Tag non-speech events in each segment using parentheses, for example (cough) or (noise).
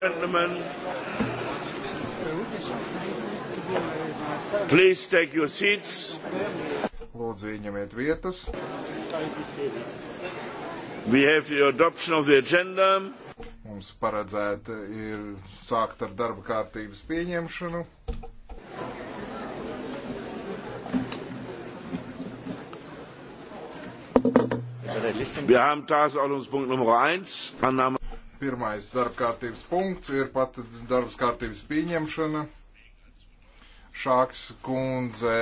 Gentlemen, please take your seats. Lūdzu, ieņemiet vietas. We have the adoption of the agenda. Mums paredzēta ir sākt ar darba kārtības pieņemšanu. Wir haben Tagesordnungspunkt Nummer 1, Annahme Pirmais darbkārtības punkts ir pat darbkārtības pieņemšana. Šāks kundze,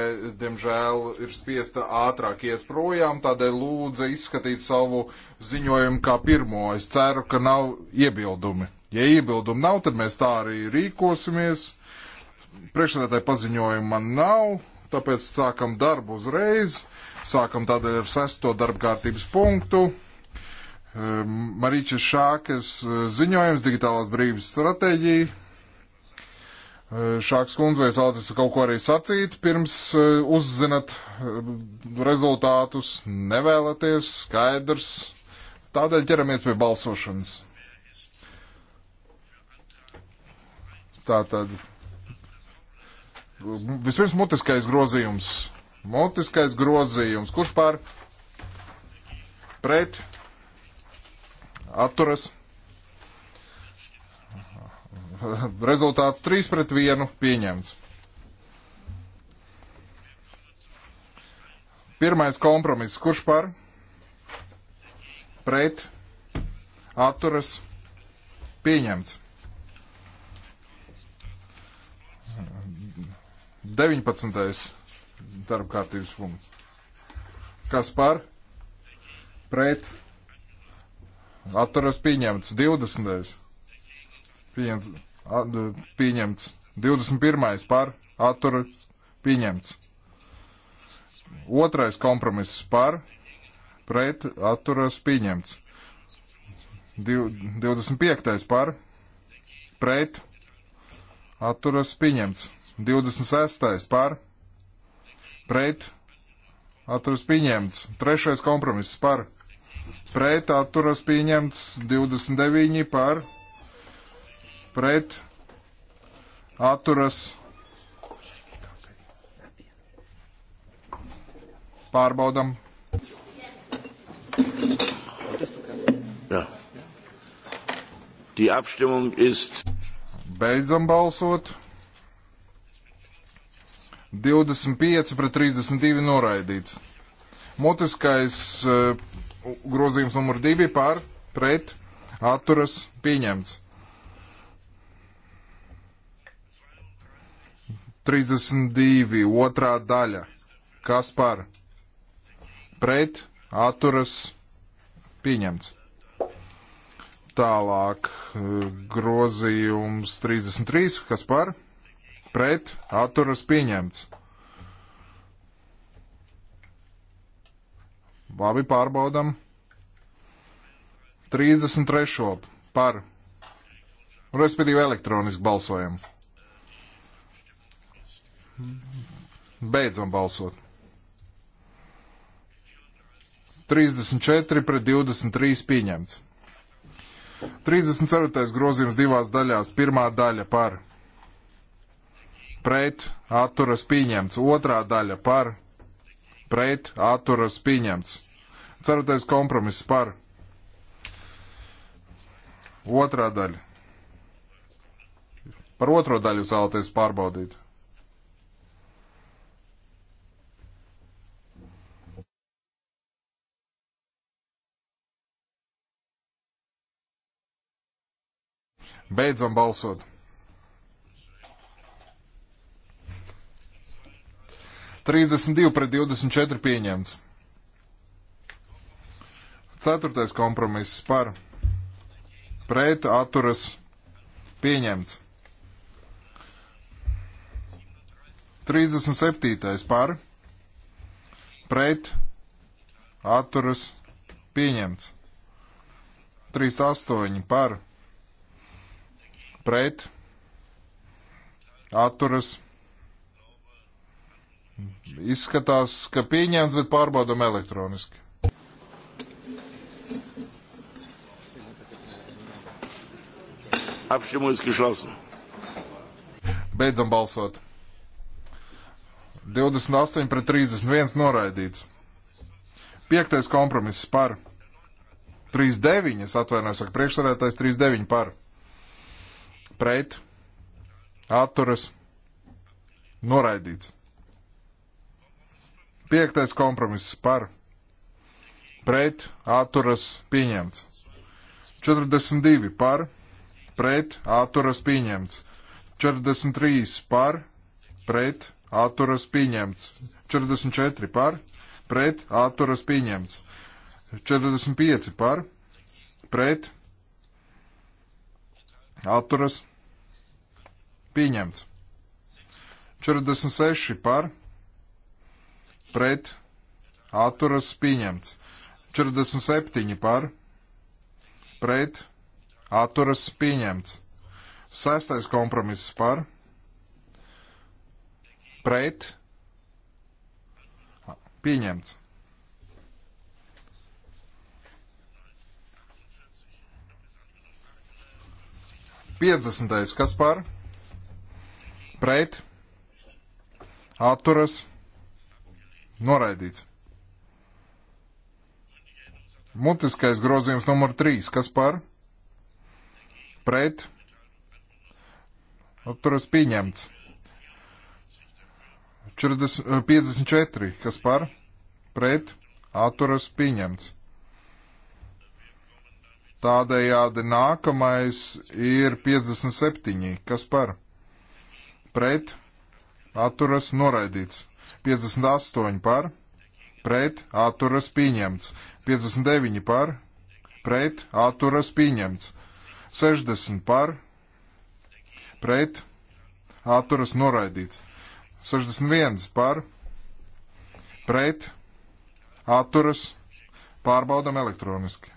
diemžēl, ir spiesta ātrāk iet projām, tādēļ lūdza izskatīt savu ziņojumu kā pirmo. Es ceru, ka nav iebildumi. Ja iebildumi nav, tad mēs tā arī rīkosimies. Priekšsēdētāji paziņojumu man nav, tāpēc sākam darbu uzreiz. Sākam tādēļ ar sesto darbkārtības punktu. Ehm, Marīča Šākas eh, ziņojums, digitālās brīvības stratēģija. Ehm, Šāks kundze, vai es vēlaties kaut ko arī sacīt, pirms eh, uzzinat ehm, rezultātus, nevēlaties, skaidrs. Tādēļ ķeramies pie balsošanas. Tātad. Vispirms mutiskais grozījums. Mutiskais grozījums. Kurš pār? Pret? atturas. Rezultāts 3 pret 1 pieņemts. Pirmais kompromiss, kurš par? Pret, atturas, pieņemts. 19. darbkārtības punkts. Kas par? Pret, Atturas pieņemts. 20. Pieņemts. At, pieņemts. 21. par. Atturas pieņemts. Otrais kompromiss par. Pret. Atturas pieņemts. 25. par. Pret. Atturas pieņemts. 26. par. Pret. Atturas pieņemts. Trešais kompromiss par pret atturas pieņemts 29 par pret atturas pārbaudam. Ja. Die Abstimmung ist. Beidzam balsot. 25 pret 32 noraidīts. Mutiskais eh, grozījums numur 2 par pret atturas pieņemts. 32. otrā daļa. Kas par? Pret atturas pieņemts. Tālāk eh, grozījums 33. Kas par? Pret atturas pieņemts. Labi, pārbaudam. 33. par, respektīvi elektroniski balsojam. Beidzam balsot. 34 pret 23 pieņemts. 34. grozījums divās daļās. Pirmā daļa par pret atturas pieņemts. Otrā daļa par pret pret atturas pieņemts. Ceturtais kompromiss par otrā daļa. Par otro daļu jūs vēlaties pārbaudīt. Beidzam balsot! 32 pret 24 pieņemts. Ceturtais kompromiss par pret atturas pieņemts. 37. par pret atturas pieņemts. 38 par pret atturas pieņemts Izskatās, ka pieņemts, bet pārbaudam elektroniski. Abstimmung ist geschlossen. Beidzam balsot. 28 pret 31 noraidīts. Piektais kompromiss par 39, es atvainojos, saka priekšsarētājs 39 par. Pret, atturas, noraidīts. Piektais kompromiss par pret atturas pieņemts. 42 par pret atturas pieņemts. 43 par pret atturas pieņemts. 44 par pret atturas pieņemts. 45 par pret atturas pieņemts. 46 par pret pret atturas pieņemts. 47 par pret atturas pieņemts. Sestais kompromiss par pret pieņemts. Piecdesmitais, kas par? Pret, atturas, Noraidīts. Mutiskais grozījums numur 3. Kas par? Pret. Atturas pieņemts. 40, 54. Eh, Kas par? Pret. Atturas pieņemts. Tādējādi nākamais ir 57. Kas par? Pret. Atturas noraidīts. 58 par, pret, atturas pieņemts. 59 par, pret, atturas pieņemts. 60 par, pret, atturas noraidīts. 61 par, pret, atturas, pārbaudam elektroniski.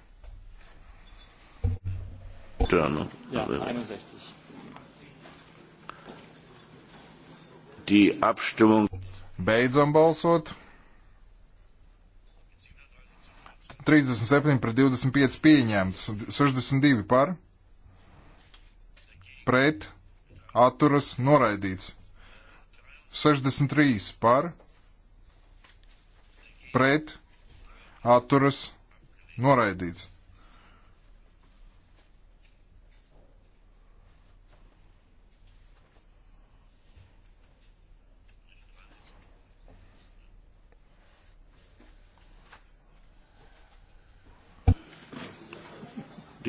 Tā, nu. Jā, 61. Die Abstimmung. Beidzam balsot. 37 pret 25 pieņemts, 62 par, pret, atturas, noraidīts, 63 par, pret, atturas, noraidīts.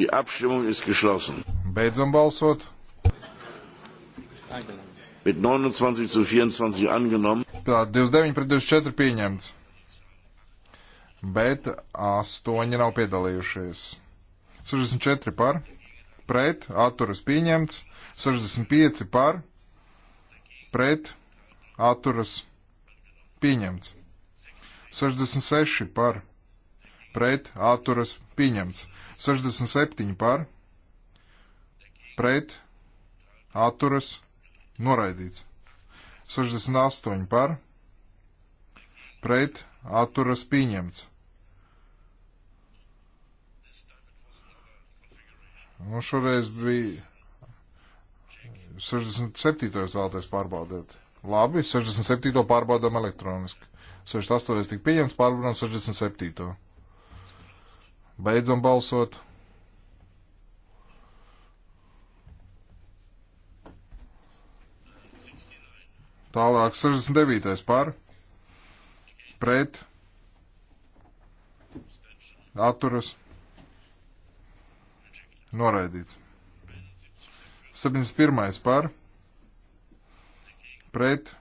Die Abstimmung ist geschlossen. Beidzam balsot. Mit 29 zu 24 angenommen. Tā, 29 pret 24 pieņemts. Bet 8 nav piedalījušies. 64 par, pret, atturas pieņemts. 65 par, pret, atturas pieņemts. 66 par, pret, atturas pieņemts. 67 par, pret, atturas, noraidīts. 68 par, pret, atturas, pieņemts. Nu, šoreiz bija 67. vēlties pārbaudīt. Labi, 67. pārbaudām elektroniski. 68. tika pieņemts, pārbaudām 67. Beidzam balsot. Tālāk 69. par pret atturas noraidīts. 71. par pret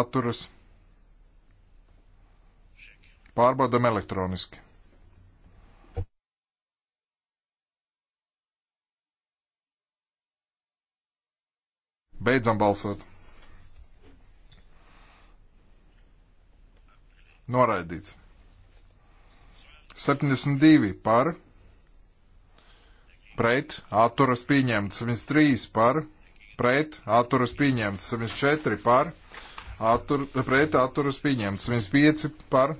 atturas noraidīts Pārbaudam elektroniski. Beidzam balsot. Noraidīts. 72 par, pret, atturas pieņemts, 73 par, pret, atturas pieņemts, 74 par, attur, pret, atturas pieņemts, 75 par,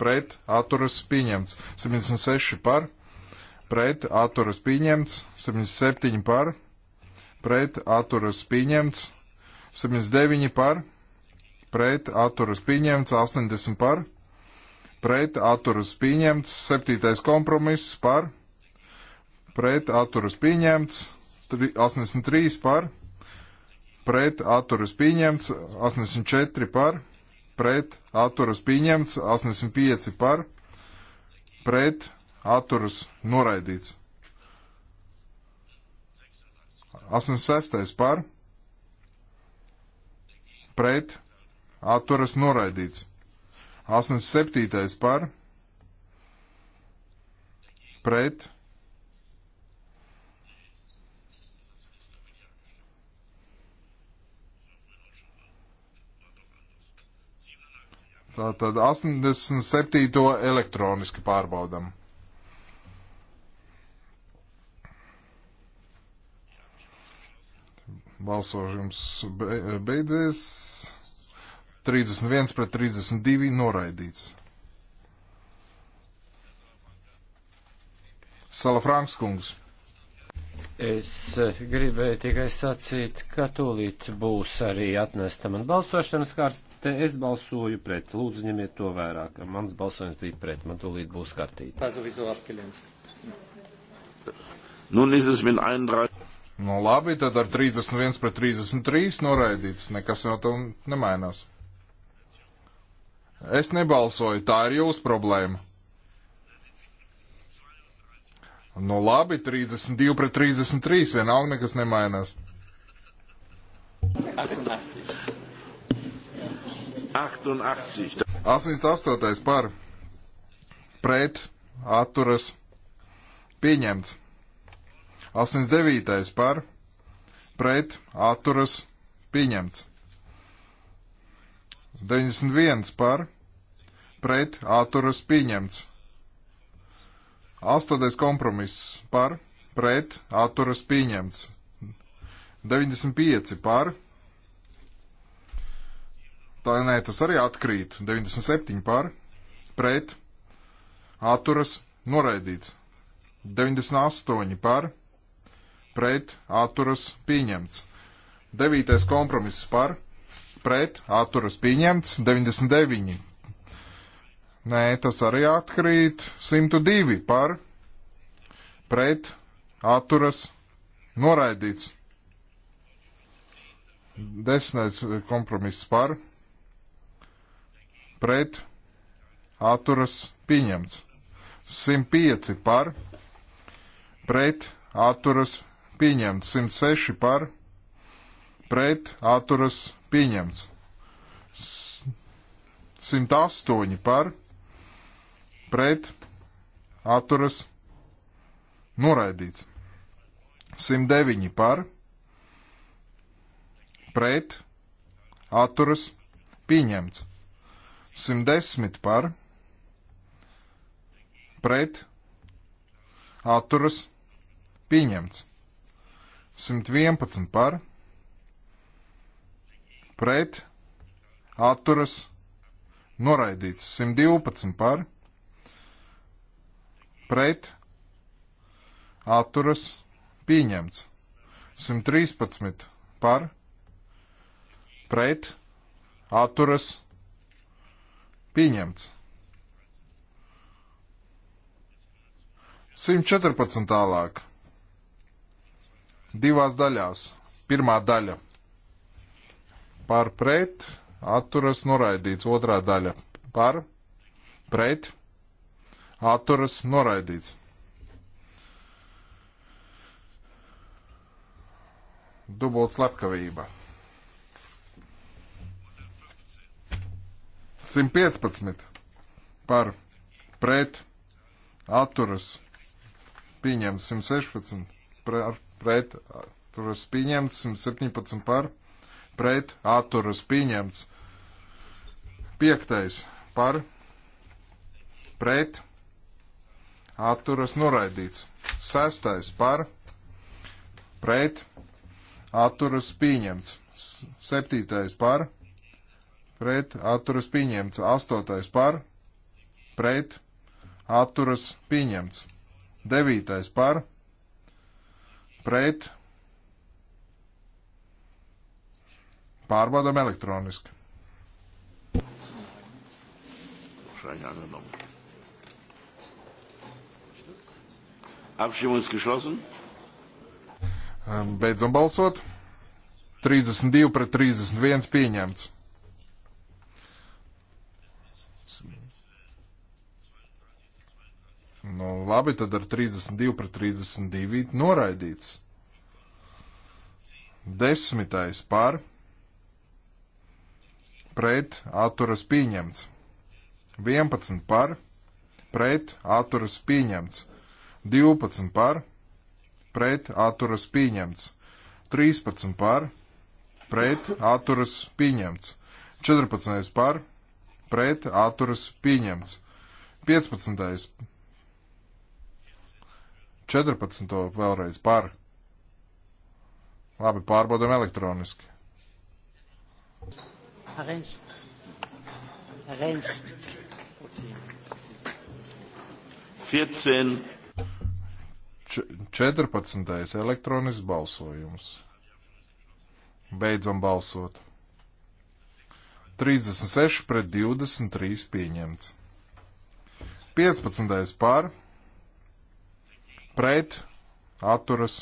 pret atturas pieņemts, 76 par, pret atturas pieņemts, 77 par, pret atturas pieņemts, 79 par, pret atturas pieņemts, 80 par, pret atturas pieņemts, 7. kompromiss par, pret atturas pieņemts, 83 par, pret atturas pieņemts, 84 par, pret atturas pieņemts, 85 par pret atturas noraidīts. 86 par pret atturas noraidīts. 87 par pret Tātad 87. elektroniski pārbaudam. Balsojums beidzies. 31 pret 32 noraidīts. Sala Frankskungs. Es eh, gribēju tikai sacīt, ka tūlīt būs arī atnesta man balsošanas kārts, Te es balsoju pret. Lūdzu, ņemiet to vērā, ka mans balsojums bija pret. Man tūlīt būs kartīte. Nun ist es mit 31. Nu, labi, tad ar 31 pret 33 noraidīts. Nekas no tam nemainās. Es nebalsoju, tā ir jūsu problēma. Nu, labi, 32 pret 33 vienalga nekas nemainās. 88. 88. 88. par pret atturas pieņemts. 89. par pret atturas pieņemts. 91 par pret atturas pieņemts. 8. kompromiss par pret atturas pieņemts. 95 par pret Tā nē, tas arī atkrīt. 97 par, pret, atturas, noraidīts. 98 par, pret, atturas, pieņemts. 9. kompromiss par, pret, atturas, pieņemts. 99. Nē, tas arī atkrīt. 102 par, pret, atturas, noraidīts. Desmitais kompromiss par, pret atturas pieņemts. 105 par pret atturas pieņemts. 106 par pret atturas pieņemts. 108 par pret atturas noraidīts. 109 par pret atturas pieņemts. 110 par pret atturas pieņemts. 111 par pret atturas noraidīts. 112 par pret atturas pieņemts. 113 par pret atturas pieņemts Pieņemts. 114. tālāk. Divās daļās. Pirmā daļa. Par pret, atturas noraidīts. Otrā daļa. Par pret, atturas noraidīts. Dubult slepkavība. 115 par pret atturas pieņemts 116 par pret atturas pieņemts 117 par pret atturas pieņemts 5 par pret atturas noraidīts 6 par pret atturas pieņemts 7 par pret pret atturas pieņemts. 8. par pret atturas pieņemts. 9. par pret pārbaudam elektroniski. Abstimmung ist geschlossen. Beidzam balsot. 32 pret 31 pieņemts. Nu, labi, tad ar 32 pret 32 noraidīts. Desmitais par pret atturas pieņemts. 11 par pret atturas pieņemts. 12 par pret atturas pieņemts. 13 par pret atturas pieņemts. 14 par pret atturas pieņemts. 15 14. vēlreiz par. Labi, pārbaudam elektroniski. Arranged. Arranged. 14. 14. elektronisks balsojums. Beidzam balsot. 36 pret 23 pieņemts. 15. pār pret, atturas,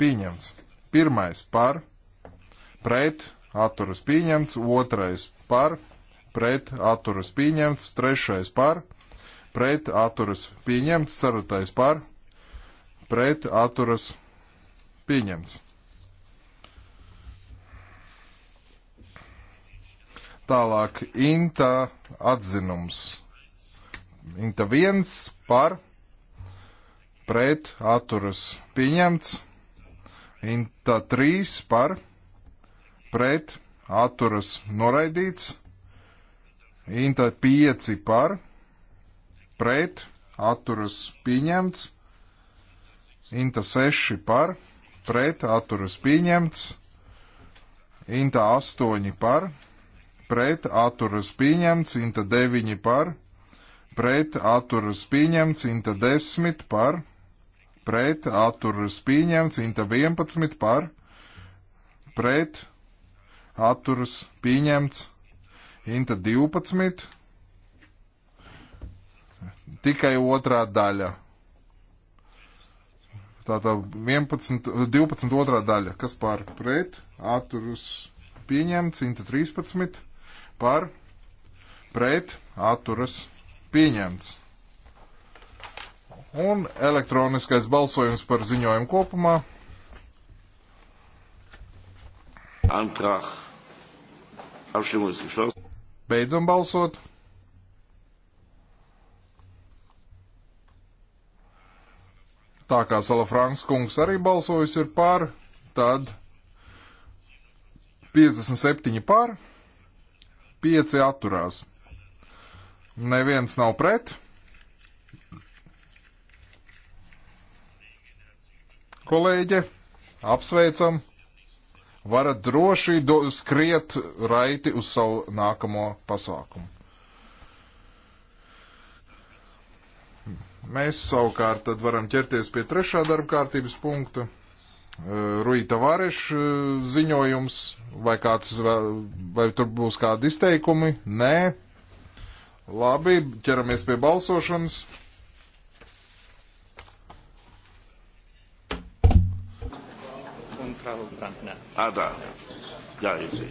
pieņemts. Pirmais par, pret, atturas pieņemts, otrais par, pret, atturas pieņemts, trešais par, pret, atturas pieņemts, ceturtais par, pret, atturas pieņemts. Tālāk, inta atzinums. Inta viens par, pret, pret atturas pieņemts. Inta 3 par pret atturas noraidīts. Inta 5 par pret atturas pieņemts. Inta 6 par pret atturas pieņemts. Inta 8 par pret atturas pieņemts. Inta 9 par pret atturas pieņemts. Inta 10 par pret pret, atturas pieņemts, Inta 11 par, pret, atturas pieņemts, Inta 12, tikai otrā daļa. Tātad 11, 12 otrā daļa, kas par pret, atturas pieņemts, Inta 13 par, pret, atturas pieņemts. Un elektroniskais balsojums par ziņojumu kopumā. Antrag. Abstimmung ist geschlossen. Beidzam balsot. Tā kā Salafrāns kungs arī balsojis ir pār, tad 57 pār, 5 atturās. Neviens nav pret. kolēģe. Apsveicam! Varat droši do, skriet raiti uz savu nākamo pasākumu. Mēs savukārt tad varam ķerties pie trešā darba kārtības punkta. Eh, Ruita Vāreša eh, ziņojums, vai, kāds, vai tur būs kādi izteikumi? Nē. Labi, ķeramies pie balsošanas. Frau Brandner. Ah, da. Da ist sie.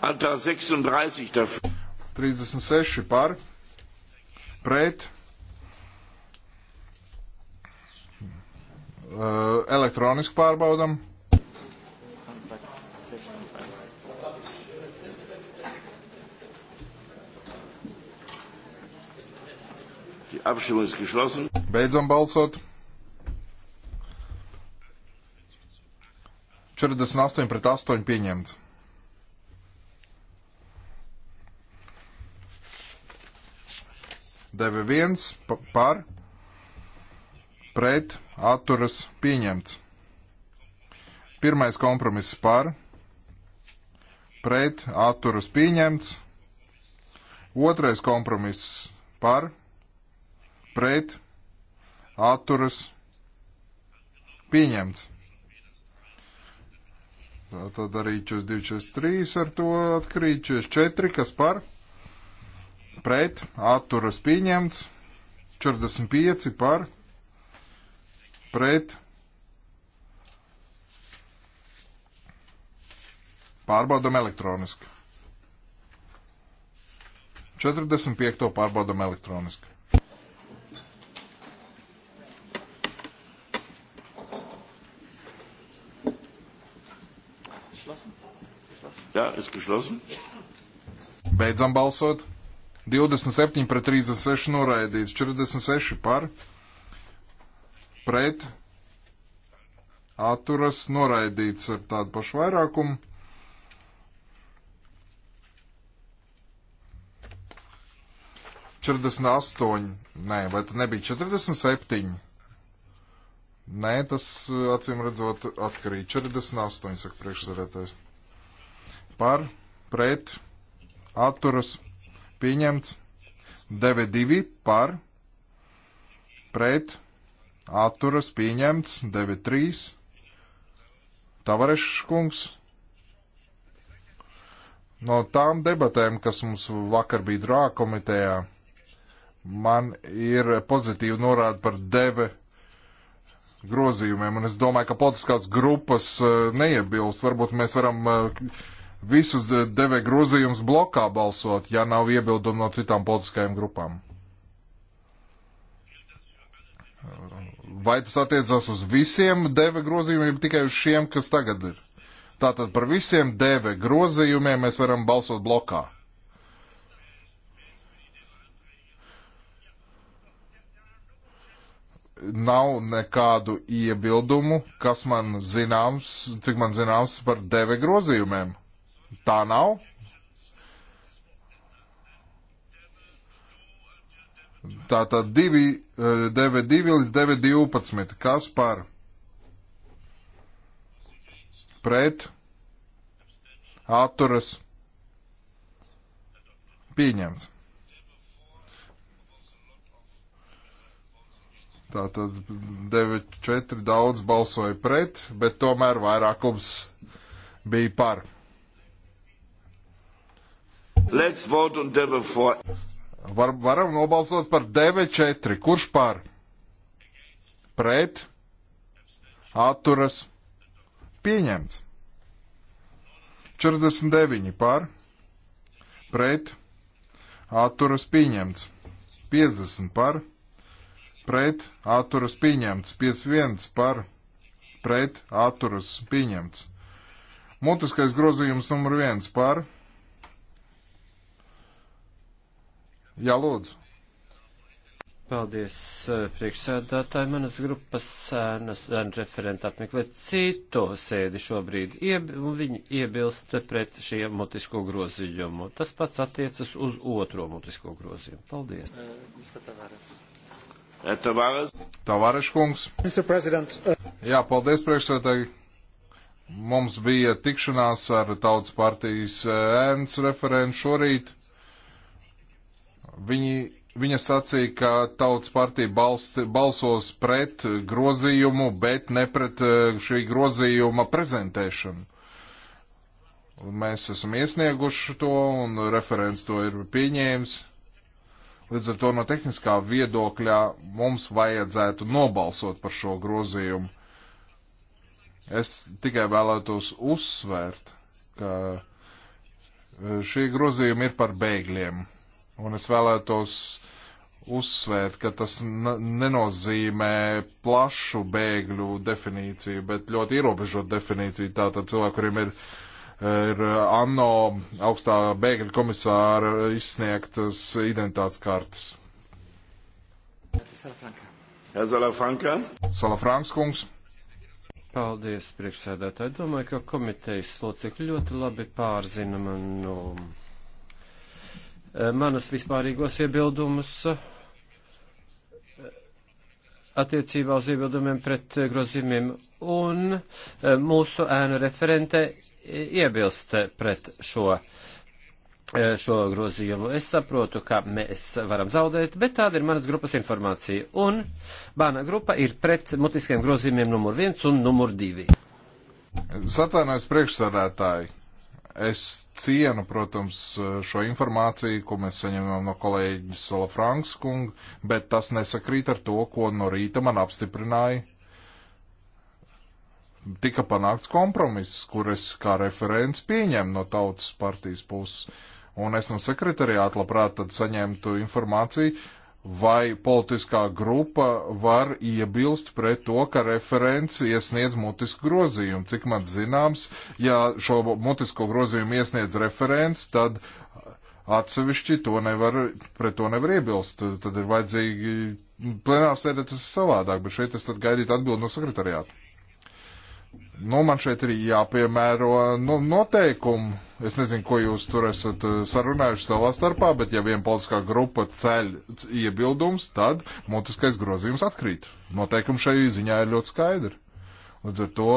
Antrag 36 dafür. 36 par. Pret. Hm. Elektroniski pārbaudam. Abstimmung ist geschlossen. Beidzam balsot. 48 pret 8 pieņemts. Deve 1 par pret atturas pieņemts. Pirmais kompromiss par pret atturas pieņemts. Otrais kompromiss par pret atturas pieņemts. Tad arī 4243 ar to atkrīt, 44, kas par, pret, atturas pieņemts, 45 par, pret, pārbaudam elektroniski. 45. pārbaudam elektroniski. ist geschlossen. Beidzam balsot. 27 pret 36 noraidīts, 46 par, pret, atturas noraidīts ar tādu pašu vairākumu. Četrdesmit astoņi, nē, vai tad nebija četrdesmit septiņi? Nē, tas acīm redzot atkarīgi. Četrdesmit astoņi, saka priekšsarētājs par, pret, atturas, pieņemts. 9-2 par, pret, atturas, pieņemts. 9-3. Tavarešs kungs. No tām debatēm, kas mums vakar bija drā komitejā, man ir pozitīva norāda par deve grozījumiem, un es domāju, ka politiskās grupas eh, neiebilst. Varbūt mēs varam eh, visus deve grozījumus blokā balsot, ja nav iebildumi no citām politiskajām grupām. Vai tas attiecās uz visiem deve grozījumiem, tikai uz šiem, kas tagad ir? Tātad par visiem deve grozījumiem mēs varam balsot blokā. nav nekādu iebildumu, kas man zināms, cik man zināms par deve grozījumiem. Tā nav. Tātad 2, 9, 2 līdz 9, 12. Kas par? Pret? Atturas? Pieņemts. Tātad 9, 4 daudz balsoja pret, bet tomēr vairākums bija par. Let's vote on Deve 4. Var, varam nobalsot par Deve 4. Kurš par? Pret? Atturas? Pieņemts. 49 par? Pret? Atturas pieņemts. 50 par? Pret? Atturas pieņemts. 51 par? Pret? Atturas pieņemts. Mutiskais grozījums numur 1 par? Jā, lūdzu. Paldies, eh, priekšsēdētāji. Manas grupas sēnas eh, referenta apmeklē citu sēdi šobrīd, ieb, un viņi iebilst pret šiem mutisko grozījumu. Tas pats attiecas uz otro mutisko grozījumu. Paldies. Eh, Tavares. Tavares kungs. Jā, paldies, priekšsēdētāji. Mums bija tikšanās ar Tautas partijas ēnas referentu šorīt Viņi, viņa sacīja, ka tautas partija balst, balsos pret grozījumu, bet ne pret e, šī grozījuma prezentēšanu. Mēs esam iesnieguši to, un referents to ir pieņēmis. Līdz ar to no tehniskā viedokļa mums vajadzētu nobalsot par šo grozījumu. Es tikai vēlētos uzsvērt, ka e, šie grozījumi ir par bēgļiem. Un es vēlētos uzsvērt, ka tas nenozīmē plašu bēgļu definīciju, bet ļoti ierobežotu definīciju. Tātad cilvēki, kuriem ir, ir ANO augstā bēgļu komisāra izsniegtas identitātes kartes. Salafranka. Salafranks kungs. Paldies, priekšsēdētāji. Domāju, ka komitejas locekļi ļoti labi pārzina manu. No Eh, manas vispārīgos iebildumus eh, attiecībā uz iebildumiem pret eh, grozījumiem, un mūsu ēnu referente iebilst pret šo, šo grozījumu. Es saprotu, ka mēs varam zaudēt, bet tāda ir manas grupas informācija. Un bāna grupa ir pret mutiskiem grozījumiem numur viens un numur divi. Satvainojas priekšsādātāji. Es cienu, protams, šo informāciju, ko mēs saņemam no kolēģa Salafranks kunga, bet tas nesakrīt ar to, ko no rīta man apstiprināja. Tika panākts kompromiss, kur es kā referents pieņemu no tautas partijas puses. Un es no sekretariāta labprāt tad saņemtu informāciju vai politiskā grupa var iebilst pret to, ka referents iesniedz mutisku grozījumu. Cik man zināms, ja šo mutisko grozījumu iesniedz referents, tad atsevišķi to nevar, pret to nevar iebilst. Tad ir vajadzīgi plenārsēdē tas ir savādāk, bet šeit es tad gaidītu atbildi no sekretariāta. Nu, man šeit ir jāpiemēro nu, noteikumi. Es nezinu, ko jūs tur esat eh, sarunājuši savā starpā, bet ja viena politiskā grupa ceļ iebildums, tad mutiskais grozījums atkrīt. Noteikumi šai ziņā ir ļoti skaidri. Līdz ar to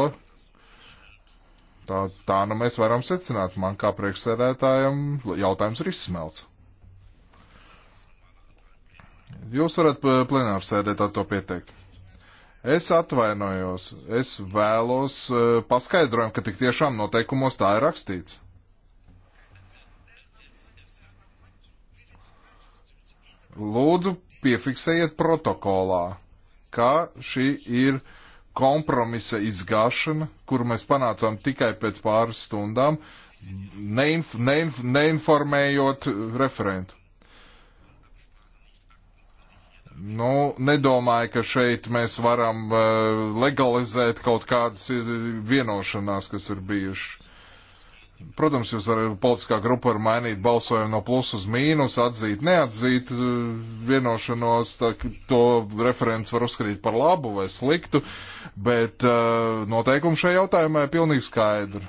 tā, tā nu mēs varam secināt. Man kā priekšsēdētājam jautājums ir izsmelts. Jūs varat plenārsēdētā to pieteikt. Es atvainojos, es vēlos eh, paskaidrojumu, ka tik tiešām noteikumos tā ir rakstīts. Lūdzu, piefiksējiet protokolā, ka šī ir kompromisa izgāšana, kuru mēs panācām tikai pēc pāris stundām, neinf neinf neinformējot referentu. Nu, nedomāju, ka šeit mēs varam uh, legalizēt kaut kādas vienošanās, kas ir bijušas. Protams, jūs varat politiskā grupa var mainīt balsojumu no plus uz mīnus, atzīt, neatzīt uh, vienošanos, tā, to referents var uzskatīt par labu vai sliktu, bet uh, noteikumi šajā jautājumā ir pilnīgi skaidri.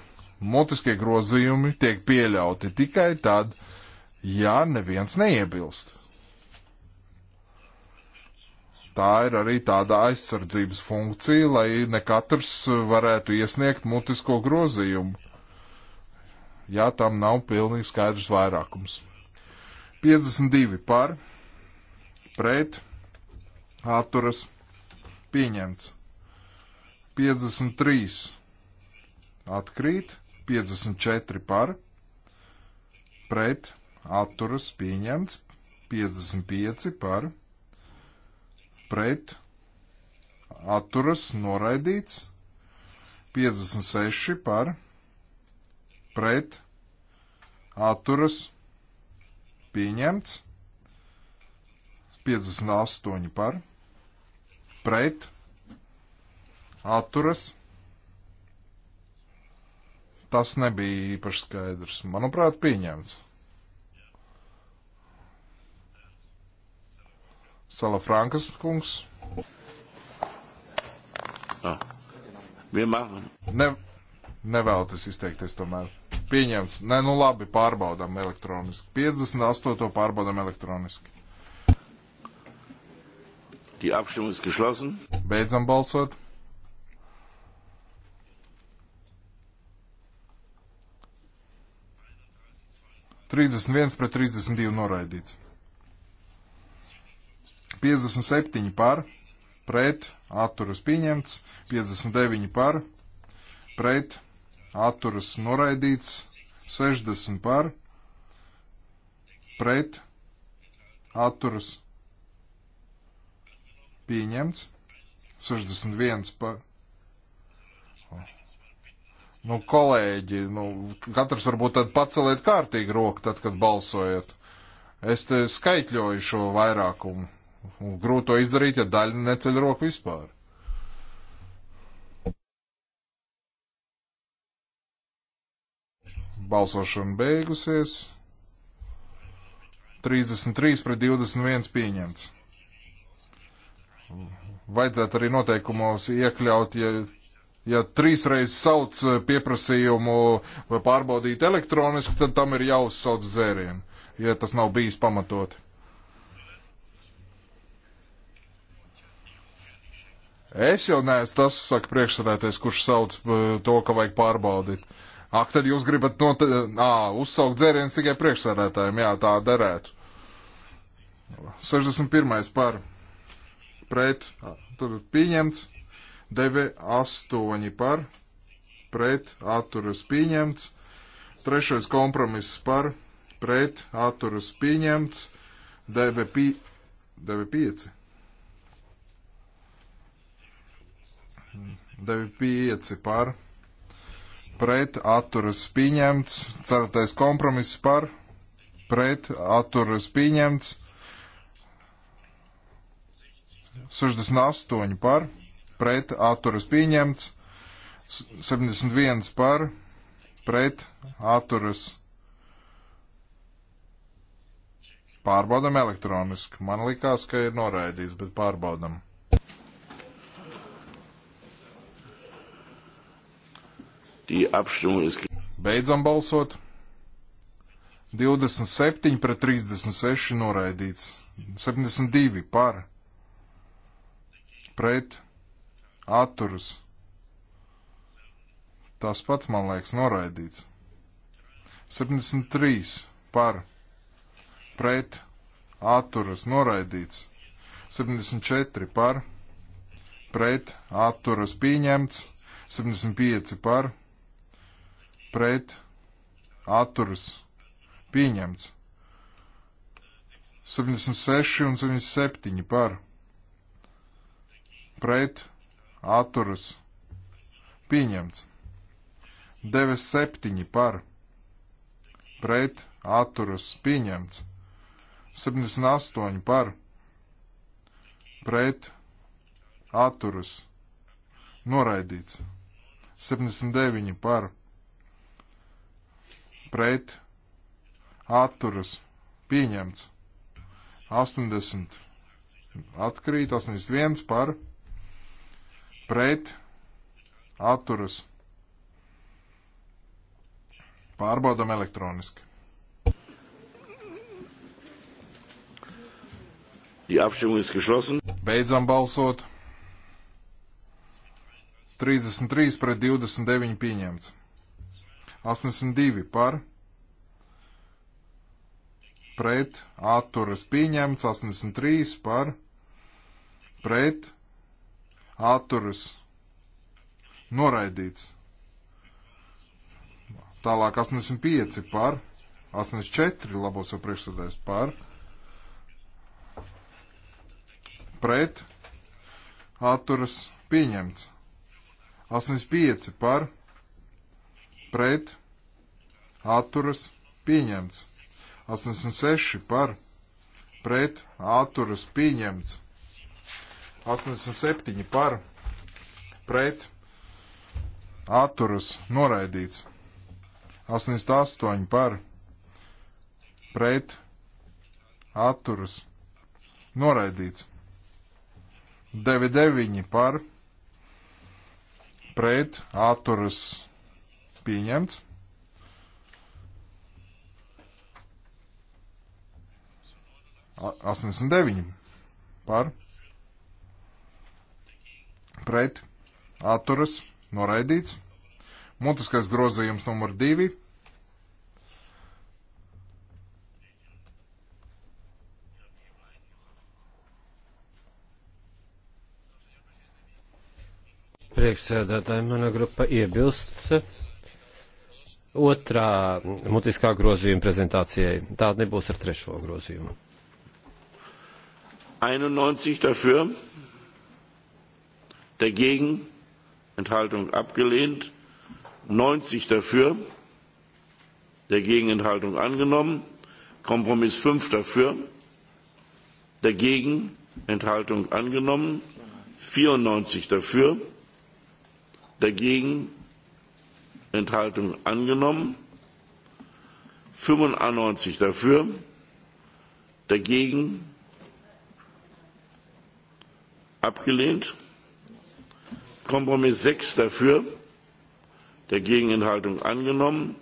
Mutiskie grozījumi tiek pieļauti tikai tad, ja neviens neiebilst. Tā ir arī tāda aizsardzības funkcija, lai ne katrs varētu iesniegt mutisko grozījumu, ja tam nav pilnīgi skaidrs vairākums. 52 par, pret, atturas, pieņemts. 53 atkrīt, 54 par, pret, atturas, pieņemts, 55 par pret, atturas, noraidīts. 56 par, pret, atturas, pieņemts. 58 par, pret, atturas. Tas nebija īpaši skaidrs. Manuprāt, pieņemts. Sala Frankas kungs. Ah. Vienmēr. Ne, nevēlaties izteikties tomēr. Pieņemts. Nē, nu labi, pārbaudām elektroniski. 58. pārbaudām elektroniski. Die Abstimmung ist geschlossen. Beidzam balsot. Trīsdesmit viens pret trīsdesmit divi noraidīts. 57 par, pret, atturas pieņemts, 59 par, pret, atturas noraidīts, 60 par, pret, atturas pieņemts, 61 par. Nu, kolēģi, nu, katrs varbūt tad paceliet kārtīgi roku, tad, kad balsojat. Es te skaitļoju šo vairākumu. Grūti to izdarīt, ja daļa neceļ roku vispār. Balsošana beigusies. 33 pret 21 pieņemts. Vajadzētu arī noteikumos iekļaut, ja ja trīs reizes sauc pieprasījumu vai pārbaudīt elektroniski, tad tam ir jāuzsauc dzērienu, ja tas nav bijis pamatoti. Es jau neesmu tas, saka priekšsēdētais, kurš sauc uh, to, ka vajag pārbaudīt. Ak, tad jūs gribat no te, à, uzsaukt dzērienus tikai priekšsēdētājiem, jā, tā derētu. 61. par pret, tur pieņemts, 98 par pret, atturas pieņemts, 3. kompromiss par pret, atturas pieņemts, 95. 95 par, pret atturas pieņemts, ceratais kompromiss par, pret atturas pieņemts, 68 par, pret atturas pieņemts, 71 par, pret atturas pieņemts. Pārbaudam elektroniski. Man likās, ka ir noraidīts, bet pārbaudam. Die Abstimmung ist. Beidzam balsot. 27 pret 36 noraidīts. 72 par. Pret. Atturas. Tas pats, man liekas, noraidīts. 73 par. Pret. Atturas. Noraidīts. 74 par. Pret. Atturas. Pieņemts. 75 par pret atturas pieņemts. 76 un 77 par pret atturas pieņemts. 97 par pret atturas pieņemts. 78 par pret atturas noraidīts. 79 par pret pret atturas pieņemts. 80 atkrīt, 81 par pret atturas. Pārbaudam elektroniski. Die Abstimmung ist geschlossen. Beidzam balsot. 33 pret 29 pieņemts. 82 par pret atturas pieņemts, 83 par pret atturas noraidīts. Tālāk 85 par 84 labos jau priekšsēdājs par pret atturas pieņemts. 85 par pret pret, atturas, pieņemts. 86 par, pret, atturas, pieņemts. 87 par, pret, atturas, noraidīts. 88 par, pret, atturas, noraidīts. 99 par, pret, atturas, noraidīts pieņemts. A 89 par pret atturas noraidīts. Mutiskais grozījums numur 2 Priekšsēdētāji, mana grupa iebilst otrā mutiskā grozījuma prezentācijai. Tāda nebūs ar trešo grozījumu. 91 dafür, dagegen, Enthaltung abgelehnt, 90 dafür, dagegen Enthaltung angenommen, Kompromiss 5 dafür, dagegen Enthaltung angenommen, 94 dafür, dagegen Enthaltungen angenommen. 95 dafür, dagegen abgelehnt. Kompromiss 6 dafür, dagegen Enthaltung angenommen.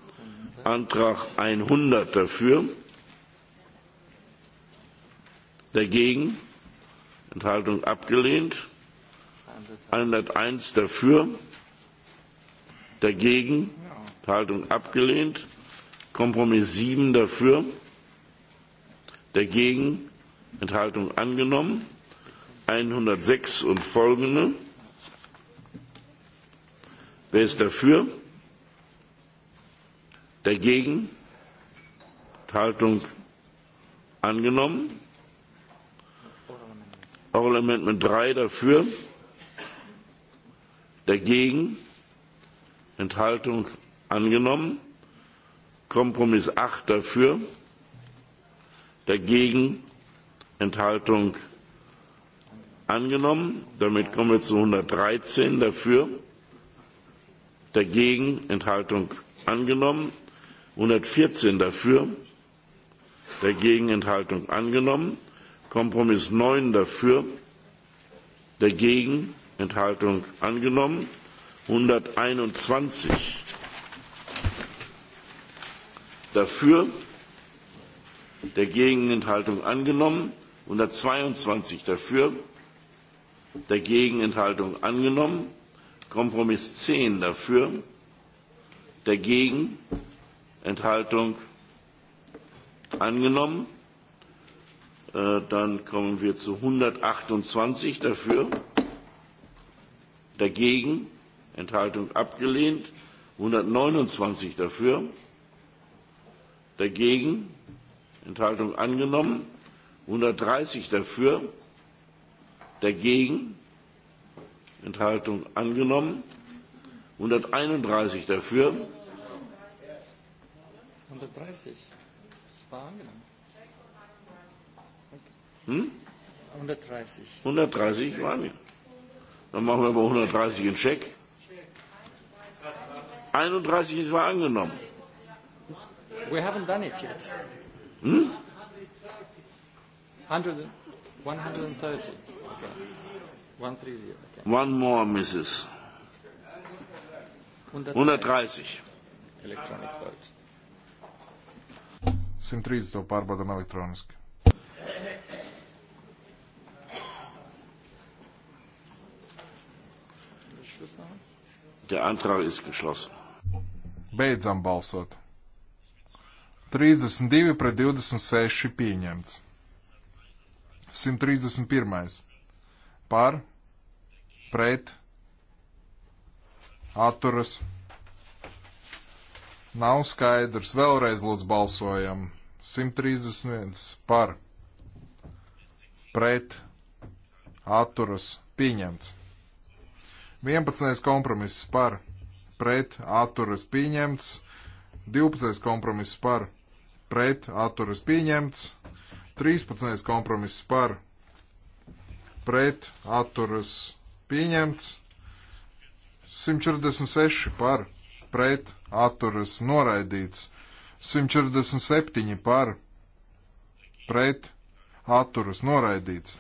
Antrag 100 dafür, dagegen Enthaltung abgelehnt. 101 dafür, dagegen, Enthaltung abgelehnt. Kompromiss 7 dafür, dagegen, Enthaltung angenommen. 106 und folgende. Wer ist dafür? Dagegen? Enthaltung angenommen. Oral Amendment 3 dafür. Dagegen? Enthaltung angenommen. Kompromiss 8 dafür, dagegen Enthaltung angenommen. Damit kommen wir zu 113 dafür, dagegen Enthaltung angenommen. 114 dafür, dagegen Enthaltung angenommen. Kompromiss 9 dafür, dagegen Enthaltung angenommen. 121 dafür, dagegen Enthaltung angenommen, 122 dafür, dagegen Enthaltung angenommen, Kompromiss 10 dafür, dagegen Enthaltung angenommen. Äh, dann kommen wir zu 128 dafür, dagegen Enthaltung abgelehnt. 129 dafür, dagegen, Enthaltung angenommen. 130 dafür, dagegen, Enthaltung angenommen. 131 dafür. 130 war angenommen. Hm? 130. 130 war angenommen. Dann machen wir bei 130 einen Check. 31 ist war angenommen. We haven't done it yet. Hm? 100, 130. Okay. 130. Okay. One more, Mrs. 130. 130. Electronic vote. 130 to pārbaudam elektroniski. Der Antrag ist geschlossen. Beidzam balsot. 32 pret 26 pieņemts. 131. Par, pret, atturas. Nav skaidrs. Vēlreiz lūdzu balsojam. 131 par, pret, atturas, pieņemts. 11. kompromiss par pret atturas pieņemts, 12. kompromiss par pret atturas pieņemts, 13. kompromiss par pret atturas pieņemts, 146 par pret atturas noraidīts, 147 par pret atturas noraidīts.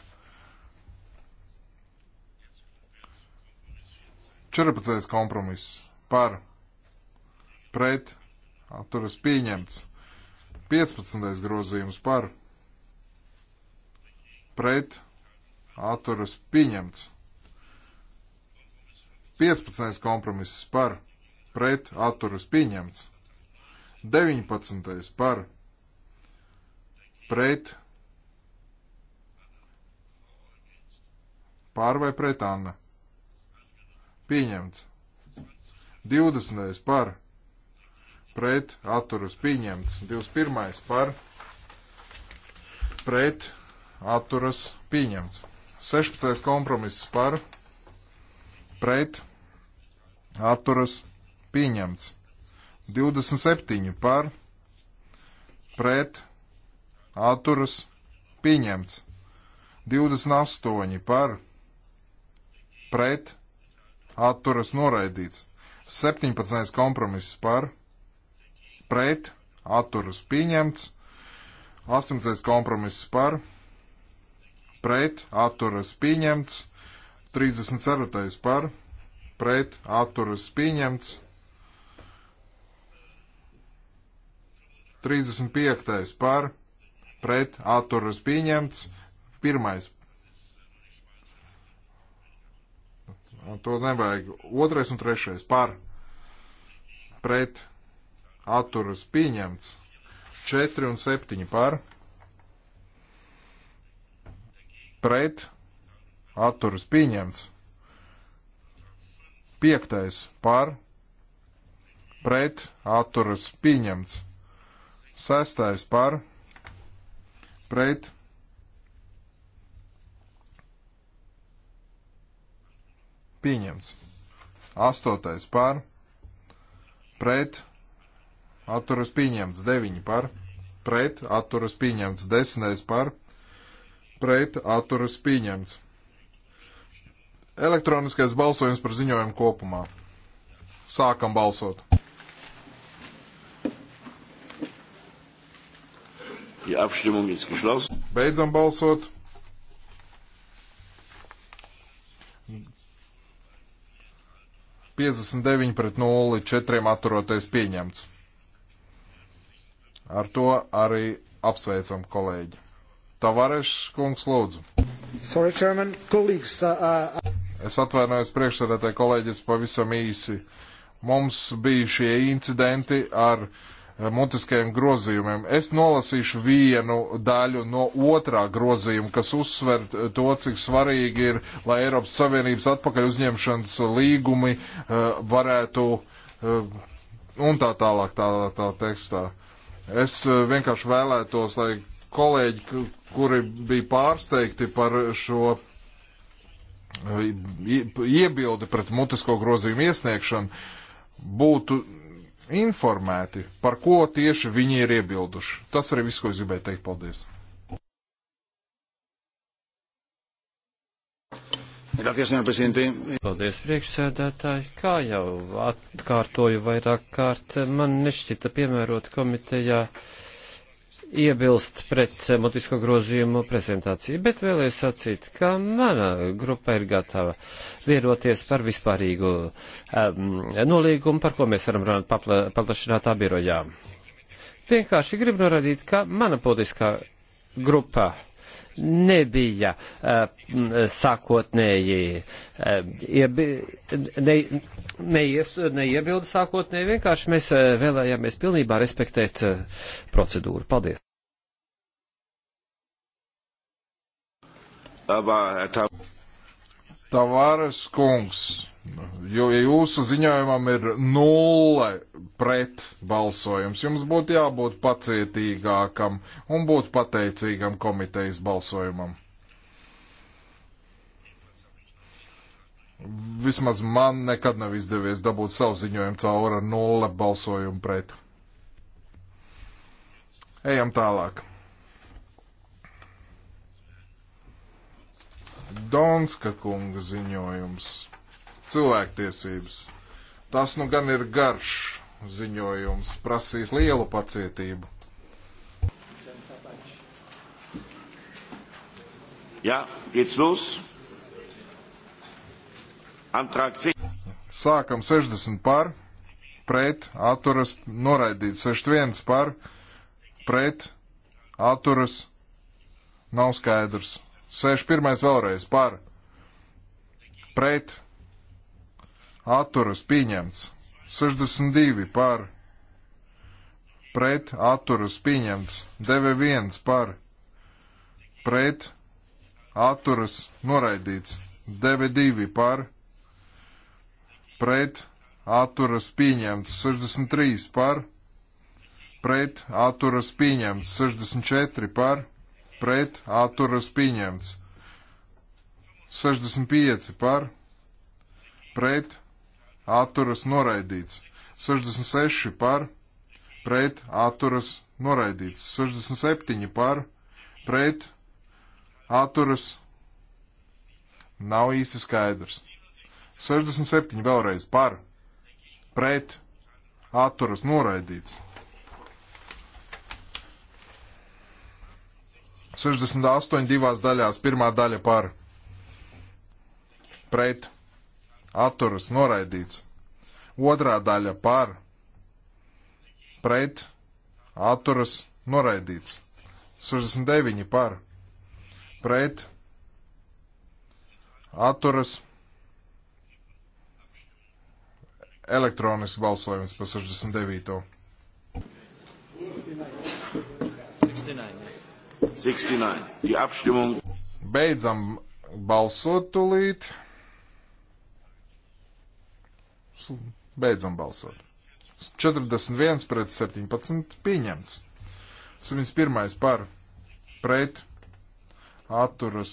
14. kompromiss par pret atturas pieņemts. 15. grozījums par pret atturas pieņemts. 15. kompromiss par pret atturas pieņemts. 19. par pret pār vai pret Anna. Pieņemts. 20. par pret atturas pieņemts. 21. par pret atturas pieņemts. 16. kompromiss par pret atturas pieņemts. 27 par pret atturas pieņemts. 28 par pret atturas noraidīts. 17. kompromiss par pret atturas pieņemts. 18. kompromiss par pret atturas pieņemts. 34. par pret atturas pieņemts. 35. par pret atturas pieņemts. 1. To nevajag. Otrais un trešais par pret atturas pieņemts. 4 un 7 par pret atturas pieņemts. Piektais par pret atturas pieņemts. Sestais par pret Pieņemts. Astotais par, pret, atturas pieņemts. Deviņi par, pret, atturas pieņemts. Desmitais par, pret, atturas pieņemts. Elektroniskais balsojums par ziņojumu kopumā. Sākam balsot. Die Abstimmung ist geschlossen. Beidzam balsot. 59 pret 0, 4 atturoties pieņemts. Ar to arī apsveicam kolēģi. Tavareš kungs lūdzu. Sorry, chairman, colleagues. Uh, uh... Es atvainojos priekšsēdētāji kolēģis pavisam īsi. Mums bija šie incidenti ar uh, Eh, mutiskajiem grozījumiem. Es nolasīšu vienu daļu no otrā grozījuma, kas uzsver to, cik svarīgi ir, lai Eiropas Savienības atpakaļ uzņemšanas līgumi eh, varētu eh, un tā tālāk tā, tā tekstā. Es vienkārši vēlētos, lai kolēģi, kuri bija pārsteigti par šo iebildi pret mutisko grozījumu iesniegšanu, būtu informēti, par ko tieši viņi ir iebilduši. Tas arī viss, ko es gribēju teikt. Paldies! Paldies, priekšsēdētāji. Kā jau atkārtoju vairāk kārt, man nešķita piemērot komitejā uh, iebilst pret mutisko grozījumu prezentāciju, bet vēlēju sacīt, ka mana grupa ir gatava vieroties par vispārīgu um, nolīgumu, par ko mēs varam runāt papla, paplašinātā birojā. Vienkārši gribu norādīt, ka mana politiskā grupa nebija eh, sākotnēji, eh, ne, neies, neiebilda sākotnēji, vienkārši mēs eh, vēlējāmies pilnībā respektēt procedūru. Paldies! Tavāres kungs. Jo, ja jūsu ziņojumam ir nulle pret balsojums, jums būtu jābūt pacietīgākam un būt pateicīgam komitejas balsojumam. Vismaz man nekad nav izdevies dabūt savu ziņojumu cauri ar nulle balsojumu pret. Ejam tālāk. Donska kunga ziņojums cilvēktiesības. Tas nu gan ir garš ziņojums, prasīs lielu pacietību. Ja, geht's los. Antrag 10. Sākam 60 par, pret, atturas, noraidīt 61 par, pret, atturas, nav skaidrs. 61 vēlreiz par, pret, atturas pieņemts. 62 par pret atturas pieņemts. 91 par pret atturas noraidīts. 92 par pret atturas pieņemts. 63 par pret atturas pieņemts. 64 par pret atturas pieņemts. 65 par pret atturas noraidīts. 66 par, pret, atturas noraidīts. 67 par, pret, atturas nav īsti skaidrs. 67 vēlreiz par, pret, atturas noraidīts. 68 divās daļās, pirmā daļa par, pret, atturas atturas noraidīts. Otrā daļa par pret atturas noraidīts. 69 par pret atturas elektronisks balsojums par 69. 69. Die Abstimmung. Beidzam balsot tūlīt. Beidzam balsot. 41 pret 17 pieņemts. 71 par pret atturas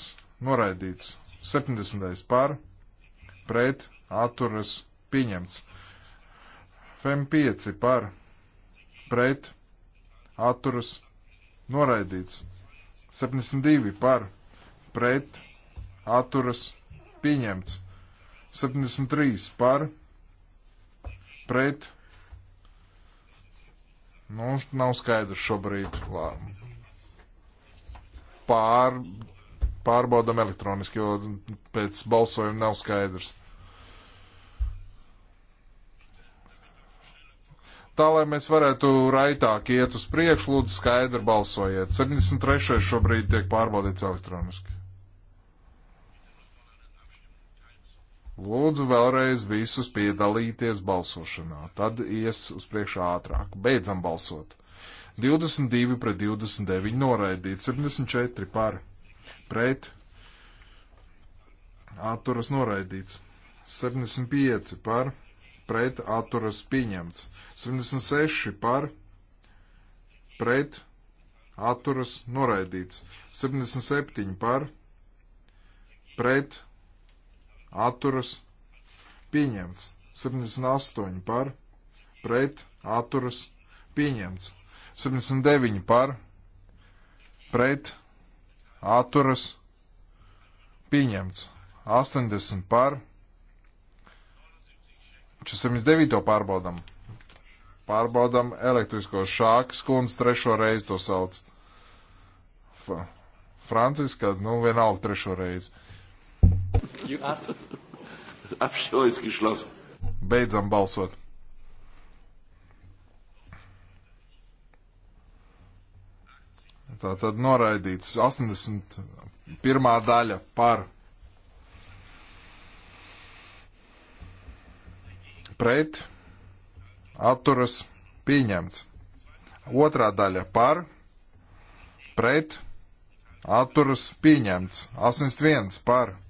noraidīts. 70 par pret atturas pieņemts. FEM 5 par pret atturas noraidīts. 72 par pret atturas pieņemts. 73 par pret pret. Nu, nav skaidrs šobrīd. Pār, pārbaudam elektroniski, jo pēc balsojuma nav skaidrs. Tā, lai mēs varētu raitāk iet uz priekšu, lūdzu, skaidri balsojiet. 73. šobrīd tiek pārbaudīts elektroniski. Lūdzu vēlreiz visus piedalīties balsošanā. Tad ies uz priekšu ātrāk. Beidzam balsot. 22 pret 29 noraidīt, 74 par, pret, atturas noraidīts, 75 par, pret, atturas pieņemts, 76 par, pret, atturas noraidīts, 77 par, pret, atturas pieņemts. 78 par pret atturas pieņemts. 79 par pret atturas pieņemts. 80 par 79 pārbaudam. Pārbaudam elektrisko šāku skundas trešo reizi to sauc. F Franciska, nu vienalga trešo reizi. (laughs) Apšaujas geschlossen. Beidzam balsot. Tā tad noraidīts 81. daļa par pret atturas pieņemts. Otrā daļa par pret atturas pieņemts. 81 par pret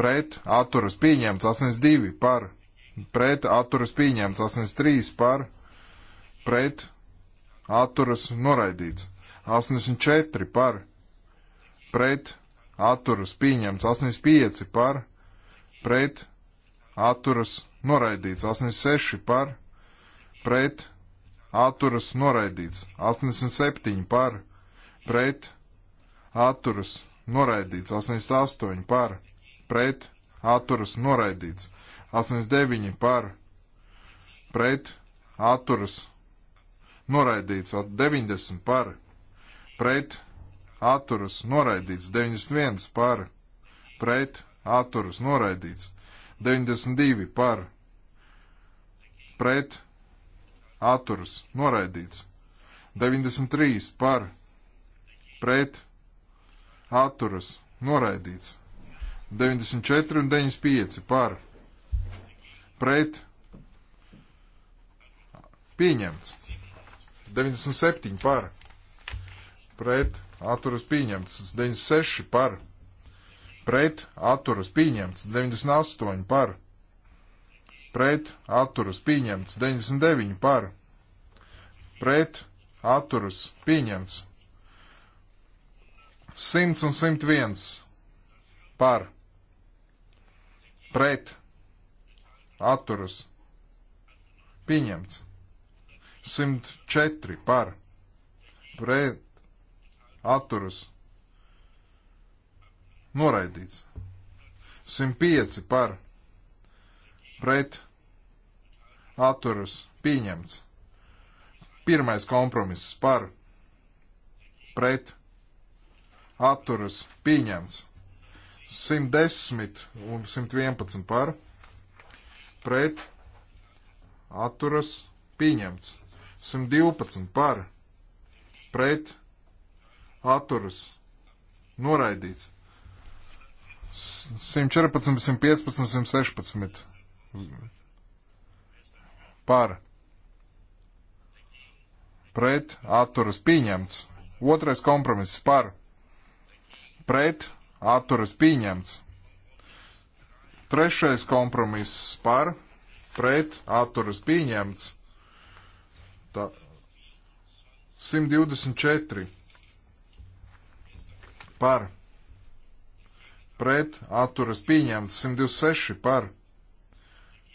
pret atturas pieņemts 82 par, pret atturas pieņemts 83 par, pret atturas noraidīts 84 par, pret atturas pieņemts 85 par, pret atturas noraidīts 86 par, pret atturas noraidīts 87 par, pret atturas noraidīts 88 par, pret atturas noraidīts. 89 par pret atturas noraidīts. 90 par pret atturas noraidīts. 91 par pret atturas noraidīts. 92 par pret atturas noraidīts. 93 par pret atturas noraidīts. 94 un 95 par pret pieņemts. 97 par pret atturas pieņemts. 96 par pret atturas pieņemts. 98 par pret atturas pieņemts. 99 par pret atturas pieņemts. 100 un 101 par pret pret, atturas, pieņemts. 104 par, pret, atturas, noraidīts. 105 par, pret, atturas, pieņemts. Pirmais kompromiss par, pret, atturas, pieņemts. 110 un 111 par pret atturas pieņemts. 112 par pret atturas noraidīts. 114, 115, 116 par pret atturas pieņemts. Otrais kompromiss par pret atturas pieņemts. Trešais kompromiss par, pret, atturas pieņemts. Tā, 124 par, pret, atturas pieņemts. 126 par,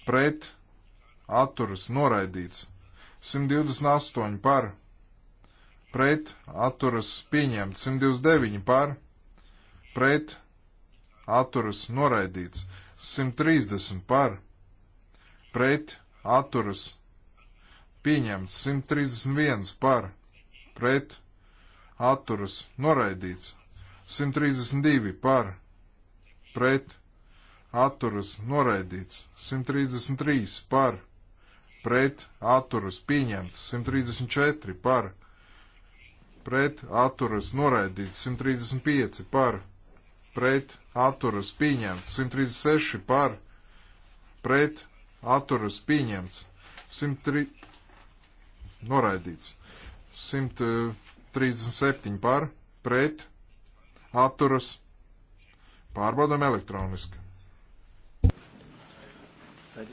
pret, atturas noraidīts. 128 par, pret, atturas pieņemts. 129 par, pret pret, atturas noraidīts. 130 par, pret, atturas pieņemts. 131 par, pret, atturas noraidīts. 132 par, pret, atturas noraidīts. 133 par, pret, atturas pieņemts. 134 par, pret, atturas noraidīts. 135 par, pret, pret atturas pieņemts, 136 par pret atturas pieņemts, 103 noraidīts, 137 par pret atturas pārbaudam elektroniski. Ah,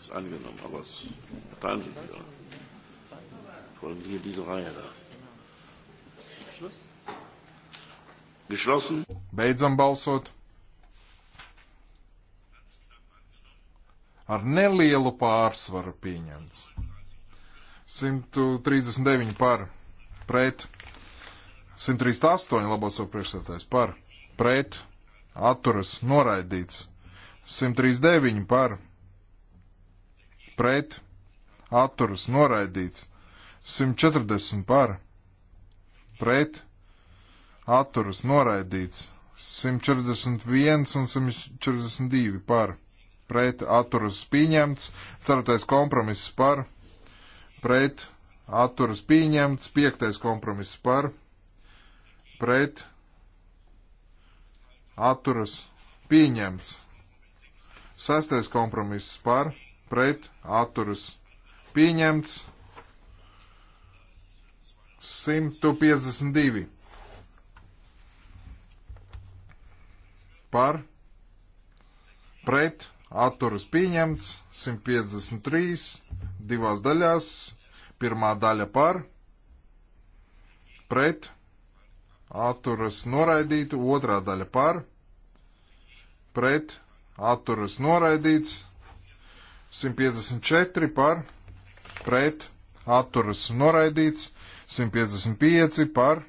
ist angenommen, aber es teilen sich wieder. Vor allem hier diese Reihe da. Schluss. Geschlossen. Beidzam balsot. Ar nelielu pārsvaru pieņemts. 139 par, pret, 138 labos savu priekšsētājs par, pret, atturas, noraidīts, 139 par, pret, atturas, noraidīts, 140 par, pret, atturas noraidīts 141 un 142 par pret atturas pieņemts, 4. kompromiss par pret atturas pieņemts, 5. kompromiss par pret atturas pieņemts, 6. kompromiss par pret atturas pieņemts, 152 par pret atturas pieņemts 153 divās daļās. Pirmā daļa par pret atturas noraidītu, otrā daļa par pret atturas noraidīts 154 par pret atturas noraidīts 155 par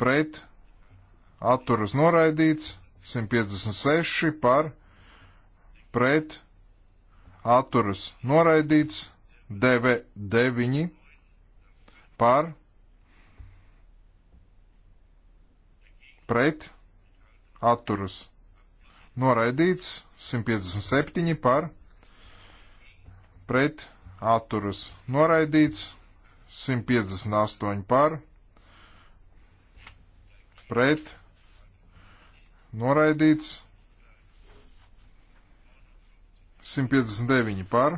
pret atturas noraidīts 156 par pret atturas noraidīts, 9 par pret atturas noraidīts, 157 par pret atturas noraidīts, 158 par pret noraidīts. 159 par,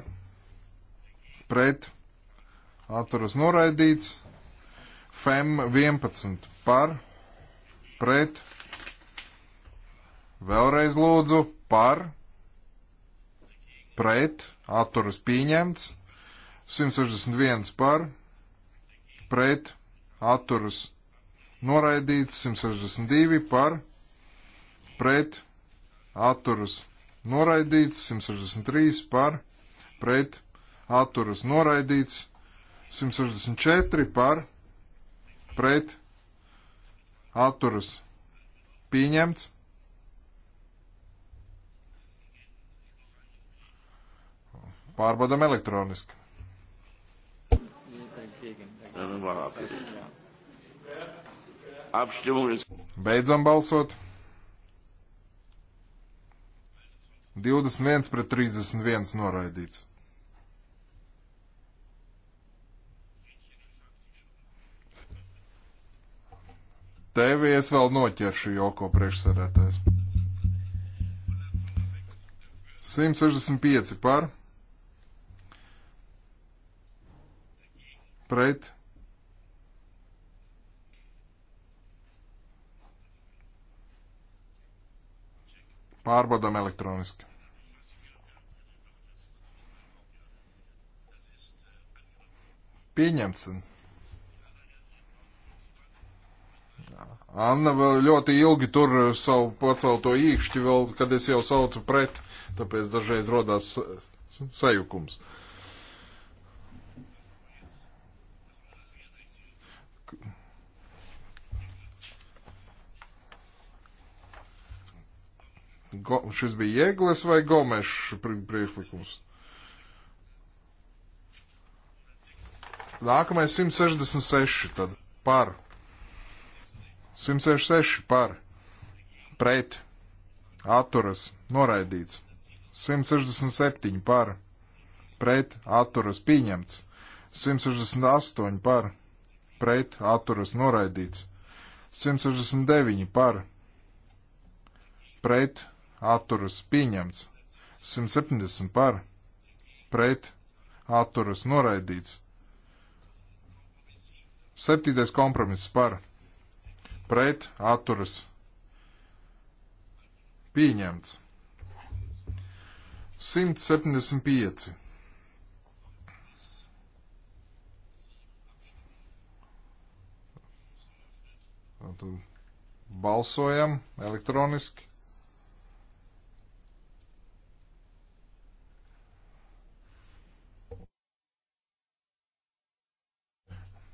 pret, atturas noraidīts. FEM 11 par, pret, vēlreiz lūdzu, par, pret, atturas pieņemts. 161 par, pret, atturas noraidīts. 162 par, pret pret, atturas noraidīts, 163 par, pret, atturas noraidīts, 164 par, pret, atturas pieņemts. Pārbaudam elektroniski. Beidzam balsot. 21 pret 31 noraidīts. Tevi es vēl noķeršu, Joko priekšsarētājs. 165 par. Pret. Pārbaudām elektroniski. Pieņemts. Anna vēl ļoti ilgi tur savu pacelto īkšķi, vēl, kad es jau saucu pret, tāpēc dažreiz rodās sajukums. Go, šis bija Jēglis vai Gomešs priekšlikums? Pri Nākamais 166 tad par. 166 par. Pret. Atturas. Noraidīts. 167 par. Pret. Atturas. Pieņemts. 168 par. Pret. Atturas. Noraidīts. 169 par. Pret. Atturas. Pieņemts. 170 par. Pret. Atturas. Noraidīts. Septītais kompromiss par pret atturas pieņemts. 175. Tad balsojam elektroniski.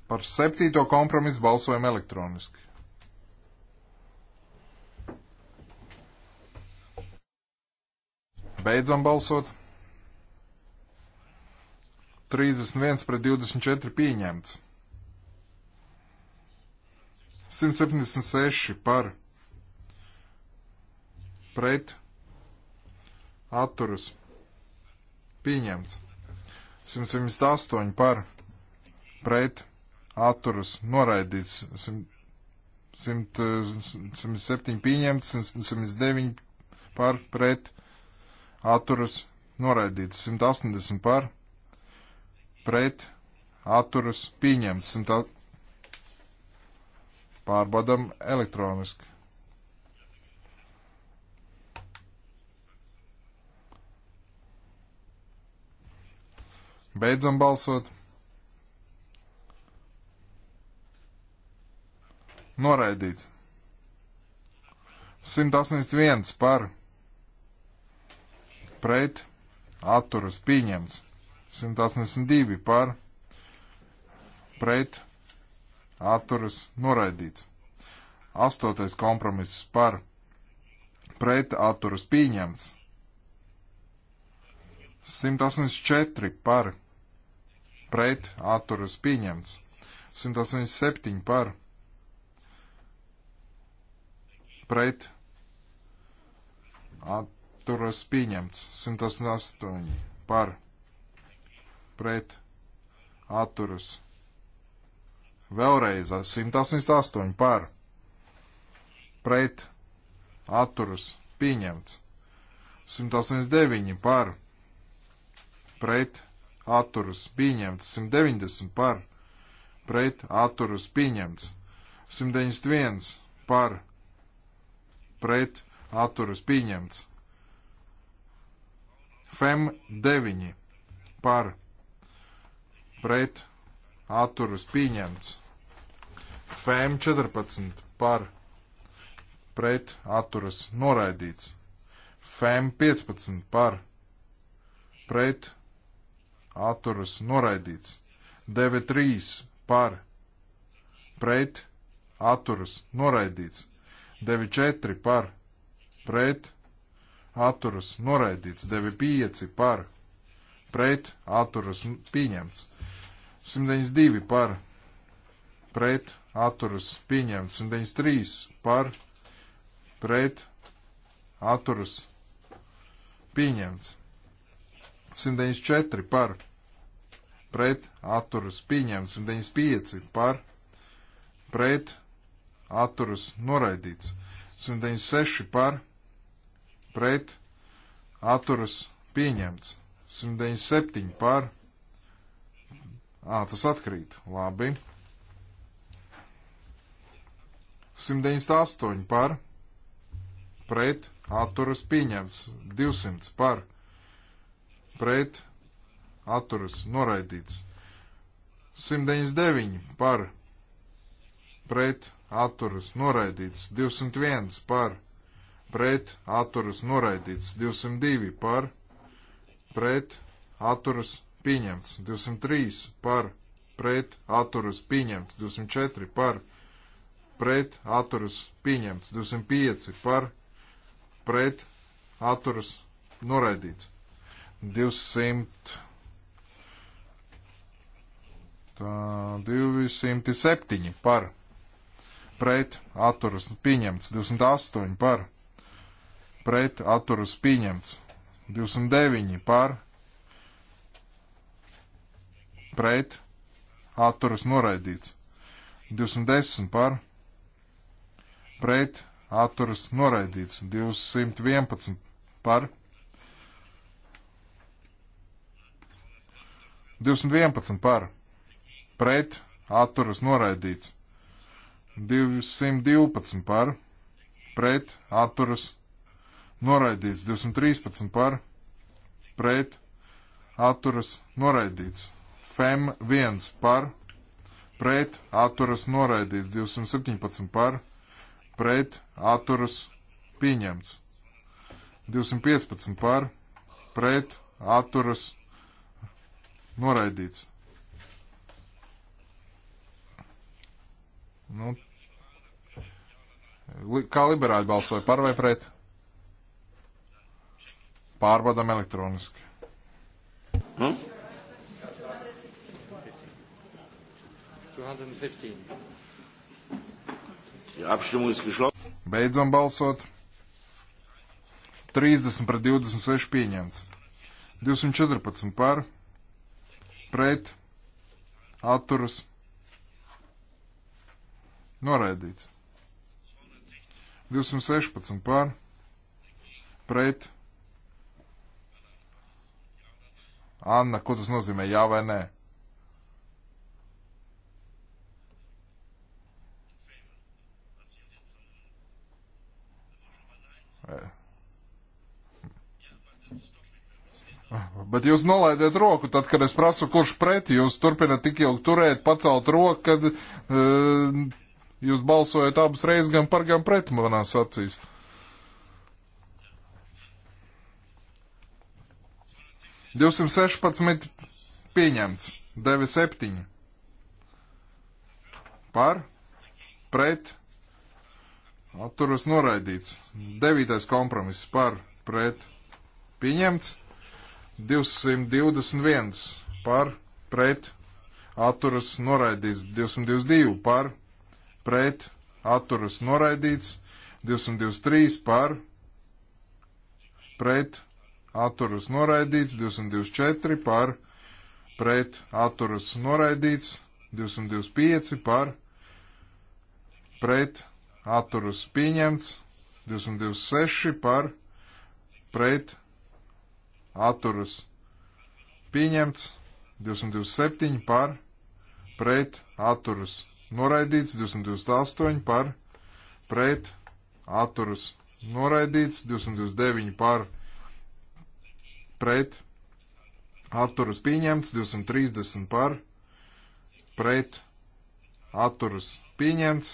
Par septīto kompromisu balsojam elektroniski. Beidzam balsot. 31 pret 24 pieņemts. 176 par pret atturas pieņemts. 178 par pret atturas noraidīts, 107 pieņemts, 109 par pret atturas noraidīts, 180 par pret atturas pieņemts, 100 pārbaudam elektroniski. Beidzam balsot. Noraidīts. 181 par pret atturas pieņemts. 182 par pret atturas noraidīts. 8. kompromiss par pret atturas pieņemts. 184 par pret atturas pieņemts. 187 par pret pret atturas pieņemts 108 par pret atturas vēlreiz 188 par pret atturas pieņemts 189 par pret atturas pieņemts 190 par pret atturas pieņemts 191 par pret atturas pieņemts. FEM 9 par pret atturas pieņemts. FEM 14 par pret atturas noraidīts. FEM 15 par pret atturas noraidīts. DV3 par pret atturas noraidīts. 9,4 par pret atturas noraidīts, 9,5 par pret atturas pieņemts, 192 par pret atturas pieņemts, 193 par pret atturas pieņemts, 194 par pret atturas pieņemts, 195 par pret atturas noraidīts. 196 par pret atturas pieņemts. 197 par. Ā, tas atkrīt. Labi. 198 par pret atturas pieņemts. 200 par pret atturas noraidīts. 199 par pret atturas noraidīts 201 par, pret atturas noraidīts 202 par, pret atturas pieņemts 203 par, pret atturas pieņemts 204 par, pret atturas pieņemts 205 par, pret atturas noraidīts 200. Tā 207 par pret atturas pieņemts, 208 par pret atturas pieņemts, 209 par pret atturas noraidīts, 210 par pret atturas noraidīts, 211 par 211 par pret atturas noraidīts. 212 par, pret, atturas, noraidīts. 213 par, pret, atturas, noraidīts. FEM 1 par, pret, atturas, noraidīts. 217 par, pret, atturas, pieņemts. 215 par, pret, atturas, noraidīts. Nu, Kā liberāļi balsoja par vai pret? Pārbaudām elektroniski. Hmm? Nu? 215. Beidzam balsot. 30 pret 26 pieņemts. 214 par, pret, atturas, noraidīts. 216 pār pret. Anna, ko tas nozīmē, jā vai nē? Bet jūs nolaidiet roku, tad, kad es prasu, kurš pret, jūs turpinat tik ilgi turēt, pacelt roku, kad uh, Jūs balsojat abas reizes gan par, gan pret manās acīs. Divsimt sešpadsmit pieņemts, devi septiņi. Par, pret, atturas noraidīts. Devītais kompromiss par, pret, pieņemts. 221 par, pret, atturas noraidīts. 222 par, pret atturas noraidīts, 223 par pret atturas noraidīts, 224 par pret atturas noraidīts, 225 par pret atturas pieņemts, 226 par pret atturas pieņemts, 227 par pret atturas noraidīts, 228 par pret atturas noraidīts, 229 par pret atturas pieņemts, 230 par pret atturas pieņemts,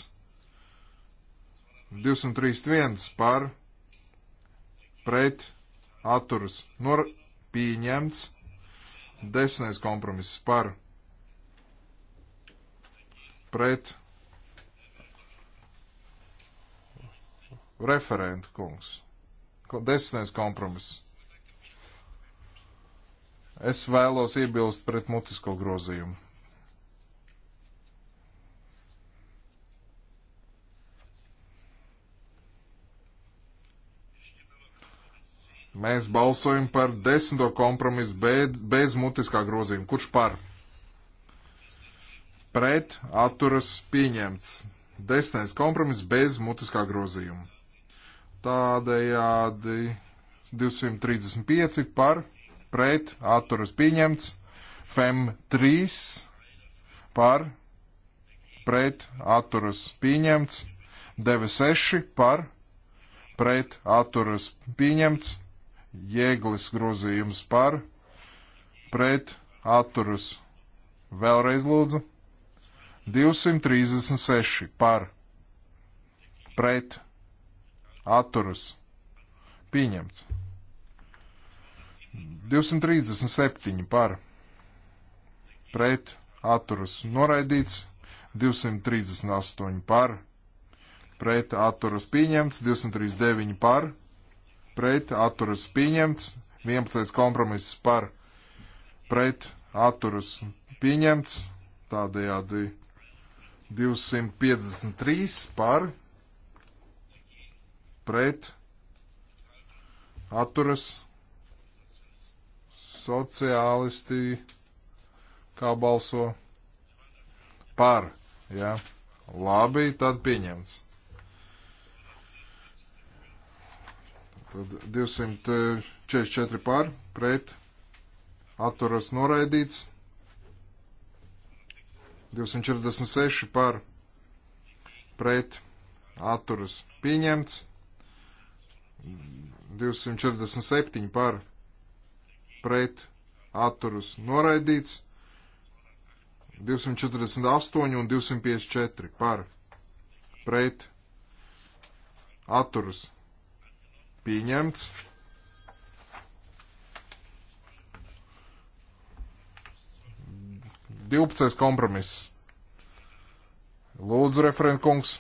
231 par pret atturas nor pieņemts, desmitais kompromiss par pret pret referentu kungs. Desmitais kompromiss. Es vēlos iebilst pret mutisko grozījumu. Mēs balsojam par desmito kompromisu bez, bez mutiskā grozījuma. Kurš par? pret atturas pieņemts. Desmitais kompromiss bez mutiskā grozījuma. Tādējādi 235 par pret atturas pieņemts. FEM 3 par pret atturas pieņemts. 96 par pret atturas pieņemts. Jēglis grozījums par pret atturas. Vēlreiz lūdzu. 236 par pret atturas pieņemts. 237 par pret atturas noraidīts. 238 par pret atturas pieņemts. 239 par pret atturas pieņemts. 11. kompromiss par pret atturas pieņemts. Tādējādi 253 par pret atturas sociālisti kā balso par, ja, labi, tad pieņemts. Tad 244 eh, par pret atturas noraidīts. 246 par pret atturas pieņemts. 247 par pret atturas noraidīts. 248 un 254 par pret atturas pieņemts. 12. kompromiss. Lūdzu, referent kungs.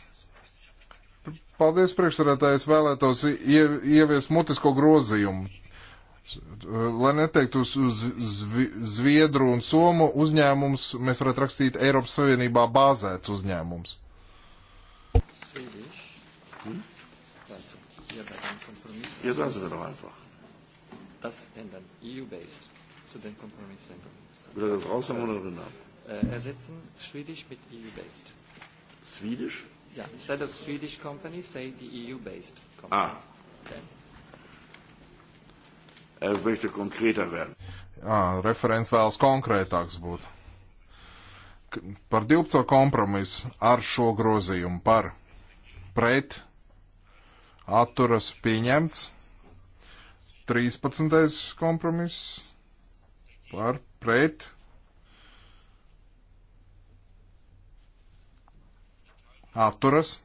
Paldies, priekšsarētājs, vēlētos ieviest mutisko grozījumu. Lai neteiktu uz, uz zvi, Zviedru un Somu uzņēmums, mēs varētu rakstīt Eiropas Savienībā bāzēts uzņēmums. Hm? Ihr seid es doch einfach. Das ändern. EU-based zu den Kompromiss ändern. Will er das raushaben oder drin haben? Äh, ersetzen Swedish mit EU-based. Swedish? Ja, yeah, instead of Swedish company, say the EU-based company. Ah. Okay. Er möchte konkreter werden. Jā, ah, referents vēlas konkrētāks būt. Par 12. kompromisu ar šo grozījumu par pret atturas pieņemts. 13. kompromiss par pret atturas.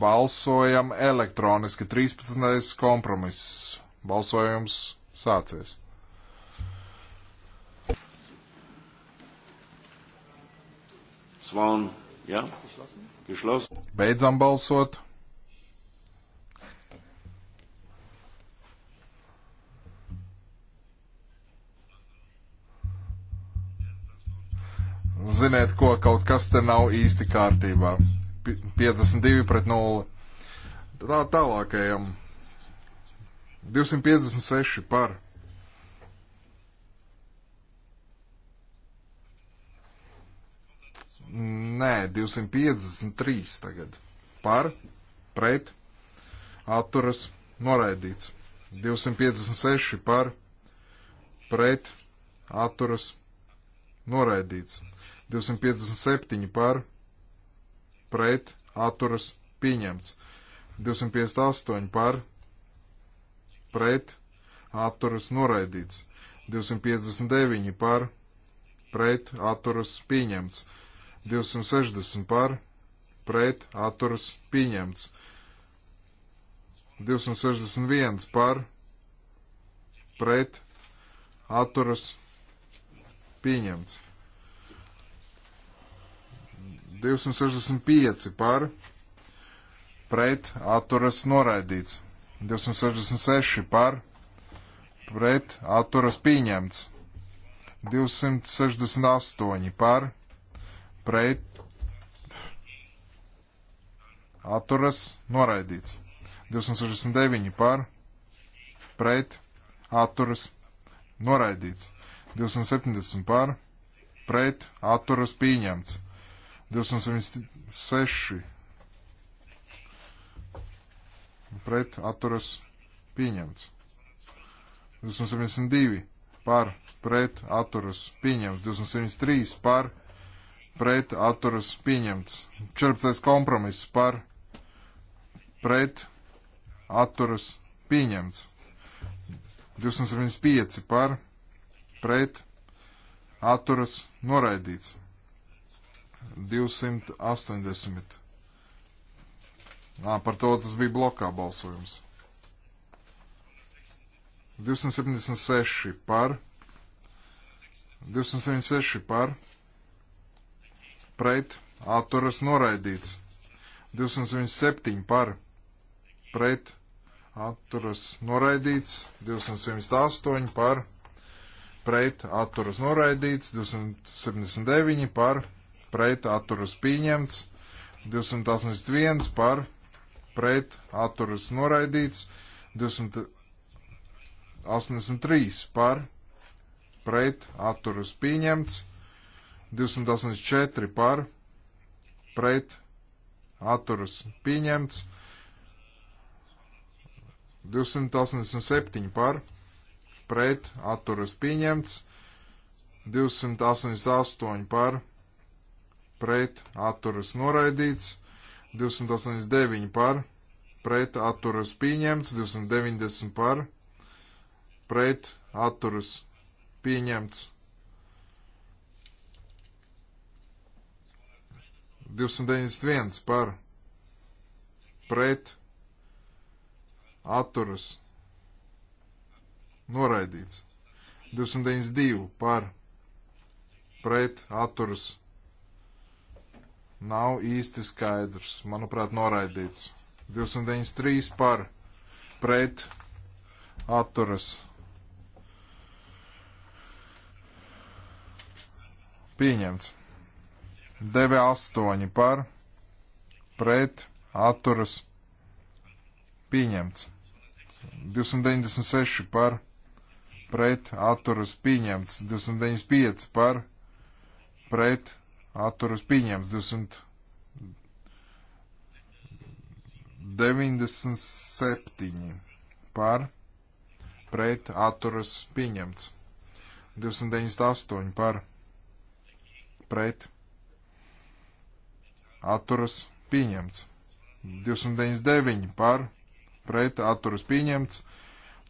Balsojam elektroniski 13. kompromiss. Balsojums sācies. Svan, ja? Geschlossen. Beidzam balsot. ziniet, ko kaut kas te nav īsti kārtībā. 52 pret 0. Tā tālāk ejam. 256 par. Nē, 253 tagad. Par, pret, atturas, noraidīts. 256 par, pret, atturas, noraidīts. 257 par pret atturas pieņemts. 258 par pret atturas noraidīts. 259 par pret atturas pieņemts. 260 par pret atturas pieņemts. 261 par pret atturas pieņemts. 265 par pret atturas noraidīts. 266 par pret atturas pieņemts. 268 par pret atturas noraidīts. 269 par pret atturas noraidīts. 270 par pret atturas pieņemts. 276 pret atturas pieņemts. 272 par pret atturas pieņemts. 273 par pret atturas pieņemts. 14. kompromiss par pret atturas pieņemts. 275 par pret atturas noraidīts. 280. Nā, par to tas bija blokā balsojums. 276 par. 276 par. Pret. Atturas noraidīts. 277 par. Pret. Atturas noraidīts. 278 par. Pret. Atturas noraidīts. 279 par pret atturas pieņemts, 281 par pret atturas noraidīts, 283 par pret atturas pieņemts, 284 par pret atturas pieņemts, 287 par pret atturas pieņemts, 288 par pret pret atturas noraidīts, 289 par, pret atturas pieņemts, 290 par, pret atturas pieņemts. 291 par pret atturas noraidīts. 292 par pret atturas pieņemts nav īsti skaidrs. Manuprāt, noraidīts. 293 par pret atturas. Pieņemts. 98 par pret atturas. Pieņemts. 296 par pret atturas. Pieņemts. 295 par pret atturas pieņemts 297 par pret atturas pieņemts 298 par pret atturas pieņemts 299 par pret atturas pieņemts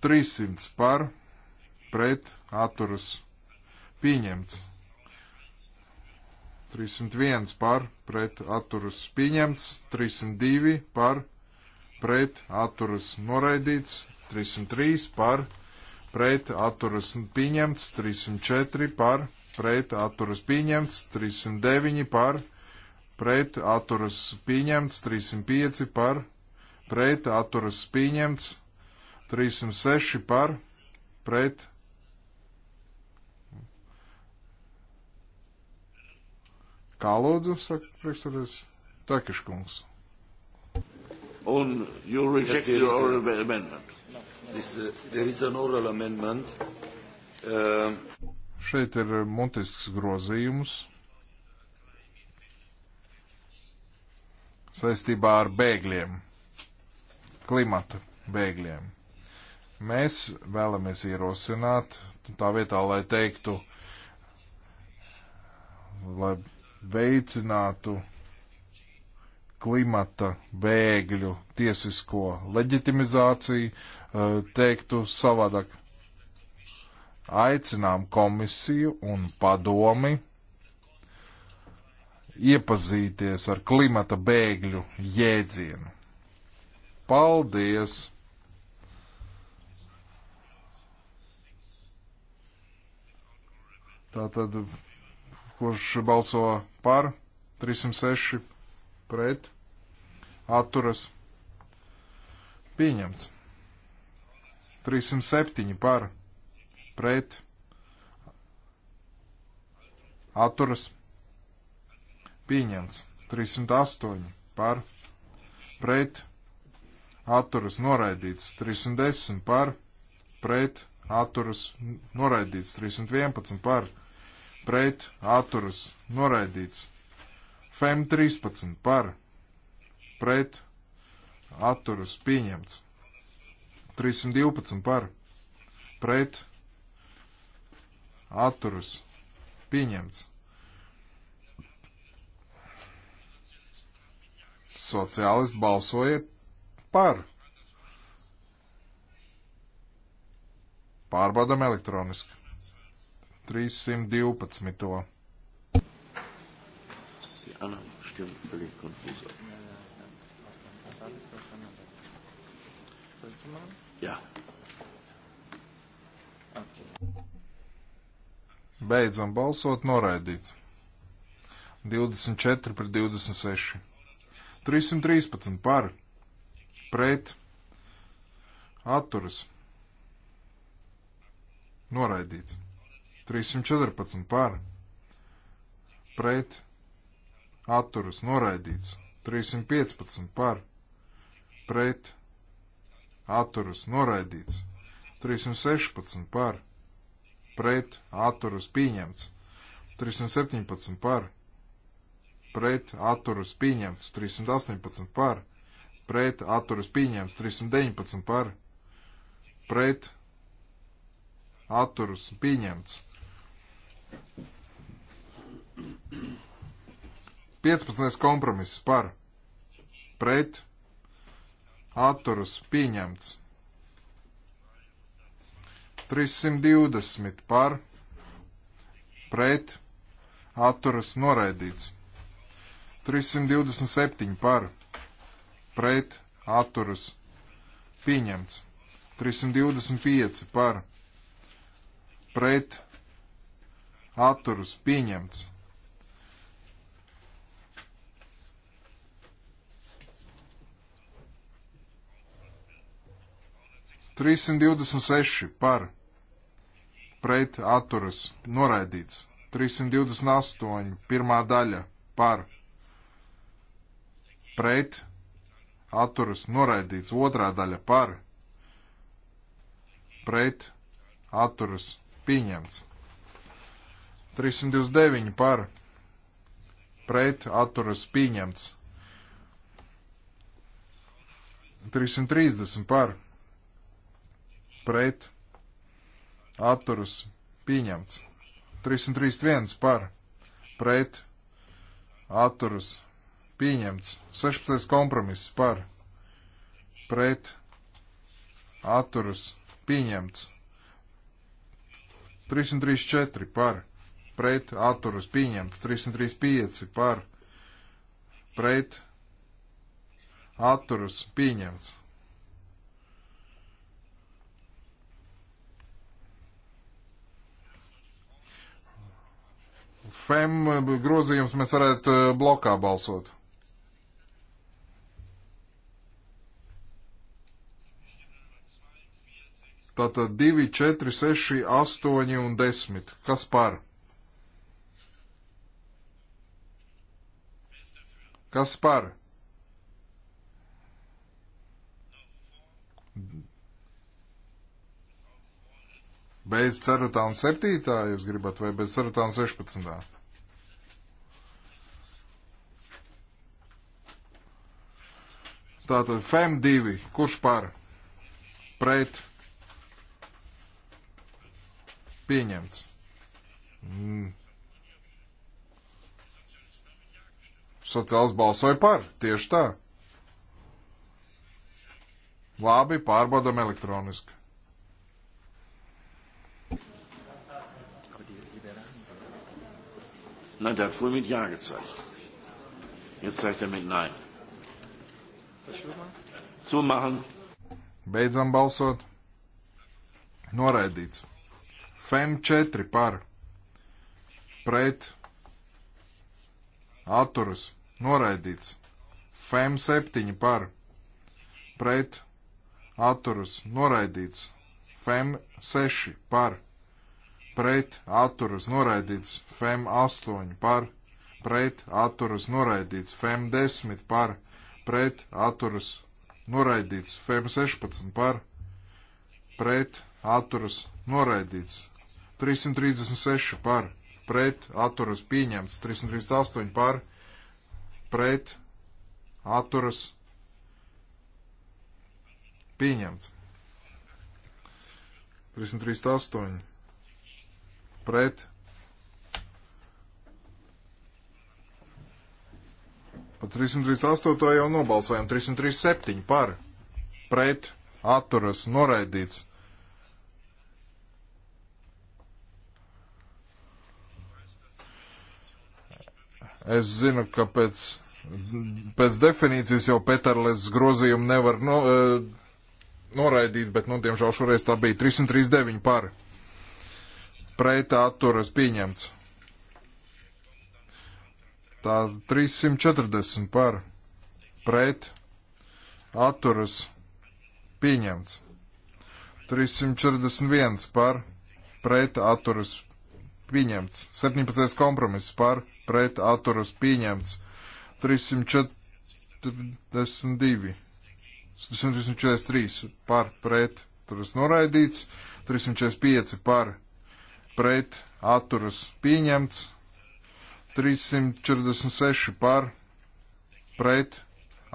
300 par pret atturas pieņemts 301 par pret atturas pieņemts, 302 par pret atturas noraidīts, 303 par pret atturas pieņemts, 304 par pret atturas pieņemts, 309 par pret atturas pieņemts, 305 par pret atturas pieņemts, 306 par pret Kā lūdzu, saka priekšsēdētājs Takiškungs. Un you reject yes, your oral a... amendment. This, uh, there is an oral amendment. Uh, Šeit ir mutisks grozījums saistībā ar bēgļiem, klimata bēgļiem. Mēs vēlamies ierosināt tā vietā, lai teiktu, lai veicinātu klimata bēgļu tiesisko leģitimizāciju, eh, teiktu savādāk. Aicinām komisiju un padomi iepazīties ar klimata bēgļu jēdzienu. Paldies! Tātad kurš balso par, 306 pret, atturas, pieņemts. 307 par, pret, atturas, pieņemts. 308 par, pret, atturas, noraidīts. 310 par, pret, atturas, noraidīts. 311 par, pret pret atturas noraidīts. FEM 13 par pret atturas pieņemts. 312 par pret atturas pieņemts. Sociālisti balsoja par. Pārbaudam elektroniski. 312. Die anderen stimmen völlig konfus ab. Ja. Beidzam balsot, noraidīts. 24 pret 26. 313 par, pret, atturas, noraidīts. 314 par pret atturas noraidīts. 315 par pret atturas noraidīts. 316 par pret atturas pieņemts. 317 par pret atturas pieņemts. 318 par pret atturas pieņemts. 319 par pret atturas pieņemts. 15. kompromiss par pret atturus pieņemts. 320 par pret atturas noraidīts. 327 par pret atturas pieņemts. 325 par pret atturas pieņemts. Trīsimt divdesmit seši par pret atturas noraidīts. 328, pirmā daļa par pret atturas noraidīts, otrā daļa par pret atturas pieņemts. 329 par pret atturas pieņemts. 330 par pret atturas pieņemts. 331 par pret atturas pieņemts. 16 kompromiss par pret atturas pieņemts. 334 par pret pret atturas pieņemts, 335 par pret atturas pieņemts. FEM eh, grozījums mēs varētu eh, blokā balsot. Tātad 2, 4, 6, 8 un 10. Kas par? Kas par? Bez ceturtā un septītā jūs gribat, vai bez ceturtā un sešpadsmitā? Tātad FEM2, kurš par? Pret. Pieņemts. Mm. Sociāls balsoja par, tieši tā. Labi, pārbaudam elektroniski. Nein, der hat früher mit Ja gezeigt. Jetzt zeigt er mit Nein. Zumachen. Beidzam balsot. Noraidīts. FEM 4 par. Pret. Atturas noraidīts. FEM 7 par pret atturas noraidīts. FEM 6 par pret atturas noraidīts. FEM 8 par pret atturas noraidīts. FEM 10 par pret atturas noraidīts. FEM 16 par pret atturas noraidīts. 336 par pret atturas pieņemts. 338 par pret pret, atturas, pieņemts. 338 pret, Par 338 jau nobalsojam, 337 par, pret, atturas, noraidīts. Es zinu, ka pēc Pēc definīcijas jau Peterles grozījumu nevar no, e, noraidīt, bet, nu, diemžēl šoreiz tā bija 339 par. Pretā atturas pieņemts. Tā 340 par. Pret atturas pieņemts. 341 par. Pret atturas pieņemts. 17. kompromiss par. Pret atturas pieņemts. 342, 343 par pret atturas noraidīts, 345 par pret atturas pieņemts, 346 par pret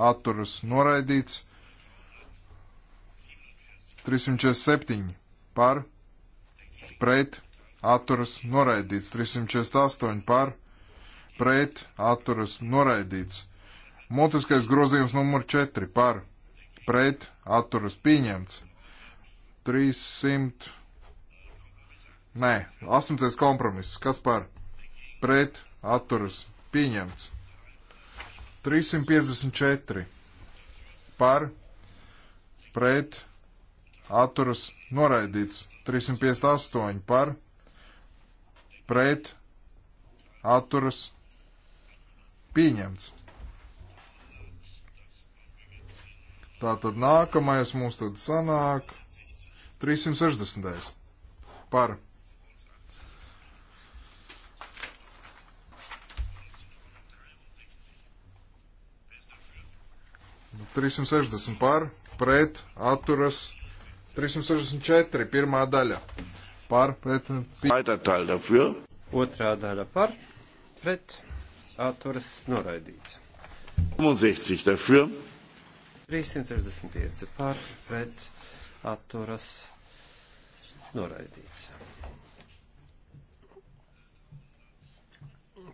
atturas noraidīts, 347 par pret atturas noraidīts, 348 par pret pret atturas noraidīts. Mutiskais grozījums numur 4 par pret atturas pieņemts. 300. Nē, 800 kompromiss. Kas par pret atturas pieņemts? 354 par pret atturas noraidīts. 358 par pret atturas noraidīts Pieņemts. Tātad nākamais mums tad sanāk 360. par. Trīsim sešdesmit par, pret, atturas, 364, pirmā daļa, par, pret, pi... otrā daļa par, pret, atturas noraidīts. 65 dafür. 365 par pret atturas noraidīts.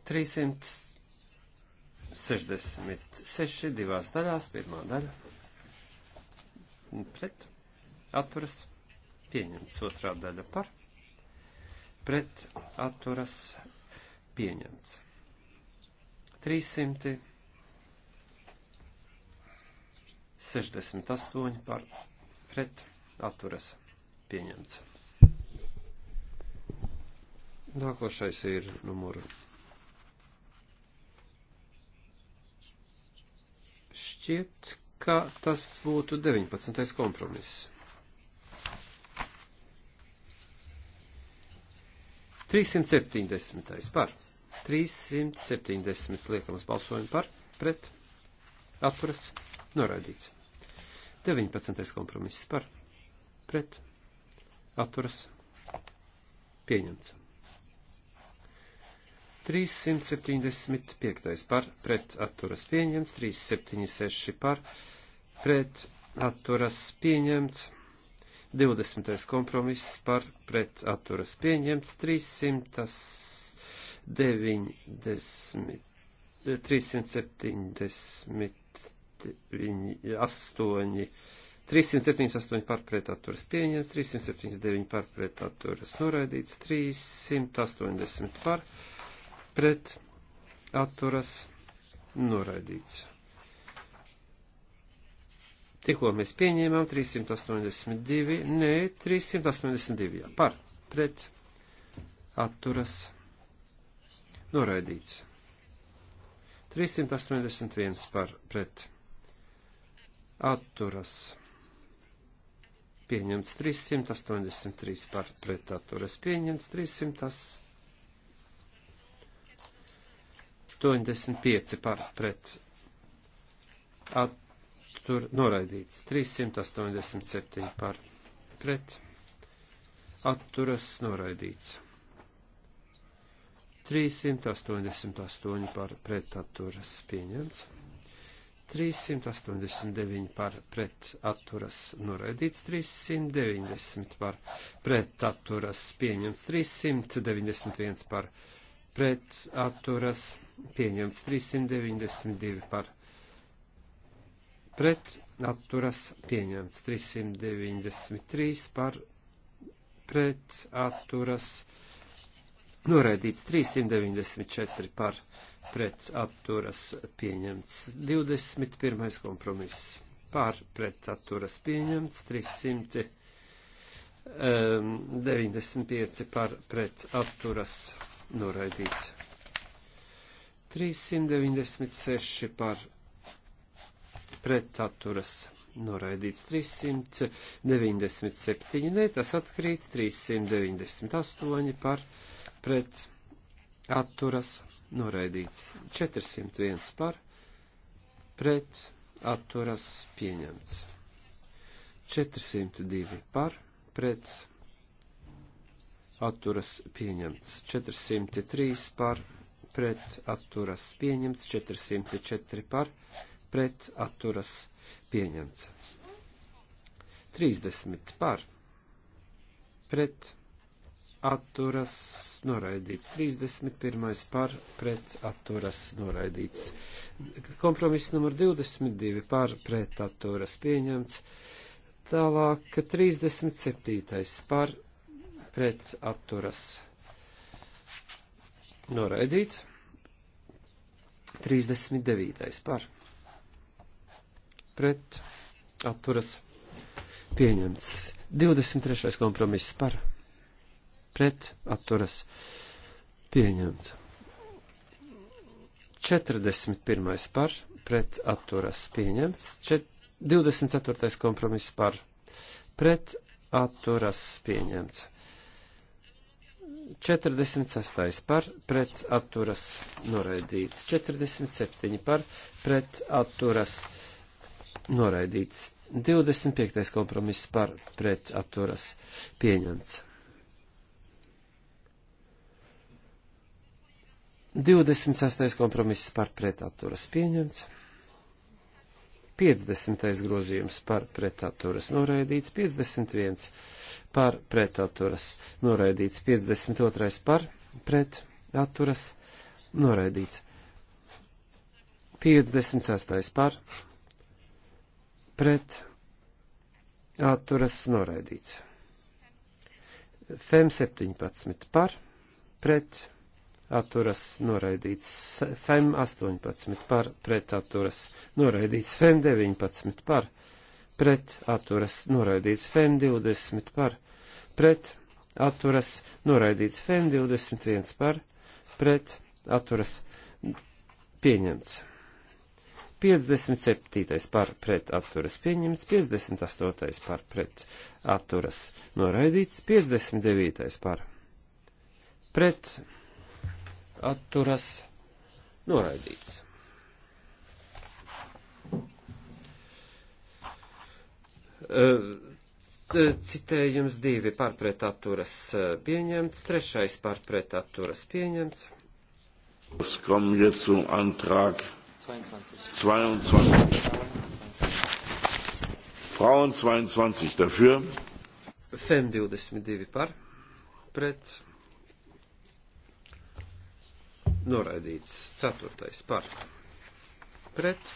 366 divās daļās, pirmā daļa. Pret atturas pieņemts, otrā daļa par pret atturas pieņemts. 368 par pret atturas pieņemts. Nākošais ir numuru. Šķiet, ka tas būtu 19. kompromiss. 370. par. 370 liekamas balsojumi par, pret, atturas, noraidīts. 19. kompromiss par, pret, atturas, pieņemts. 375 par, pret, atturas, pieņemts. 376 par, pret, atturas, pieņemts. 20. kompromiss par, pret, atturas, pieņemts. 300. 90, 378, 378 pārpretāturas pieņemts, 379 pārpretāturas noraidīts, 380 pārpretāturas noraidīts. Tikko mēs pieņēmām 382, nē, 382 jā, par pret atturas noraidīts Noraidīts. 381 par pret. Atturas. Pieņemts 383 par pret atturas. Pieņemts 385 par pret. Attur noraidīts 387 par pret. Atturas noraidīts. 388 par pretaturas pieņemts, 389 par pretaturas noraidīts, 390 par pretaturas pieņemts, 391 par pretaturas pieņemts, 392 par pretaturas pieņemts, 393 par pretaturas pieņemts noraidīts 394 par pret apturas pieņemts 21. kompromiss par pret apturas pieņemts 395 ehm, par pret apturas noraidīts 396 par pret apturas noraidīts 397, ne, tas atkrīts 398 par pret pret atturas noraidīts 401 par pret atturas pieņemts 402 par pret atturas pieņemts 403 par pret atturas pieņemts 404 par pret atturas pieņemts 30 par pret atturas atturas noraidīts. 31. par pret atturas noraidīts. Kompromiss numur 22 par pret atturas pieņemts. Tālāk 37. par pret atturas noraidīts. 39. par pret atturas pieņemts. 23. kompromiss par pret pret atturas pieņemts. 41. par pret atturas pieņemts. 24. kompromiss par pret atturas pieņemts. 46 par pret atturas noraidīts, 47 par pret atturas noraidīts, 25. kompromiss par pret atturas pieņemts. 26. kompromiss par pretaturas pieņemts. 50. grozījums par pretaturas noraidīts, 51 par pretaturas noraidīts, 52 par pretaturas noraidīts, 56 par pretaturas noraidīts, FEM 17 par pretaturas atturas noraidīts FEM 18 par, pret atturas noraidīts FEM 19 par, pret atturas noraidīts FEM 20 par, pret atturas noraidīts FEM 21 par, pret atturas pieņemts. 57. par pret atturas pieņemts, 58. par pret atturas noraidīts, 59. par pret atturas noraidīts. Citējums divi pārpret atturas pieņemts, trešais pārpret atturas pieņemts. Es komu jetzt zum Antrag 22. Frauen 22 dafür. Fem 22 par pret noraidīts. Ceturtais par pret.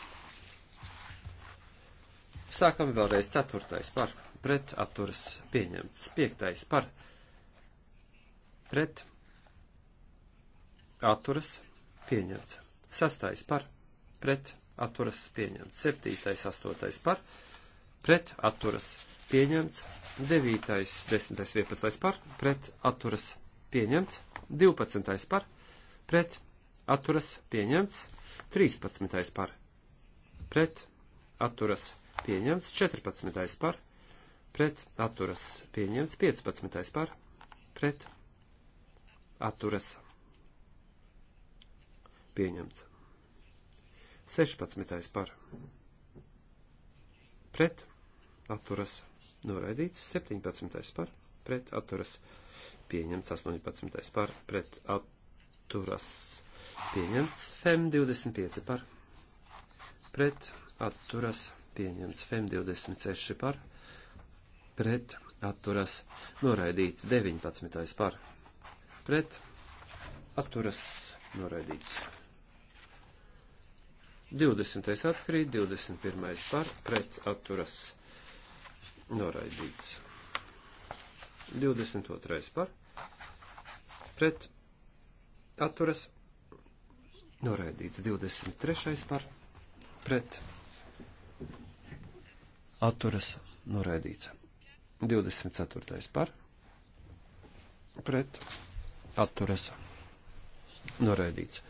Sākam vēlreiz ceturtais par pret atturas pieņemts. Piektais par pret atturas pieņemts. Sastais par pret atturas pieņemts. Septītais, astotais par pret atturas pieņemts. Devītais, desmitais, vienpadsmitais par pret atturas pieņemts. Divpadsmitais par pret pret, atturas, pieņemts. 13. par, pret, atturas, pieņemts. 14. par, pret, atturas, pieņemts. 15. par, pret, atturas, pieņemts. 16. par, pret, atturas, noraidīts. 17. par, pret, atturas, pieņemts. 18. par, pret, atturas atturas pieņemts. FEM 25 par pret atturas pieņemts. FEM 26 par pret atturas noraidīts. 19 par pret atturas noraidīts. 20. atkrīt, 21. par pret atturas noraidīts. 22. par pret atturas noraidīts 23. par pret atturas noraidīts 24. par pret atturas noraidīts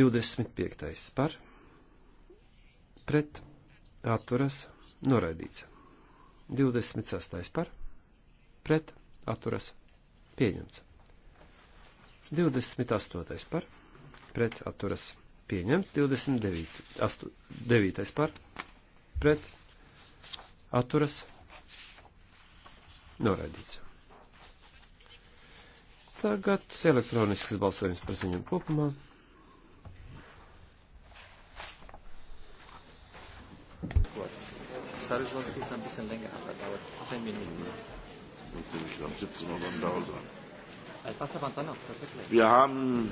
25. par pret atturas noraidīts 26. par pret atturas pieņemts. 28. par pret atturas pieņemts. 29. 8, 9. par pret atturas noraidīts. Tagad elektronisks balsojums par ziņu kopumā. Sarus Wolski ist ein bisschen länger, aber dauert 10 Minuten muss nämlich am 17. November da sein. Wir haben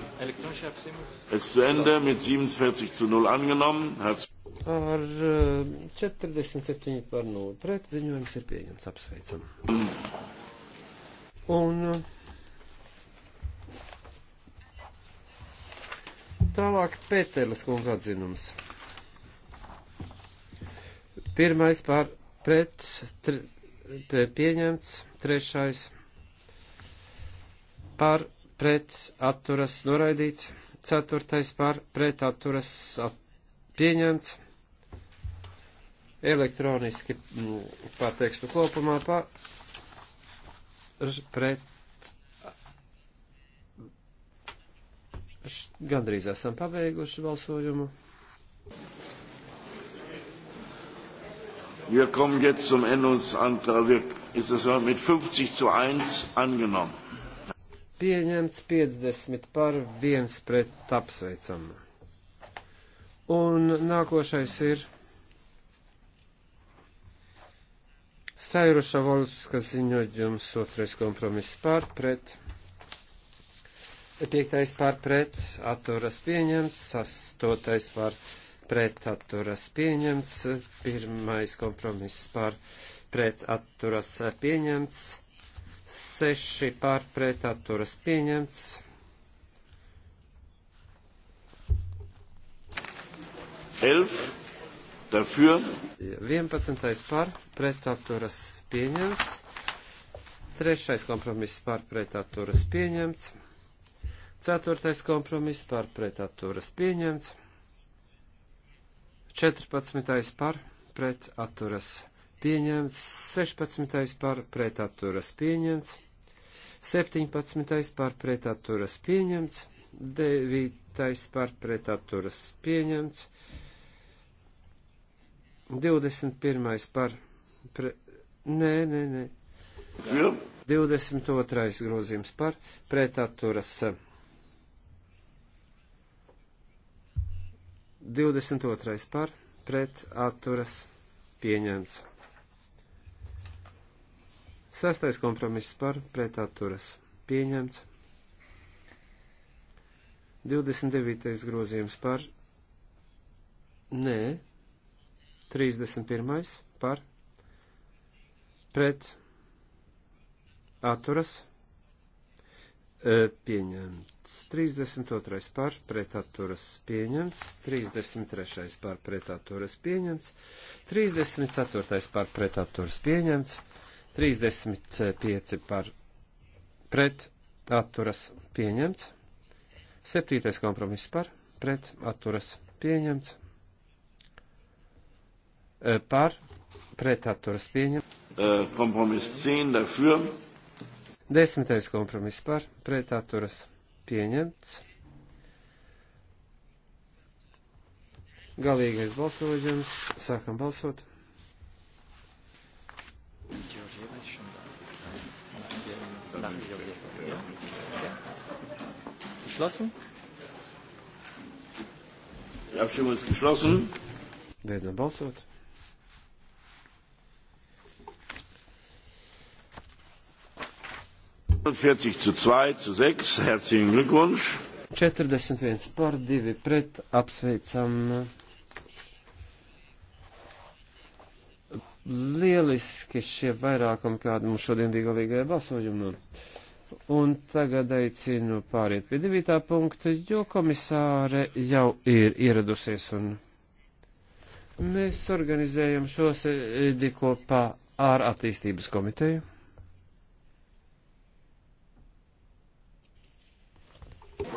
es zu Ende mit 47 zu 0 angenommen. Herz Ar 47 par 0 eh, pret ziņojums ir pieņemts. Apsveicam. Un eh, tālāk Pēteles kungs atzinums. Pirmais par pret pieņemts. Trešais par pret atturas noraidīts. Ceturtais par pret atturas at, pieņemts. Elektroniski mm, par tekstu kopumā par pret gandrīz esam pabeiguši balsojumu. Wir kommen jetzt zum Änderungsantrag. Wir, ist es mit 50 zu 1 angenommen? Pieņemts 50 par 1 pret apsveicam. Un nākošais ir Sairuša Volska ziņojums, otrais kompromiss par pret. Piektais par pret, atturas pieņemts, sastotais par pret pretaturas pieņemts, pirmais kompromiss par pretaturas pieņemts, seši par pretaturas pieņemts. Elf. Dafür. 11. par pretaturas pieņemts. Trešais kompromiss par pretaturas pieņemts. Ceturtais kompromiss par pretaturas pieņemts. 14. par pret atturas pieņemts, 16. par pret atturas pieņemts, 17. par pret atturas pieņemts, 9. par pret atturas pieņemts, 21. par pre... Nē, nē, nē. 22. grozījums par pret atturas pieņemts. 22. par pret atturas pieņemts. Sestais kompromiss par pret atturas pieņemts. 29. grozījums par nē, 31. par pret atturas pieņemts. 32. par pretaturas pieņemts, 33. par pretaturas pieņemts, 34. par pretaturas pieņemts, 35. par pretaturas pieņemts, 7. kompromiss par pretaturas pieņemts, par pretaturas pieņemts. Kompromiss 10 dafür Desmitais kompromiss par pretaturas pieņemts. Galīgais balsojums. Sākam balsot. Geschlossen? Die Abstimmung ist geschlossen. Beidzam balsot. 41 zu 2 zu 6. Herzlichen Glückwunsch. 41 par 2 pret apsveicam. Lieliski šie vairākumi, kādi mums šodien bija galīgajā balsojumā. Un tagad aicinu pāriet pie devītā punkta, jo komisāre jau ir ieradusies un mēs organizējam šo sēdi kopā ar attīstības komiteju.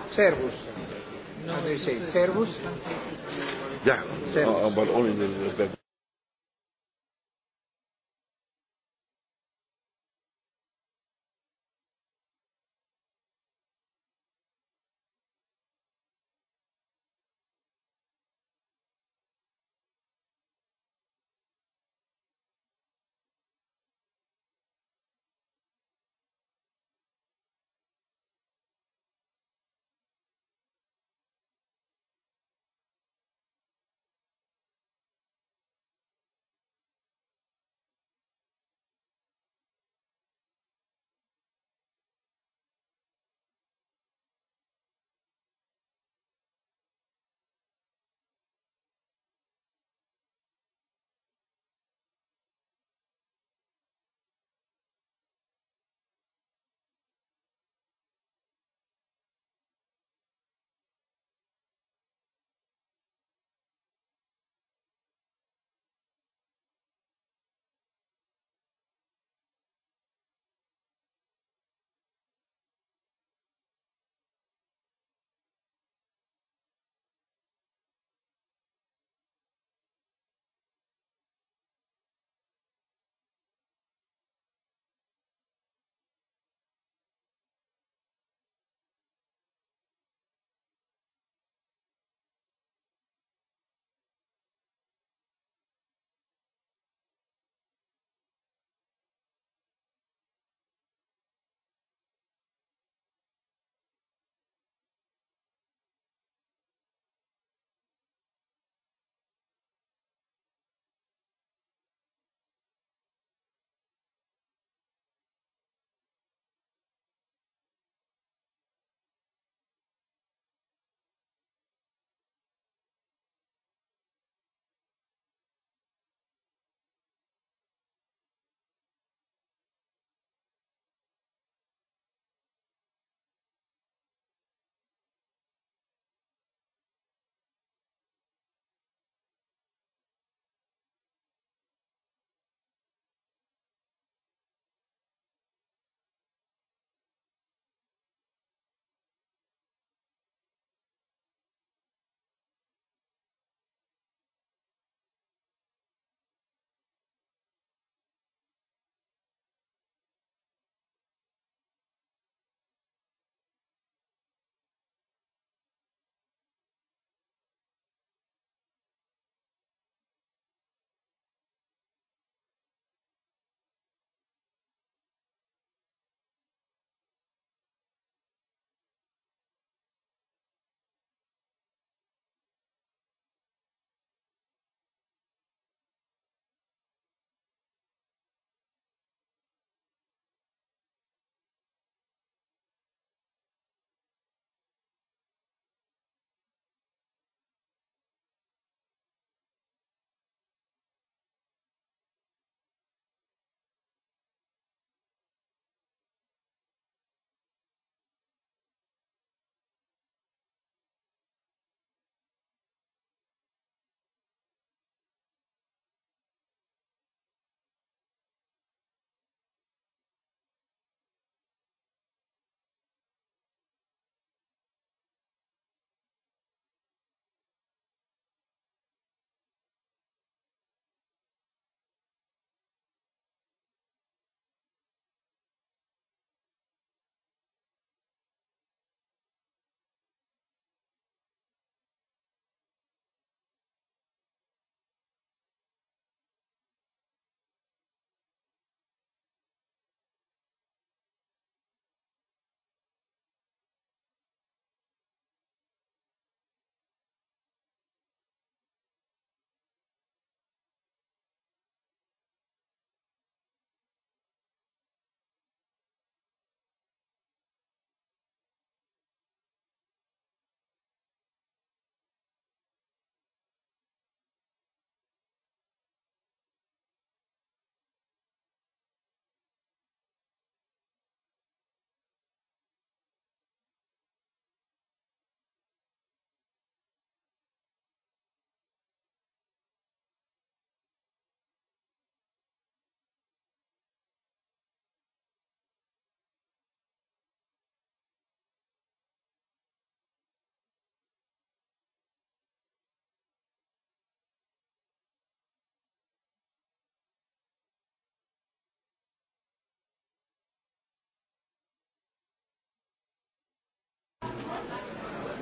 Servus. How do you say? Servus? Yeah, Servus. Uh, but only in the...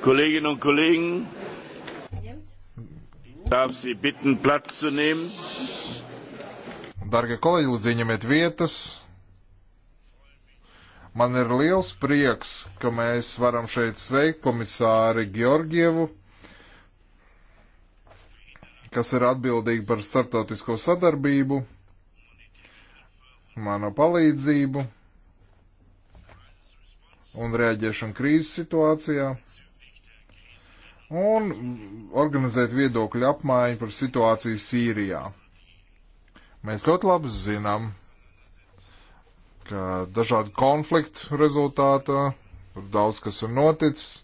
Kolleginnen und Kollegen, darf Sie bitten, Platz zu nehmen. Dargie kolēģi, lūdzu, ieņemiet vietas. Man ir liels prieks, ka mēs varam šeit sveikt komisāri Georgievu, kas ir atbildīgi par starptautisko sadarbību, mano palīdzību un reaģēšanu krīzes situācijā un organizēt viedokļu apmaiņu par situāciju Sīrijā. Mēs ļoti labi zinām, ka dažādu konfliktu rezultātā tur daudz kas ir noticis.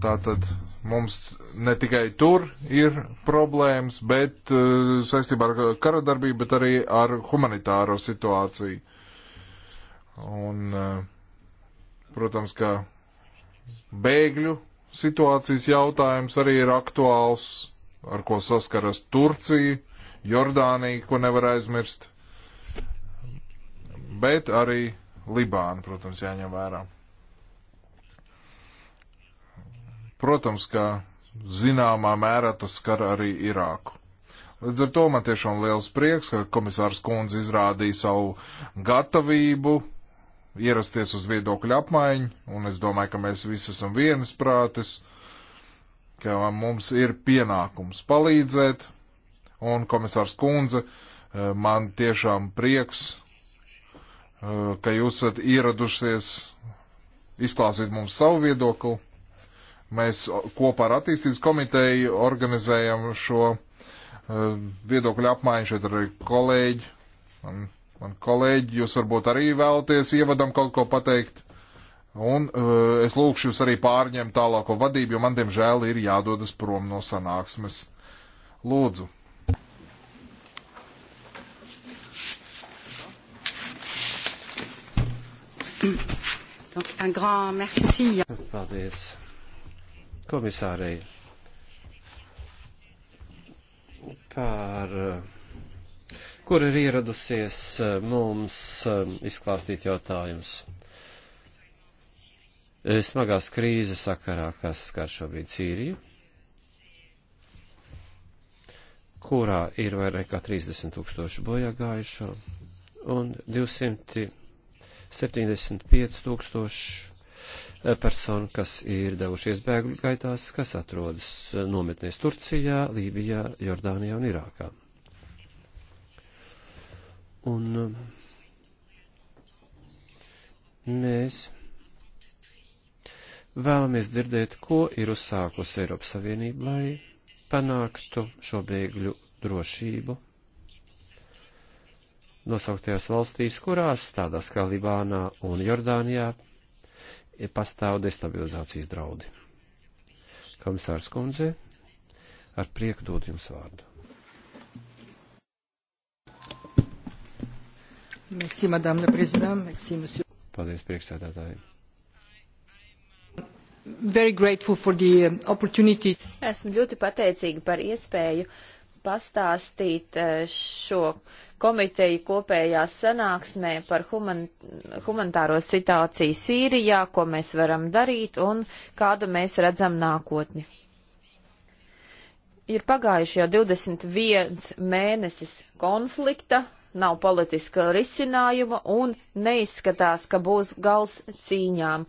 Tātad mums ne tikai tur ir problēmas, bet eh, saistībā ar karadarbību, bet arī ar humanitāro situāciju. Un, eh, protams, ka bēgļu situācijas jautājums arī ir aktuāls, ar ko saskaras Turcija, Jordānija, ko nevar aizmirst, bet arī Libāna, protams, jāņem vērā. Protams, ka zināmā mērā tas skar arī Irāku. Līdz ar to man tiešām liels prieks, ka komisārs Kunze izrādīja savu gatavību ierasties uz viedokļu apmaiņu, un es domāju, ka mēs visi esam vienisprātis, ka mums ir pienākums palīdzēt, un komisārs Kunze, eh, man tiešām prieks, eh, ka jūs esat ieradušies izklāstīt mums savu viedokli. Mēs kopā ar attīstības komiteju organizējam šo eh, viedokļu apmaiņu, šeit arī kolēģi Man kolēģi, jūs varbūt arī vēlaties ievadam kaut ko pateikt. Un uh, es lūkšu jūs arī pārņemt tālāko vadību, jo man, diemžēl, ir jādodas prom no sanāksmes. Lūdzu. Donc, un grand merci. Paldies. Komisārei. Par. Uh, kur ir ieradusies eh, mums eh, izklāstīt jautājumus. Eh, smagās krīzes sakarā, kas skar šobrīd Sīriju, kurā ir vairāk kā 30 tūkstoši bojāgājušo un 275 tūkstoši personu, kas ir devušies bēgļu gaitās, kas atrodas nometnēs Turcijā, Lībijā, Jordānijā un Irākā. Un um, mēs vēlamies dzirdēt, ko ir uzsākusi Eiropas Savienība, lai panāktu šo bēgļu drošību nosauktajās valstīs, kurās, tādās kā Libānā un Jordānijā, pastāv destabilizācijas draudi. Komisārs Kundze, ar prieku dod jums vārdu. Merci, madame la présidente. Merci, monsieur. Paldies, priekšsēdētāji. Very grateful for the uh, opportunity. Esmu ļoti pateicīga par iespēju pastāstīt uh, šo komiteju kopējā sanāksmē par human, humanitāro situāciju Sīrijā, ko mēs varam darīt un kādu mēs redzam nākotni. Ir pagājuši jau 21 mēnesis konflikta nav politiska risinājuma un neizskatās, ka būs gals cīņām.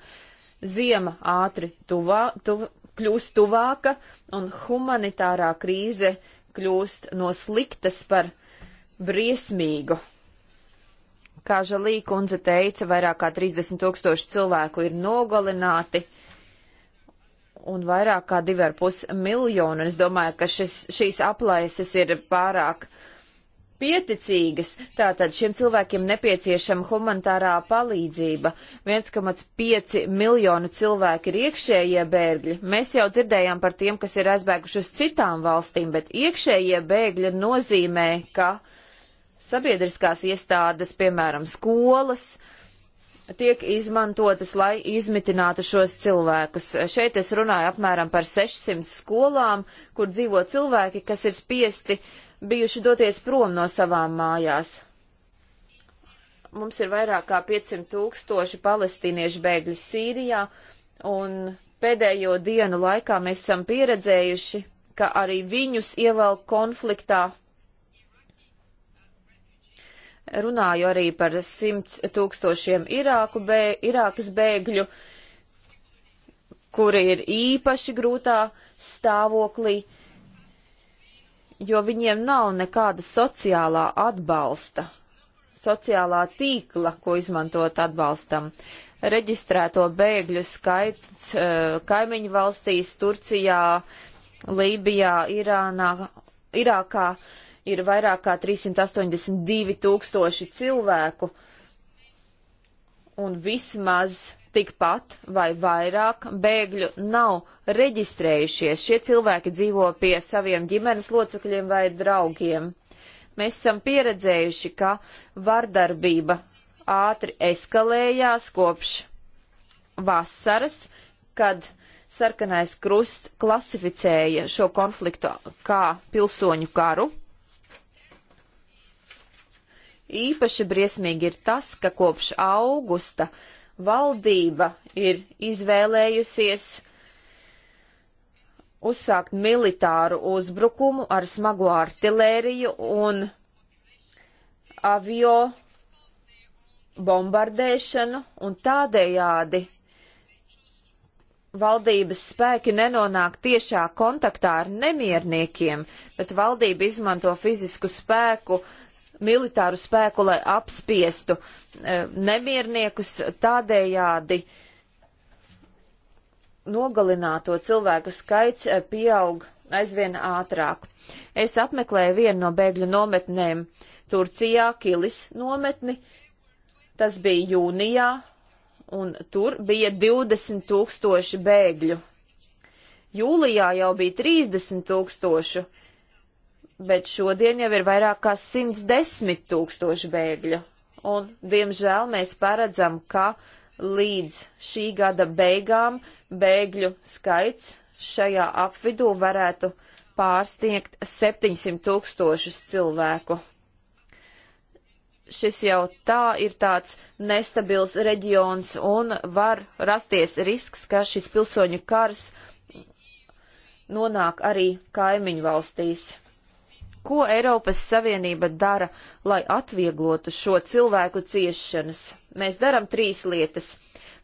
Ziema ātri tuvā, tuv, kļūst tuvāka un humanitārā krīze kļūst no sliktas par briesmīgu. Kā Žalī kundze teica, vairāk kā 30 tūkstoši cilvēku ir nogalināti un vairāk kā 2,5 miljonu. Es domāju, ka šis, šīs aplaises ir pārāk uh, pieticīgas. Tātad šiem cilvēkiem nepieciešama humanitārā palīdzība. 1,5 miljonu cilvēki ir iekšējie bēgļi. Mēs jau dzirdējām par tiem, kas ir aizbēguši uz citām valstīm, bet iekšējie bēgļi nozīmē, ka sabiedriskās iestādes, piemēram, skolas, tiek izmantotas, lai izmitinātu šos cilvēkus. Šeit es runāju apmēram par 600 skolām, kur dzīvo cilvēki, kas ir spiesti bijuši doties prom no savām mājās. Mums ir vairāk kā 500 tūkstoši palestīniešu bēgļu Sīrijā, un pēdējo dienu laikā mēs esam pieredzējuši, ka arī viņus ievelk konfliktā runāju arī par simts tūkstošiem Irāku bē, Irākas bēgļu, kuri ir īpaši grūtā stāvoklī, jo viņiem nav nekāda sociālā atbalsta, sociālā tīkla, ko izmantot atbalstam. Reģistrēto bēgļu skaits eh, kaimiņu valstīs, Turcijā, Lībijā, Irānā, Irākā ir vairāk kā 382 tūkstoši cilvēku, un vismaz tikpat vai vairāk bēgļu nav reģistrējušies. Šie cilvēki dzīvo pie saviem ģimenes locekļiem vai draugiem. Mēs esam pieredzējuši, ka vardarbība ātri eskalējās kopš vasaras, kad sarkanais krusts klasificēja šo konfliktu kā pilsoņu karu. Īpaši briesmīgi ir tas, ka kopš augusta valdība ir izvēlējusies uzsākt militāru uzbrukumu ar smagu artilēriju un avio bombardēšanu, un tādējādi valdības spēki nenonāk tiešā kontaktā ar nemierniekiem, bet valdība izmanto fizisku spēku militāru spēku, lai apspiestu e, nemierniekus tādējādi nogalināto cilvēku skaits e, pieaug aizvien ātrāk. Es apmeklēju vienu no bēgļu nometnēm Turcijā, Kilis nometni. Tas bija jūnijā, un tur bija 20 tūkstoši bēgļu. Jūlijā jau bija 30 tūkstošu, bet šodien jau ir vairāk kā 110 tūkstoši bēgļu. Un, diemžēl, mēs paredzam, ka līdz šī gada beigām bēgļu skaits šajā apvidū varētu pārsniegt 700 tūkstošus cilvēku. Šis jau tā ir tāds nestabils reģions un var rasties risks, ka šis pilsoņu kars nonāk arī kaimiņu valstīs. Ko Eiropas Savienība dara, lai atvieglotu šo cilvēku ciešanas? Mēs darām trīs lietas.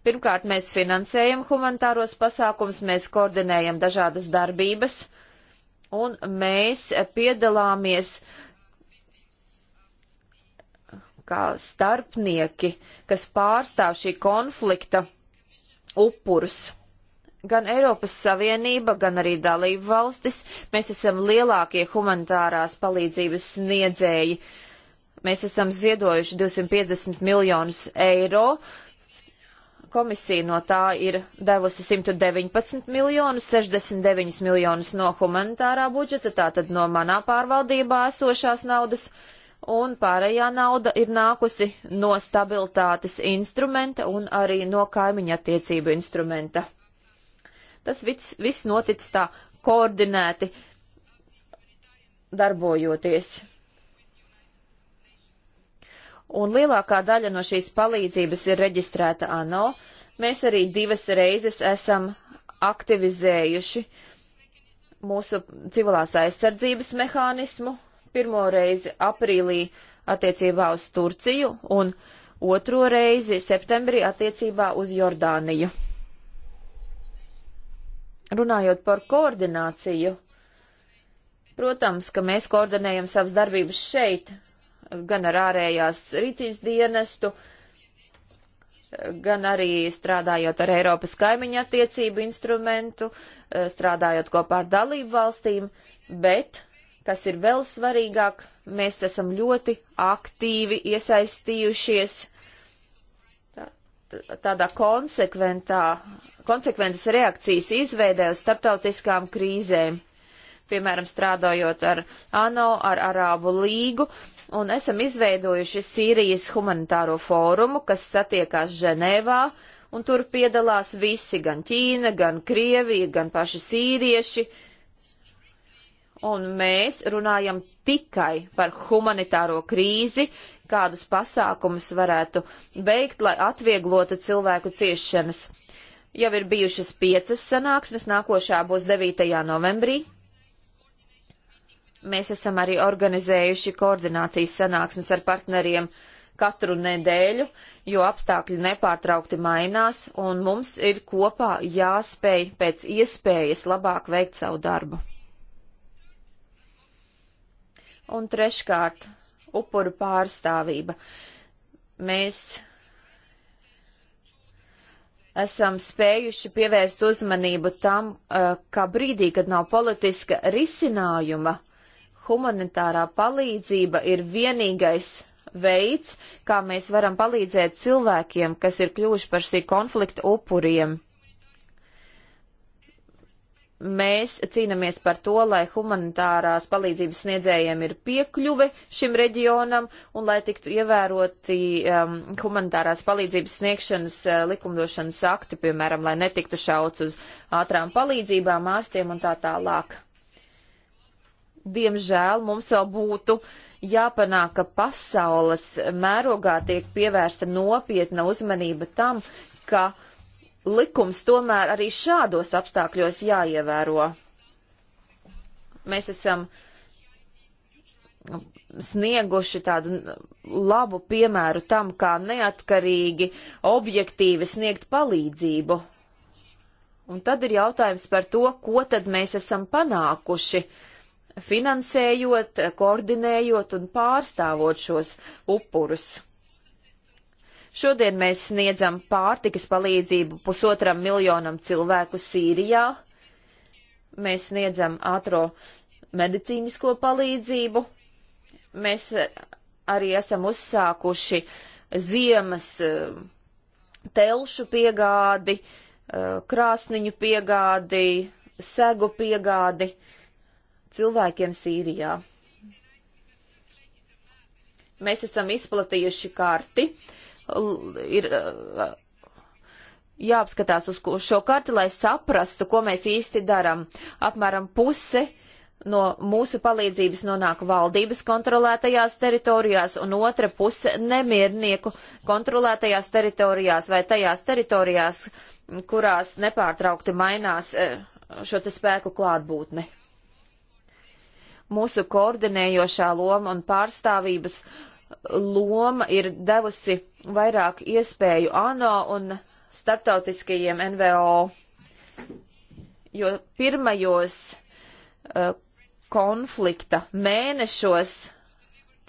Pirmkārt, mēs finansējam humanitāros pasākums, mēs koordinējam dažādas darbības un mēs piedalāmies kā starpnieki, kas pārstāv šī konflikta upurus gan Eiropas Savienība, gan arī dalību valstis, mēs esam lielākie humanitārās palīdzības sniedzēji. Mēs esam ziedojuši 250 miljonus eiro. Komisija no tā ir devusi 119 miljonus, 69 miljonus no humanitārā budžeta, tātad no manā pārvaldībā esošās naudas, un pārējā nauda ir nākusi no stabilitātes instrumenta un arī no kaimiņa attiecību instrumenta. Tas viss, viss noticis tā koordinēti darbojoties. Un lielākā daļa no šīs palīdzības ir reģistrēta ANO. Mēs arī divas reizes esam aktivizējuši mūsu civilās aizsardzības mehānismu. Pirmo reizi aprīlī attiecībā uz Turciju un otro reizi septembrī attiecībā uz Jordāniju. Runājot par koordināciju, protams, ka mēs koordinējam savas darbības šeit, gan ar ārējās rīcības dienestu, gan arī strādājot ar Eiropas kaimiņa attiecību instrumentu, strādājot kopā ar dalību valstīm, bet, kas ir vēl svarīgāk, mēs esam ļoti aktīvi iesaistījušies tādā konsekventā, konsekventas reakcijas izveidē uz starptautiskām krīzēm. Piemēram, strādājot ar ANO, ar Arābu līgu, un esam izveidojuši Sīrijas humanitāro fórumu, kas satiekās Ženēvā, un tur piedalās visi, gan Ķīna, gan Krievija, gan paši sīrieši, un mēs runājam tikai par humanitāro krīzi, kādus pasākumus varētu veikt, lai atvieglotu cilvēku ciešanas. Jau ir bijušas piecas sanāksmes, nākošā būs 9. novembrī. Mēs esam arī organizējuši koordinācijas sanāksmes ar partneriem katru nedēļu, jo apstākļi nepārtraukti mainās, un mums ir kopā jāspēj pēc iespējas labāk veikt savu darbu. Un treškārt, upuru pārstāvība. Mēs esam spējuši pievērst uzmanību tam, eh, ka brīdī, kad nav politiska risinājuma, humanitārā palīdzība ir vienīgais veids, kā mēs varam palīdzēt cilvēkiem, kas ir kļuvuši par šī konflikta upuriem mēs cīnāmies par to, lai humanitārās palīdzības sniedzējiem ir piekļuve šim reģionam un lai tiktu ievēroti um, humanitārās palīdzības sniegšanas uh, likumdošanas akti, piemēram, lai netiktu šauts uz ātrām palīdzībām, ārstiem un tā tālāk. Diemžēl mums vēl būtu jāpanāk, ka pasaules mērogā tiek pievērsta nopietna uzmanība tam, ka uh, likums tomēr arī šādos apstākļos jāievēro. Mēs esam snieguši tādu labu piemēru tam, kā neatkarīgi, objektīvi sniegt palīdzību. Un tad ir jautājums par to, ko tad mēs esam panākuši, finansējot, koordinējot un pārstāvot šos upurus. Šodien mēs sniedzam pārtikas palīdzību pusotram miljonam cilvēku Sīrijā. Mēs sniedzam ātro medicīnisko palīdzību. Mēs arī esam uzsākuši ziemas eh, telšu piegādi, eh, krāsniņu piegādi, segu piegādi cilvēkiem Sīrijā. Mēs esam izplatījuši karti, uh, ir eh, jāapskatās uz šo karti, lai saprastu, ko mēs īsti darām. Apmēram puse no mūsu palīdzības nonāk valdības kontrolētajās teritorijās, un otra puse nemiernieku kontrolētajās teritorijās vai tajās teritorijās, kurās nepārtraukti mainās eh, šo te spēku klātbūtne. Mūsu koordinējošā loma un pārstāvības uh, loma ir devusi vairāk iespēju ANO un starptautiskajiem NVO, jo pirmajos uh, konflikta mēnešos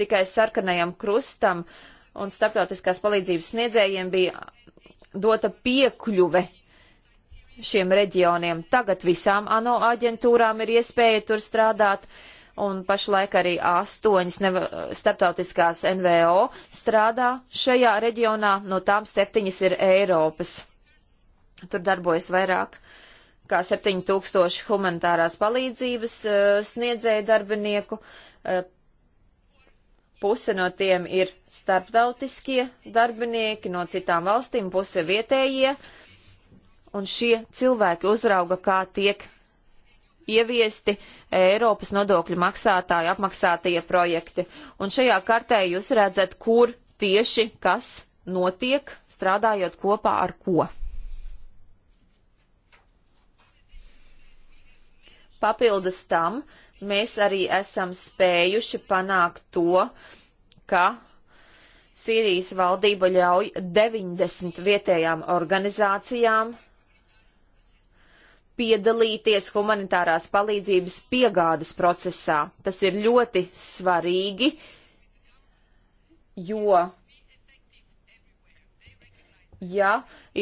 tikai sarkanajam krustam un starptautiskās palīdzības sniedzējiem bija dota piekļuve šiem reģioniem. Tagad visām ANO aģentūrām ir iespēja tur strādāt. Uh, un pašlaik arī astoņas neva, starptautiskās NVO strādā šajā reģionā, no tām septiņas ir Eiropas. Tur darbojas vairāk kā 7000 humanitārās palīdzības e, sniedzēju darbinieku. E, puse no tiem ir starptautiskie darbinieki no citām valstīm, puse vietējie, un šie cilvēki uzrauga, kā tiek ieviesti Eiropas nodokļu maksātāju apmaksātie projekti. Un šajā kartē jūs redzat, kur tieši kas notiek, strādājot kopā ar ko. Papildus tam mēs arī esam spējuši panākt to, ka Sīrijas valdība ļauj 90 vietējām organizācijām piedalīties humanitārās palīdzības piegādes procesā. Tas ir ļoti svarīgi, jo, ja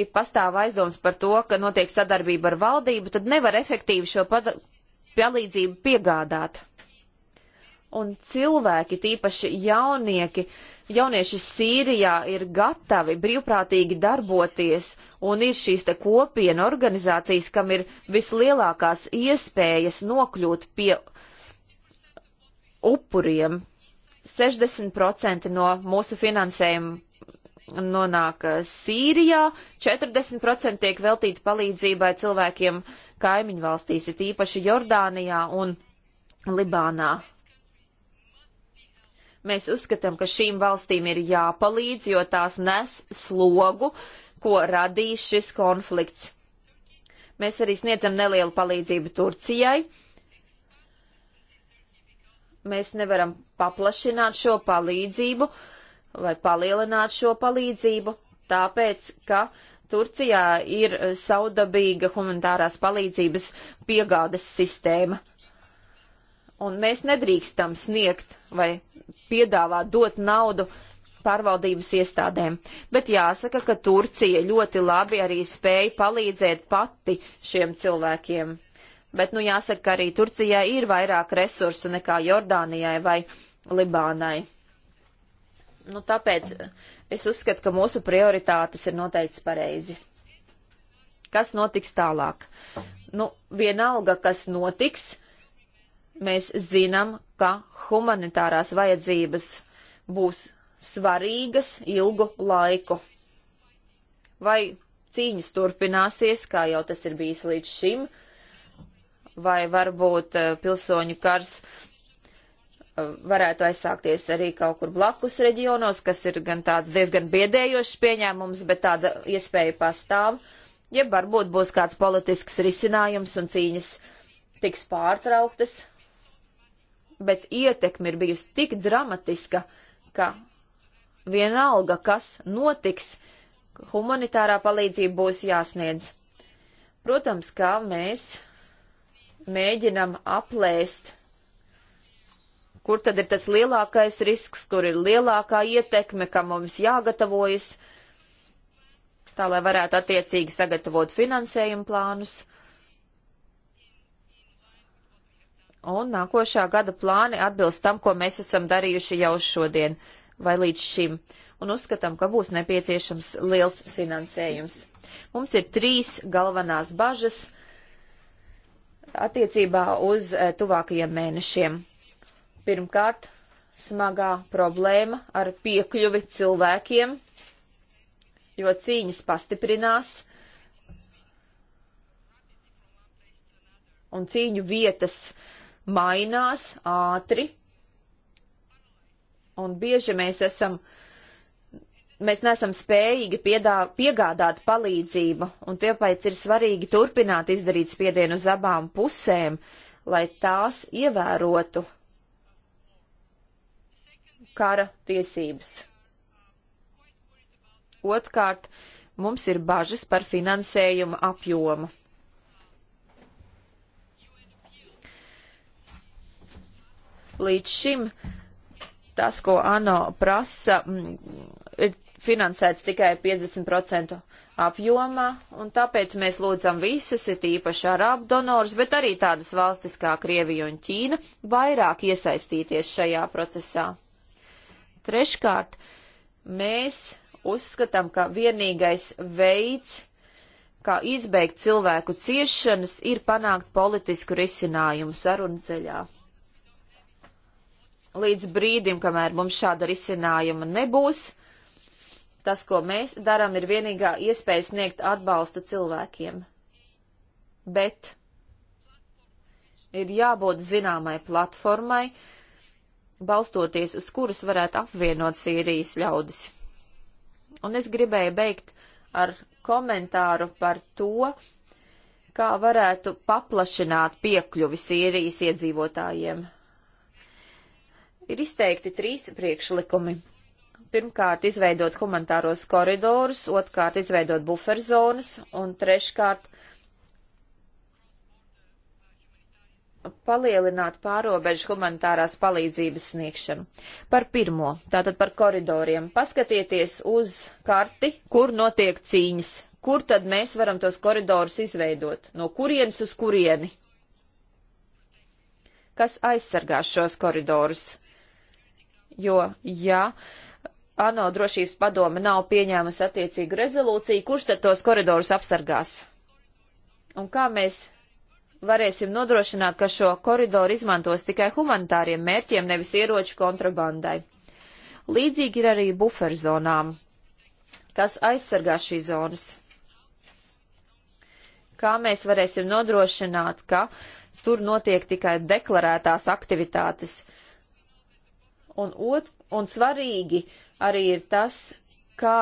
ir pastāv aizdoms par to, ka notiek sadarbība ar valdību, tad nevar efektīvi šo palīdzību piegādāt. Un cilvēki, tīpaši jaunieki, jaunieši Sīrijā ir gatavi brīvprātīgi darboties, un ir šīs te kopiena organizācijas, kam ir vislielākās iespējas nokļūt pie upuriem. 60% no mūsu finansējuma nonāk eh, Sīrijā, 40% tiek veltīti palīdzībai cilvēkiem kaimiņu valstīs, it īpaši Jordānijā un Libānā. Mēs uzskatām, ka šīm valstīm ir jāpalīdz, jo tās nes slogu, ko radīs šis konflikts. Mēs arī sniedzam nelielu palīdzību Turcijai. Mēs nevaram paplašināt šo palīdzību vai palielināt šo palīdzību, tāpēc, ka Turcijā ir saudabīga humanitārās palīdzības piegādes sistēma un mēs nedrīkstam sniegt vai piedāvāt dot naudu pārvaldības iestādēm. Bet jāsaka, ka Turcija ļoti labi arī spēja palīdzēt pati šiem cilvēkiem. Bet, nu, jāsaka, ka arī Turcijai ir vairāk resursu nekā Jordānijai vai Libānai. Nu, tāpēc es uzskatu, ka mūsu prioritātes ir noteikts pareizi. Kas notiks tālāk? Nu, vienalga, kas notiks, Mēs zinām, ka humanitārās vajadzības būs svarīgas ilgu laiku. Vai cīņas turpināsies, kā jau tas ir bijis līdz šim, vai varbūt eh, pilsoņu kars eh, varētu aizsākties arī kaut kur blakus reģionos, kas ir gan tāds diezgan biedējošs pieņēmums, bet tāda iespēja pastāv. Ja varbūt būs kāds politisks risinājums un cīņas tiks pārtrauktas, bet ietekme ir bijusi tik dramatiska, ka vienalga, kas notiks, humanitārā palīdzība būs jāsniedz. Protams, kā mēs mēģinam aplēst, kur tad ir tas lielākais risks, kur ir lielākā ietekme, kam mums jāgatavojas, tā lai varētu attiecīgi sagatavot finansējumu plānus. Un nākošā gada plāni atbilst tam, ko mēs esam darījuši jau šodien vai līdz šim. Un uzskatām, ka būs nepieciešams liels finansējums. Mums ir trīs galvenās bažas attiecībā uz eh, tuvākajiem mēnešiem. Pirmkārt, smagā problēma ar piekļuvi cilvēkiem, jo cīņas pastiprinās un cīņu vietas uh, mainās ātri, un bieži mēs esam, mēs nesam spējīgi piedā, piegādāt palīdzību, un tāpēc ir svarīgi turpināt izdarīt spiedienu uz abām pusēm, lai tās ievērotu kara tiesības. Otkārt, mums ir bažas par finansējuma apjomu. Līdz šim tas, ko ANO prasa, mm, ir finansēts tikai 50% apjomā, un tāpēc mēs lūdzam visus, ir īpaši arābu donors, bet arī tādas valstis kā Krievija un Ķīna, vairāk iesaistīties šajā procesā. Treškārt, mēs uzskatām, ka vienīgais veids, kā izbeigt cilvēku ciešanas, ir panākt politisku risinājumu sarunu ceļā līdz brīdim, kamēr mums šāda risinājuma nebūs. Tas, ko mēs darām, ir vienīgā iespēja sniegt atbalstu cilvēkiem. Bet ir jābūt zināmai platformai, balstoties uz kuras varētu apvienot Sīrijas ļaudis. Un es gribēju beigt ar komentāru par to, kā varētu paplašināt piekļuvi Sīrijas iedzīvotājiem Ir izteikti trīs priekšlikumi. Pirmkārt, izveidot humanitāros koridorus, otrkārt, izveidot buferzonas un treškārt, palielināt pārobežu humanitārās palīdzības sniegšanu. Par pirmo, tātad par koridoriem. Paskatieties uz karti, kur notiek cīņas, kur tad mēs varam tos koridorus izveidot, no kurienes uz kurieni. Kas aizsargās šos koridorus? jo, ja ANO drošības padome nav pieņēmusi attiecīgu rezolūciju, kurš tad tos koridorus apsargās? Un kā mēs varēsim nodrošināt, ka šo koridoru izmantos tikai humanitāriem mērķiem, nevis ieroču kontrabandai? Līdzīgi ir arī buferzonām, kas aizsargā šīs zonas. Kā mēs varēsim nodrošināt, ka tur notiek tikai deklarētās aktivitātes? Un, ot, un svarīgi arī ir tas, kā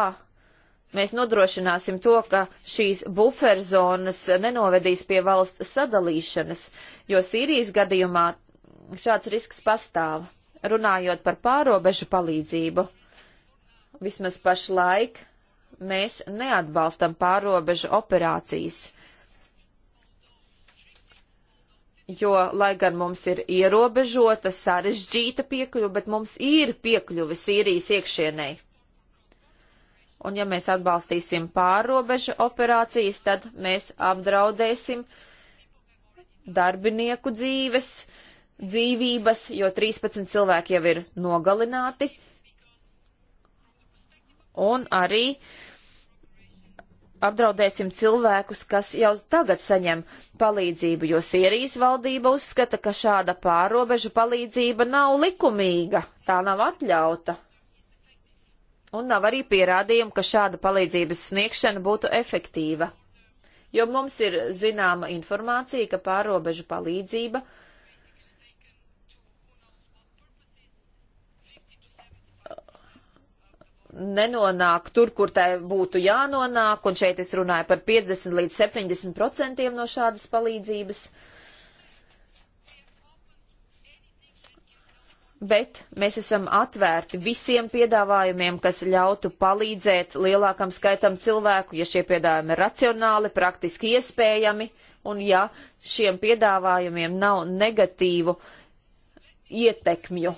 mēs nodrošināsim to, ka šīs buferzonas nenovedīs pie valsts sadalīšanas, jo Sīrijas gadījumā šāds risks pastāv. Runājot par pārobežu palīdzību, vismaz pašlaik mēs neatbalstam pārobežu operācijas jo, lai gan mums ir ierobežota, sarežģīta piekļuva, bet mums ir piekļuve Sīrijas iekšienē. Un ja mēs atbalstīsim pārrobežu operācijas, tad mēs apdraudēsim darbinieku dzīves, dzīvības, jo 13 cilvēki jau ir nogalināti. Un arī uh, apdraudēsim cilvēkus, kas jau tagad saņem palīdzību, jo Sīrijas valdība uzskata, ka šāda pārobežu palīdzība nav likumīga, tā nav atļauta. Un nav arī pierādījumu, ka šāda palīdzības sniegšana būtu efektīva. Jo mums ir zināma informācija, ka pārobežu palīdzība uh, nenonāk tur, kur tai būtu jānonāk, un šeit es runāju par 50 līdz 70 procentiem no šādas palīdzības. Bet mēs esam atvērti visiem piedāvājumiem, kas ļautu palīdzēt lielākam skaitam cilvēku, ja šie piedāvājumi ir racionāli, praktiski iespējami, un ja šiem piedāvājumiem nav negatīvu ietekmju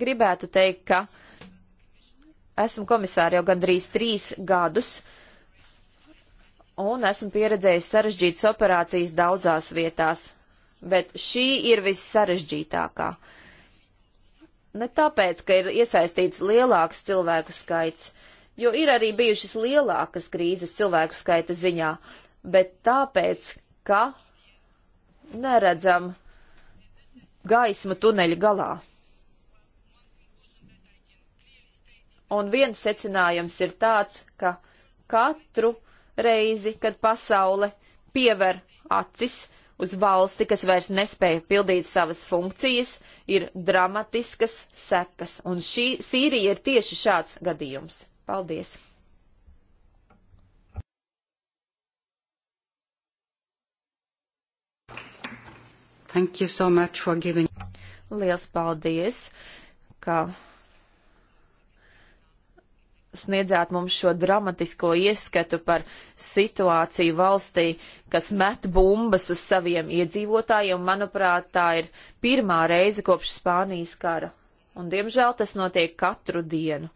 gribētu teikt, ka esmu komisāri jau gandrīz trīs gadus un esmu pieredzējusi sarežģītas operācijas daudzās vietās, bet šī ir vissarežģītākā. Ne tāpēc, ka ir iesaistīts lielāks cilvēku skaits, jo ir arī bijušas lielākas krīzes cilvēku skaita ziņā, bet tāpēc, ka neredzam gaismu tuneļa galā. Un viens secinājums ir tāds, ka katru reizi, kad pasaule piever acis uz valsti, kas vairs nespēja pildīt savas funkcijas, ir dramatiskas sekas. Un šī Sīrija ir tieši šāds gadījums. Paldies! Thank you so much for giving. Liels paldies, ka sniedzāt mums šo dramatisko ieskatu par situāciju valstī, kas met bumbas uz saviem iedzīvotājiem. Manuprāt, tā ir pirmā reize kopš Spānijas kara. Un, diemžēl, tas notiek katru dienu.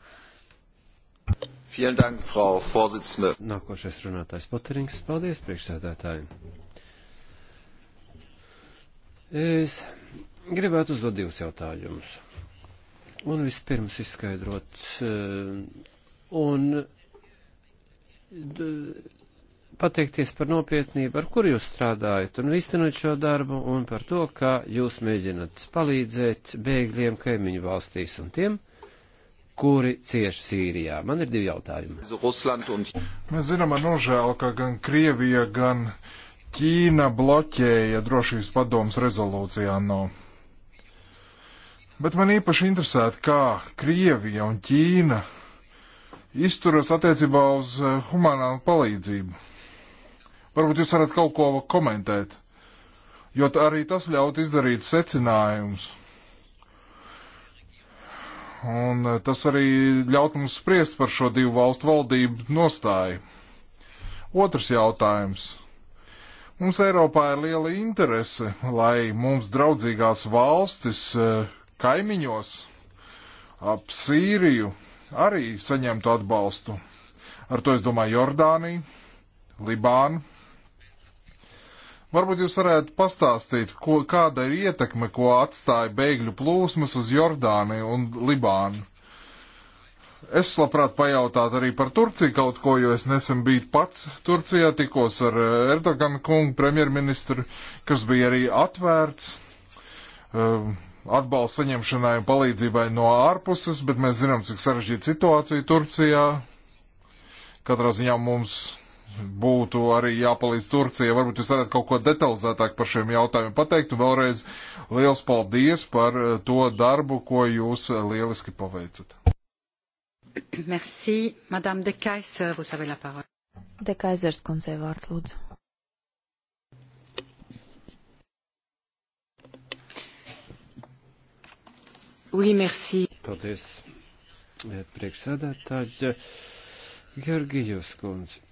Dank, Frau Nākošais runātājs Poterings. Paldies, priekšsēdētāji. Es gribētu uzdot divus jautājumus. Un vispirms izskaidrot eh, un pateikties par nopietnību, ar kuru jūs strādājat un iztenot šo darbu, un par to, kā jūs mēģinat palīdzēt bēgļiem kaimiņu valstīs un tiem, kuri cieši Sīrijā. Man ir divi jautājumi. Mēs zinām ar nožēlu, ka gan Krievija, gan Ķīna bloķēja drošības padomas rezolūcijā no. Bet man īpaši interesē, kā Krievija un Ķīna izturas attiecībā uz eh, humanām palīdzību. Varbūt jūs varat kaut ko komentēt, jo arī tas ļaut izdarīt secinājumus. Un eh, tas arī ļaut mums spriest par šo divu valstu valdību nostāju. Otrs jautājums. Mums Eiropā ir liela interese, lai mums draudzīgās valstis eh, kaimiņos ap Sīriju arī saņemtu atbalstu. Ar to es domāju Jordāniju, Libānu. Varbūt jūs varētu pastāstīt, ko, kāda ir ietekme, ko atstāja bēgļu plūsmas uz Jordāniju un Libānu. Es labprāt pajautātu arī par Turciju kaut ko, jo es nesen biju pats Turcijā, tikos ar Erdoganu kungu, premjerministru, kas bija arī atvērts. Um, atbalsta saņemšanai un palīdzībai no ārpuses, bet mēs zinām, cik sarežģīta situācija Turcijā. Katrā ziņā mums būtu arī jāpalīdz Turcijai. Varbūt jūs varētu kaut ko detalizētāk par šiem jautājumiem pateikt. Un vēlreiz liels paldies par eh, to darbu, ko jūs eh, lieliski paveicat. Merci, Madame de Kaiser, vous avez la parole. De Kaisers kundzei vārds lūdzu. Oui, merci. Paldies, eh, priekšsēdētāji. Georgijos kundze.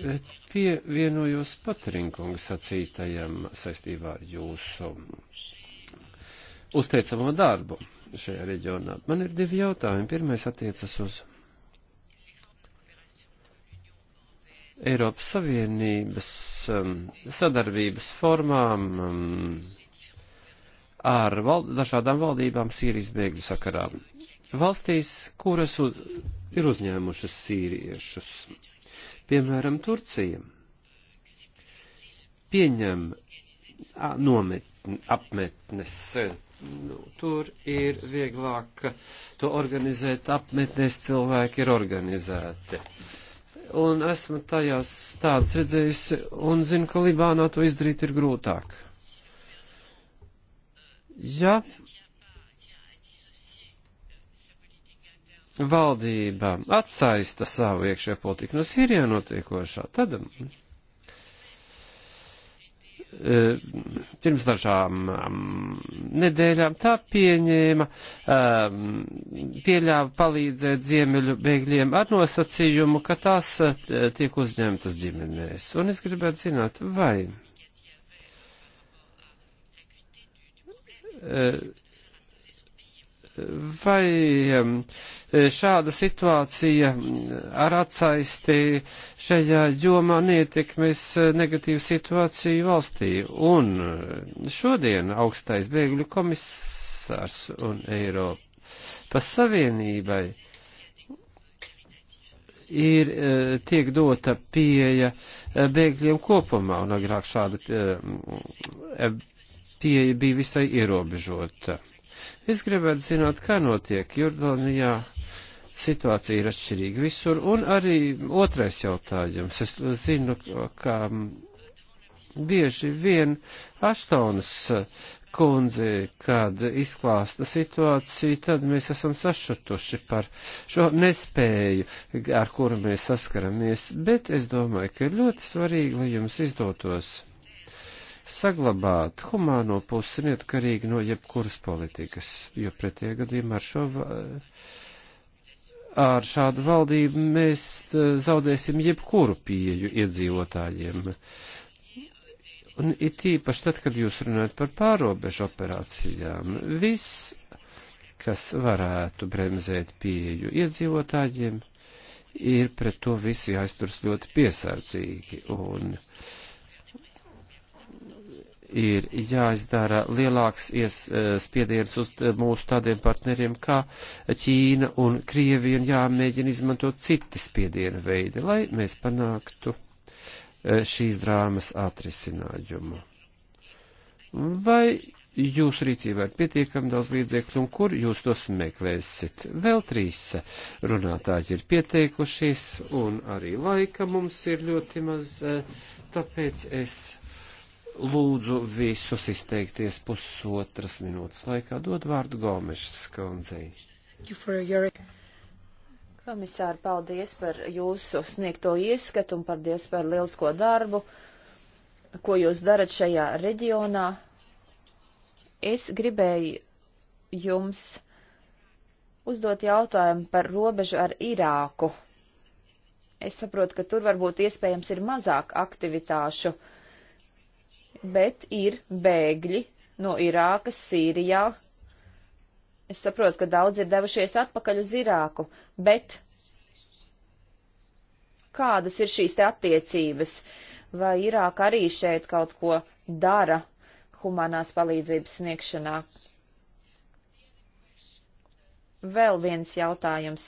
Eh, pievienojos Patrinkunga sacītajam saistībā ar jūsu uzteicamo darbu šajā reģionā. Man ir divi jautājumi. Pirmais attiecas uz Eiropas Savienības um, sadarbības formām. Um, ar val dažādām valdībām Sīrijas bēgļu sakarā. Valstīs, kuras uz ir uzņēmušas sīriešus, piemēram, Turcija, pieņem nometni, apmetnes. Nu, tur ir vieglāk to organizēt, apmetnēs cilvēki ir organizēti. Un esmu tajās tādas redzējusi un zinu, ka Libānā to izdarīt ir grūtāk. Ja valdība atsaista savu iekšējo politiku no Sīrijā notiekošā, tad um, eh, pirms dažām um, nedēļām tā pieņēma, um, pieļāva palīdzēt ziemeļu bēgļiem ar nosacījumu, ka tās eh, tiek uzņemtas ģimenēs. Un es gribētu zināt, vai Vai šāda situācija ar atsaisti šajā jomā neietekmēs negatīvu situāciju valstī? Un šodien augstais bēgļu komisārs un Eiropas Savienībai ir, e, tiek dota pieeja e, bēgļiem kopumā, un agrāk šāda e, pieeja bija visai ierobežota. Es gribētu zināt, kā notiek Jordānijā. Situācija ir atšķirīga visur. Un arī otrais jautājums. Es zinu, ka bieži vien Aštonas kundze, kad izklāsta situāciju, tad mēs esam sašutuši par šo nespēju, ar kuru mēs saskaramies, bet es domāju, ka ir ļoti svarīgi, lai jums izdotos saglabāt humāno pusi neatkarīgi no jebkuras politikas, jo pretie gadījumā ar šo. Ar šādu valdību mēs e, zaudēsim jebkuru pieju iedzīvotājiem. Un it īpaši tad, kad jūs runājat par pārobežu operācijām, viss, kas varētu bremzēt pieju iedzīvotājiem, ir pret to visu jāizturas ļoti piesardzīgi. Un, uh, ir jāizdara lielāks e, spiediens uz e, mūsu tādiem partneriem kā Ķīna un Krievija un jāmēģina izmantot citi spiediena veidi, lai mēs panāktu e, šīs drāmas atrisinājumu. Vai jūsu rīcībā ir pietiekami daudz līdzekļu un kur jūs tos meklēsiet? Vēl trīs runātāji ir pieteikušies un arī laika mums ir ļoti maz, tāpēc es Lūdzu visus izteikties pusotras minūtes laikā. Dod vārdu Gomešas skundzei. Komisāri, paldies par jūsu sniegto ieskatu un paldies par lielisko darbu, ko jūs darat šajā reģionā. Es gribēju jums uzdot jautājumu par robežu ar Irāku. Es saprotu, ka tur varbūt iespējams ir mazāk aktivitāšu. Uh, bet ir bēgļi no Irākas, Sīrijā. Es saprotu, ka daudz ir devušies atpakaļ uz Irāku, bet kādas ir šīs te attiecības? Vai Irāka arī šeit kaut ko dara humanās palīdzības sniegšanā? Vēl viens jautājums.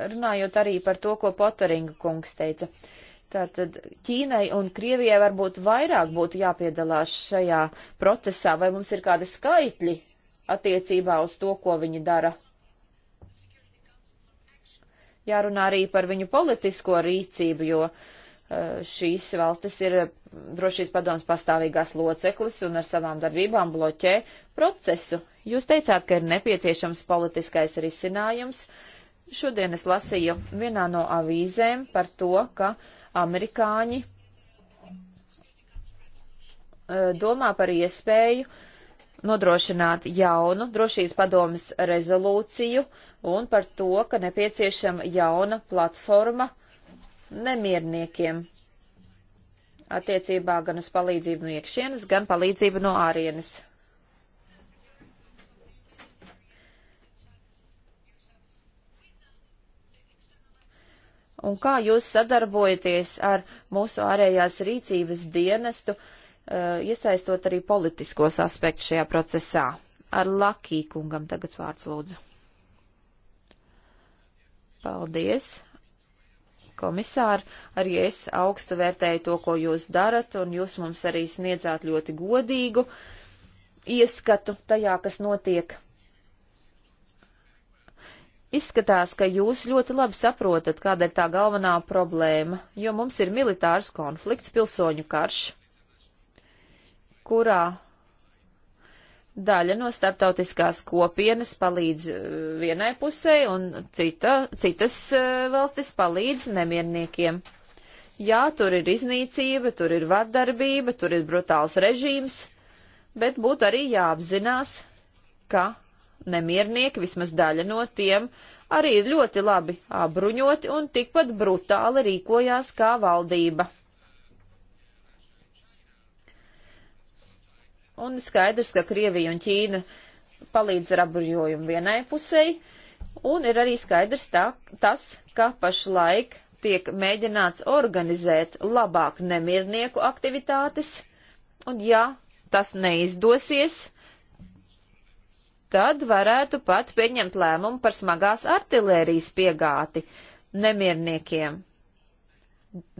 Runājot arī par to, ko Poteringa kungs teica. Uh, Tātad Ķīnai un Krievijai varbūt vairāk būtu jāpiedalās šajā procesā, vai mums ir kādi skaitļi attiecībā uz to, ko viņi dara? Jārunā arī par viņu politisko rīcību, jo uh, šīs valstis ir drošības padomas pastāvīgās loceklis un ar savām darbībām bloķē procesu. Jūs teicāt, ka ir nepieciešams politiskais risinājums. Uh, Šodien es lasīju vienā no avīzēm par to, ka amerikāņi eh, domā par iespēju nodrošināt jaunu drošības padomas rezolūciju un par to, ka nepieciešama jauna platforma nemierniekiem attiecībā gan uz palīdzību no iekšienes, gan palīdzību no ārienes. un kā jūs sadarbojaties ar mūsu ārējās rīcības dienestu, uh, iesaistot arī politiskos aspektus šajā procesā. Ar Lakī kungam tagad vārds lūdzu. Paldies, komisāri, arī es augstu vērtēju to, ko jūs darat, un jūs mums arī sniedzāt ļoti godīgu ieskatu tajā, kas notiek Izskatās, ka jūs ļoti labi saprotat, kāda ir tā galvenā problēma, jo mums ir militārs konflikts, pilsoņu karš, kurā daļa no starptautiskās kopienas palīdz eh, vienai pusē un cita, citas eh, valstis palīdz nemierniekiem. Jā, tur ir iznīcība, tur ir vardarbība, tur ir brutāls režīms, bet būtu arī jāapzinās, ka nemiernieki, vismaz daļa no tiem, arī ir ļoti labi apbruņoti un tikpat brutāli rīkojās kā valdība. Un skaidrs, ka Krievija un Ķīna palīdz ar apbruņojumu vienai pusēji, un ir arī skaidrs tā, tas, ka pašlaik tiek mēģināts organizēt labāk nemiernieku aktivitātes, un ja tas neizdosies, tad varētu pat pieņemt lēmumu par smagās artilērijas piegāti nemierniekiem.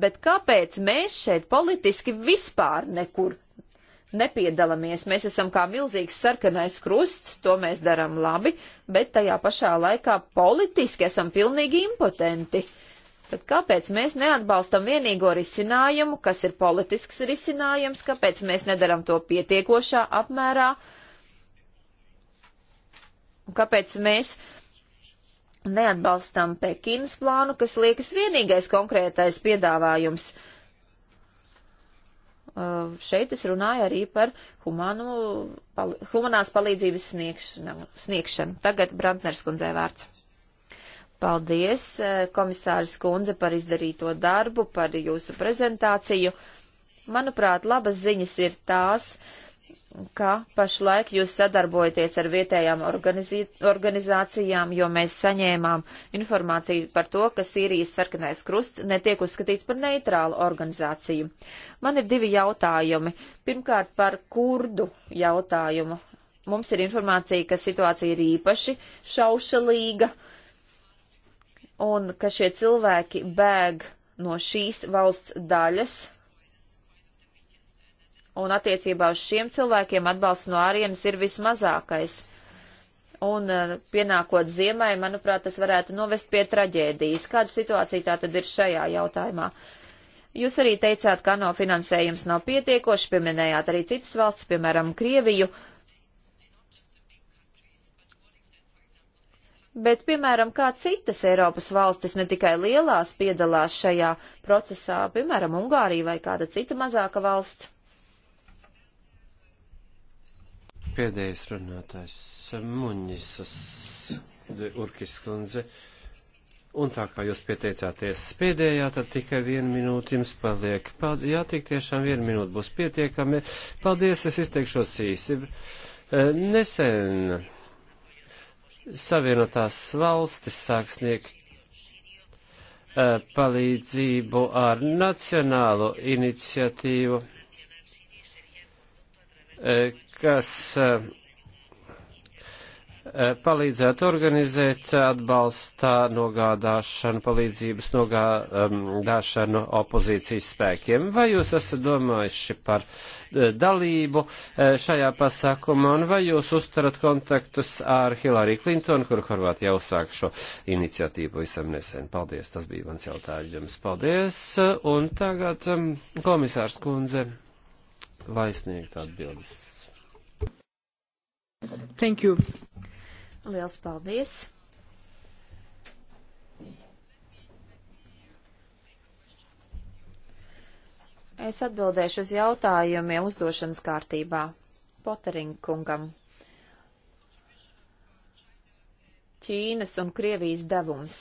Bet kāpēc mēs šeit politiski vispār nekur nepiedalāmies? Mēs esam kā milzīgs sarkanais krusts, to mēs darām labi, bet tajā pašā laikā politiski esam pilnīgi impotenti. Tad kāpēc mēs neatbalstam vienīgo risinājumu, kas ir politisks risinājums, kāpēc mēs nedaram to pietiekošā apmērā? Un kāpēc mēs neatbalstam Pekinas plānu, kas liekas vienīgais konkrētais piedāvājums? Uh, šeit es runāju arī par humanu, pal, humanās palīdzības sniegšanu. sniegšanu. Tagad Brantners kundzē vārds. Paldies, uh, komisāris kundze, par izdarīto darbu, par jūsu prezentāciju. Manuprāt, labas ziņas ir tās, uh, ka pašlaik jūs sadarbojaties ar vietējām organizācijām, jo mēs saņēmām informāciju par to, ka Sīrijas sarkanais krusts netiek uzskatīts par neitrālu organizāciju. Man ir divi jautājumi. Pirmkārt, par kurdu jautājumu. Mums ir informācija, ka situācija ir īpaši šaušalīga un ka šie cilvēki bēg no šīs valsts daļas un attiecībā uz šiem cilvēkiem atbalsts no ārienes ir vismazākais. Un eh, pienākot ziemai, manuprāt, tas varētu novest pie traģēdijas. Kāda situācija tā tad ir šajā jautājumā? Jūs arī teicāt, ka ANO finansējums nav pietiekoši, pieminējāt arī citas valsts, piemēram, Krieviju. Bet, piemēram, kā citas Eiropas valstis, ne tikai lielās, piedalās šajā procesā, piemēram, Ungārija vai kāda cita mazāka valsts? Pēdējais runātājs Muņisas Urkis kundze. Un tā kā jūs pieteicāties pēdējā, tad tikai viena minūte jums paliek. Paldies, jā, tik tiešām viena minūte būs pietiekami. Paldies, es izteikšos īsi. E, nesen Savienotās valstis sāk sniegt e, palīdzību ar nacionālo iniciatīvu kas e, e, palīdzētu organizēt atbalstā nogādāšanu, palīdzības nogādāšanu opozīcijas spēkiem. Vai jūs esat domājuši par e, dalību šajā pasākumā, un vai jūs uztarat kontaktus ar Hillary Clinton, kur Horvātija uzsāk šo iniciatīvu visam nesen? Paldies, tas bija mans jautājums. Paldies, un tagad mm, komisārs kundze lai sniegtu atbildes. Thank you. Liels paldies. Es atbildēšu uz jautājumiem uzdošanas kārtībā. Poteringa-kungam. Ķīnas un Krievijas devums.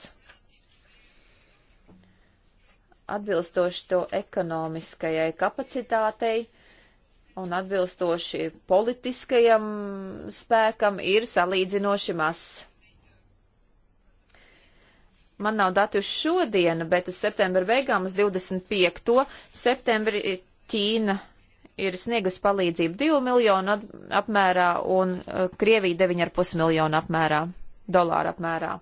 Atbilstoši to ekonomiskajai kapacitātei, un atbilstoši politiskajam spēkam ir salīdzinoši mazs. Man nav dati uz šodienu, bet uz septembra beigām, uz 25. septembri Ķīna ir sniegus palīdzību 2 miljonu apmērā un uh, Krievija 9,5 miljonu apmērā, dolāru apmērā.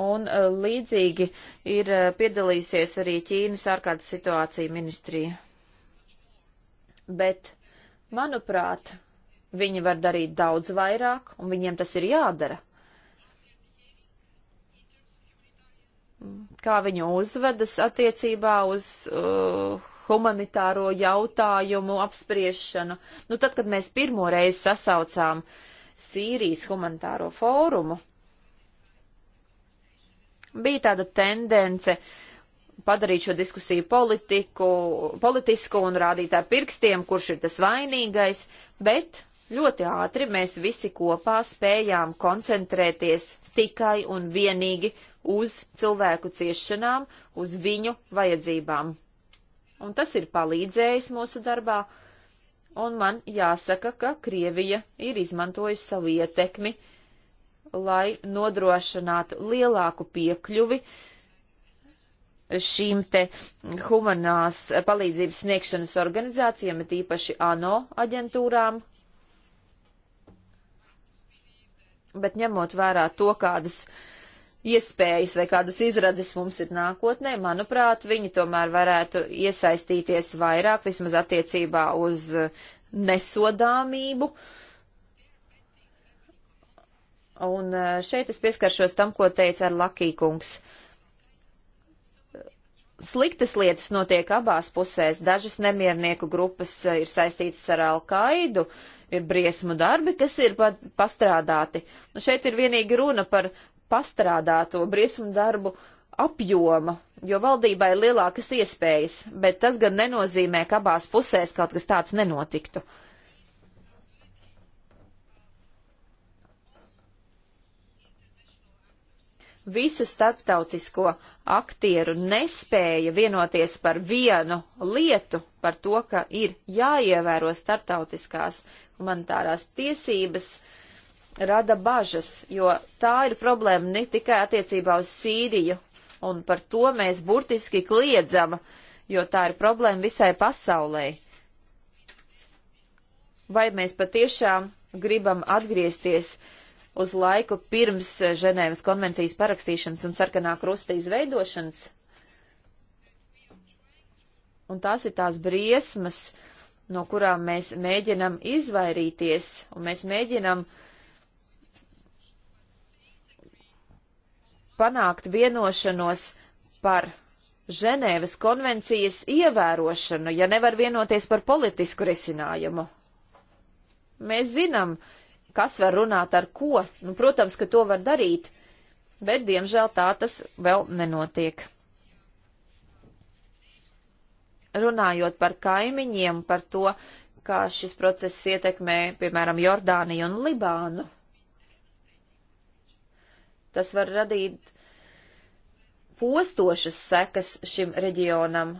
un eh, līdzīgi ir eh, piedalīsies arī Ķīnas ārkārtas situācija ministrija. Bet, manuprāt, viņi var darīt daudz vairāk, un viņiem tas ir jādara. Kā viņu uzvedas attiecībā uz uh, humanitāro jautājumu apspriešanu? Nu, tad, kad mēs pirmo reizi sasaucām Sīrijas humanitāro fórumu, Bija tāda tendence padarīt šo diskusiju politiku, politisku un rādīt ar pirkstiem, kurš ir tas vainīgais, bet ļoti ātri mēs visi kopā spējām koncentrēties tikai un vienīgi uz cilvēku ciešanām, uz viņu vajadzībām. Un tas ir palīdzējis mūsu darbā, un man jāsaka, ka Krievija ir izmantojusi savu ietekmi, lai nodrošinātu lielāku piekļuvi šīm te humanās palīdzības sniegšanas organizācijām, bet īpaši ANO aģentūrām. Bet ņemot vērā to, kādas iespējas vai kādas izredzes mums ir nākotnē, manuprāt, viņi tomēr varētu iesaistīties vairāk, vismaz attiecībā uz nesodāmību. Uh, Un e, šeit es pieskaršos tam, ko teica ar Lakīkungs. Sliktas lietas notiek abās pusēs. Dažas nemiernieku grupas e, ir saistītas ar Alkaidu, ir briesmu darbi, kas ir pastrādāti. Nu, šeit ir vienīgi runa par pastrādāto briesmu darbu apjoma, jo valdībai ir lielākas iespējas, bet tas gan nenozīmē, ka abās pusēs kaut kas tāds nenotiktu. Uh, visu starptautisko aktieru nespēja vienoties par vienu lietu, par to, ka ir jāievēro starptautiskās humanitārās tiesības, rada bažas, jo tā ir problēma ne tikai attiecībā uz Sīriju, un par to mēs burtiski kliedzam, jo tā ir problēma visai pasaulē. Vai mēs patiešām gribam atgriezties uh, uz laiku pirms Ženēvas konvencijas parakstīšanas un sarkanā krusta izveidošanas. Un tās ir tās briesmas, no kurām mēs mēģinam izvairīties, un mēs mēģinam panākt vienošanos par Ženēvas konvencijas ievērošanu, ja nevar vienoties par politisku risinājumu. Mēs zinām, uh, kas var runāt ar ko. Nu, protams, ka to var darīt, bet diemžēl tā tas vēl nenotiek. Runājot par kaimiņiem, par to, kā šis process ietekmē, piemēram, Jordāniju un Libānu. Tas var radīt postošas sekas šim reģionam,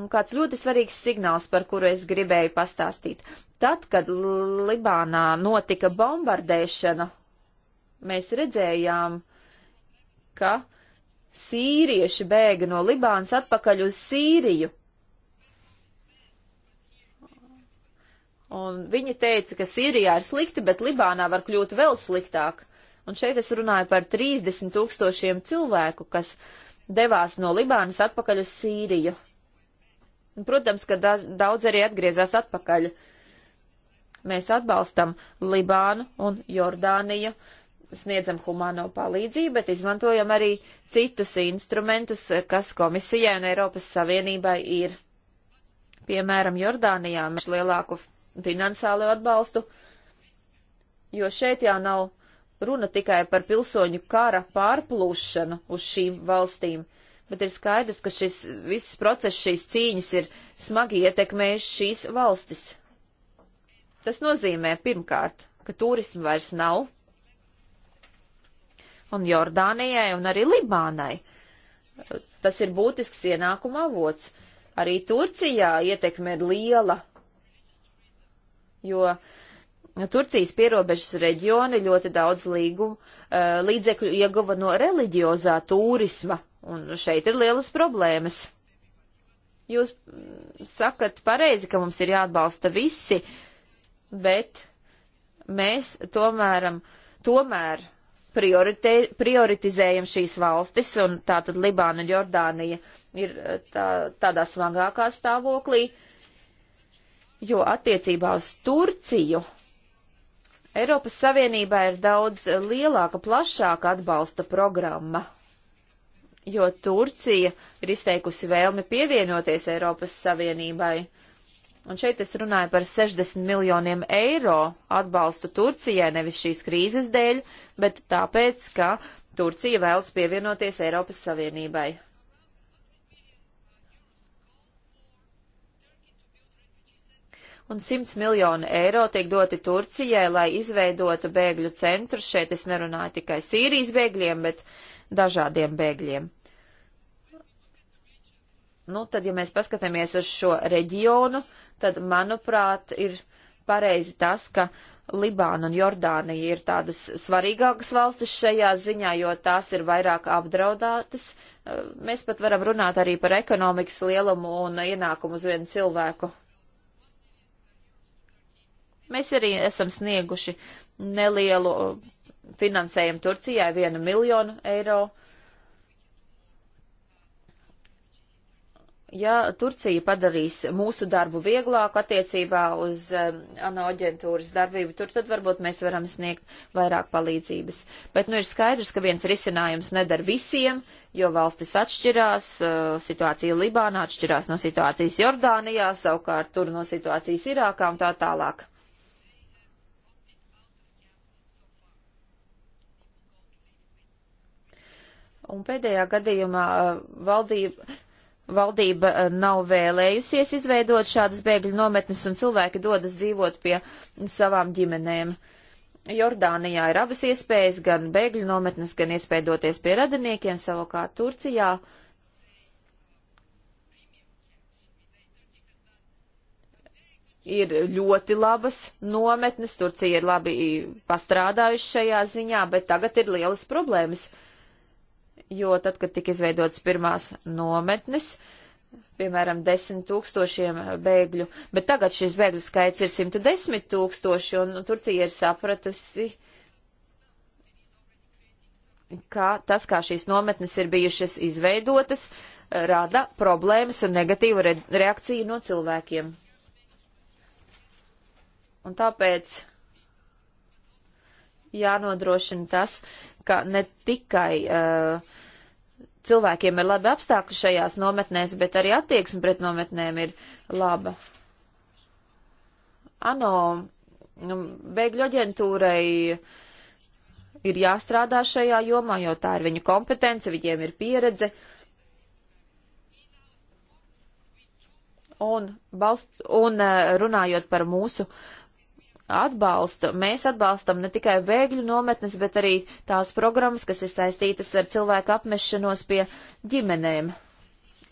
Un kāds ļoti svarīgs signāls, par kuru es gribēju pastāstīt. Tad, kad Libānā notika bombardēšana, mēs redzējām, ka sīrieši bēga no Libānas atpakaļ uz Sīriju. Un viņi teica, ka Sīrijā ir slikti, bet Libānā var kļūt vēl sliktāk. Un šeit es runāju par 30 tūkstošiem cilvēku, kas devās no Libānas atpakaļ uz Sīriju. Protams, ka da, daudz arī atgriezās atpakaļ. Mēs atbalstam Libānu un Jordāniju, sniedzam humāno palīdzību, bet izmantojam arī citus instrumentus, kas komisijai un Eiropas Savienībai ir. Piemēram, Jordānijā mēs lielāku finansālo atbalstu, jo šeit jau nav runa tikai par pilsoņu kara pārplūšanu uz šīm valstīm bet ir skaidrs, ka šis viss process, šīs cīņas ir smagi ietekmējuši šīs valstis. Tas nozīmē pirmkārt, ka turismu vairs nav, un Jordānijai un arī Libānai. Tas ir būtisks ienākuma avots. Arī Turcijā ietekme ir liela, jo Turcijas pierobežas reģioni ļoti daudz līgumu, eh, līdzekļu ieguva no reliģiozā turisma. Un šeit ir lielas problēmas. Jūs sakat pareizi, ka mums ir jāatbalsta visi, bet mēs tomēram, tomēr prioritē, prioritizējam šīs valstis, un tātad Libāna un Jordānija ir tā, tādā smagākā stāvoklī, jo attiecībā uz Turciju Eiropas Savienībā ir daudz lielāka, plašāka atbalsta programma jo Turcija ir izteikusi vēlmi pievienoties Eiropas Savienībai. Un šeit es runāju par 60 miljoniem eiro atbalstu Turcijai nevis šīs krīzes dēļ, bet tāpēc, ka Turcija vēlas pievienoties Eiropas Savienībai. Un 100 miljonu eiro tiek doti Turcijai, lai izveidotu bēgļu centrus. Šeit es nerunāju tikai Sīrijas bēgļiem, bet uh, dažādiem bēgļiem. Nu, tad, ja mēs paskatāmies uz šo reģionu, tad, manuprāt, ir pareizi tas, ka Libāna un Jordānija ir tādas svarīgākas valstis šajā ziņā, jo tās ir vairāk apdraudātas. Mēs pat varam runāt arī par ekonomikas lielumu un ienākumu uz vienu cilvēku. Mēs arī esam snieguši nelielu finansējam Turcijai vienu miljonu eiro. Ja Turcija padarīs mūsu darbu vieglāku attiecībā uz um, ANO aģentūras darbību, tur tad varbūt mēs varam sniegt vairāk palīdzības. Bet nu ir skaidrs, ka viens risinājums nedar visiem, jo valstis atšķirās, uh, situācija Libānā atšķirās no situācijas Jordānijā, savukārt tur no situācijas Irākā un tā tālāk. Un pēdējā gadījumā eh, valdība, valdība eh, nav vēlējusies izveidot šādas bēgļu nometnes, un cilvēki dodas dzīvot pie savām ģimenēm. Jordānijā ir abas iespējas, gan bēgļu nometnes, gan iespēja doties pie radiniekiem, savukārt Turcijā. ir ļoti labas nometnes, Turcija ir labi pastrādājuši šajā ziņā, bet tagad ir lielas problēmas. Uh, jo tad, kad tika izveidotas pirmās nometnes, piemēram, 10 tūkstošiem bēgļu, bet tagad šis bēgļu skaits ir 110 tūkstoši, un Turcija ir sapratusi, ka tas, kā šīs nometnes ir bijušas izveidotas, rada problēmas un negatīvu re reakciju no cilvēkiem. Un tāpēc jānodrošina tas, ka ne tikai uh, cilvēkiem ir labi apstākļi šajās nometnēs, bet arī attieksme pret nometnēm ir laba. Ano, nu, bēgļu aģentūrai ir jāstrādā šajā jomā, jo tā ir viņu kompetence, viņiem ir pieredze. Un, balst, un uh, runājot par mūsu atbalstu. Mēs atbalstam ne tikai bēgļu nometnes, bet arī tās programmas, kas ir saistītas ar cilvēku apmešanos pie ģimenēm.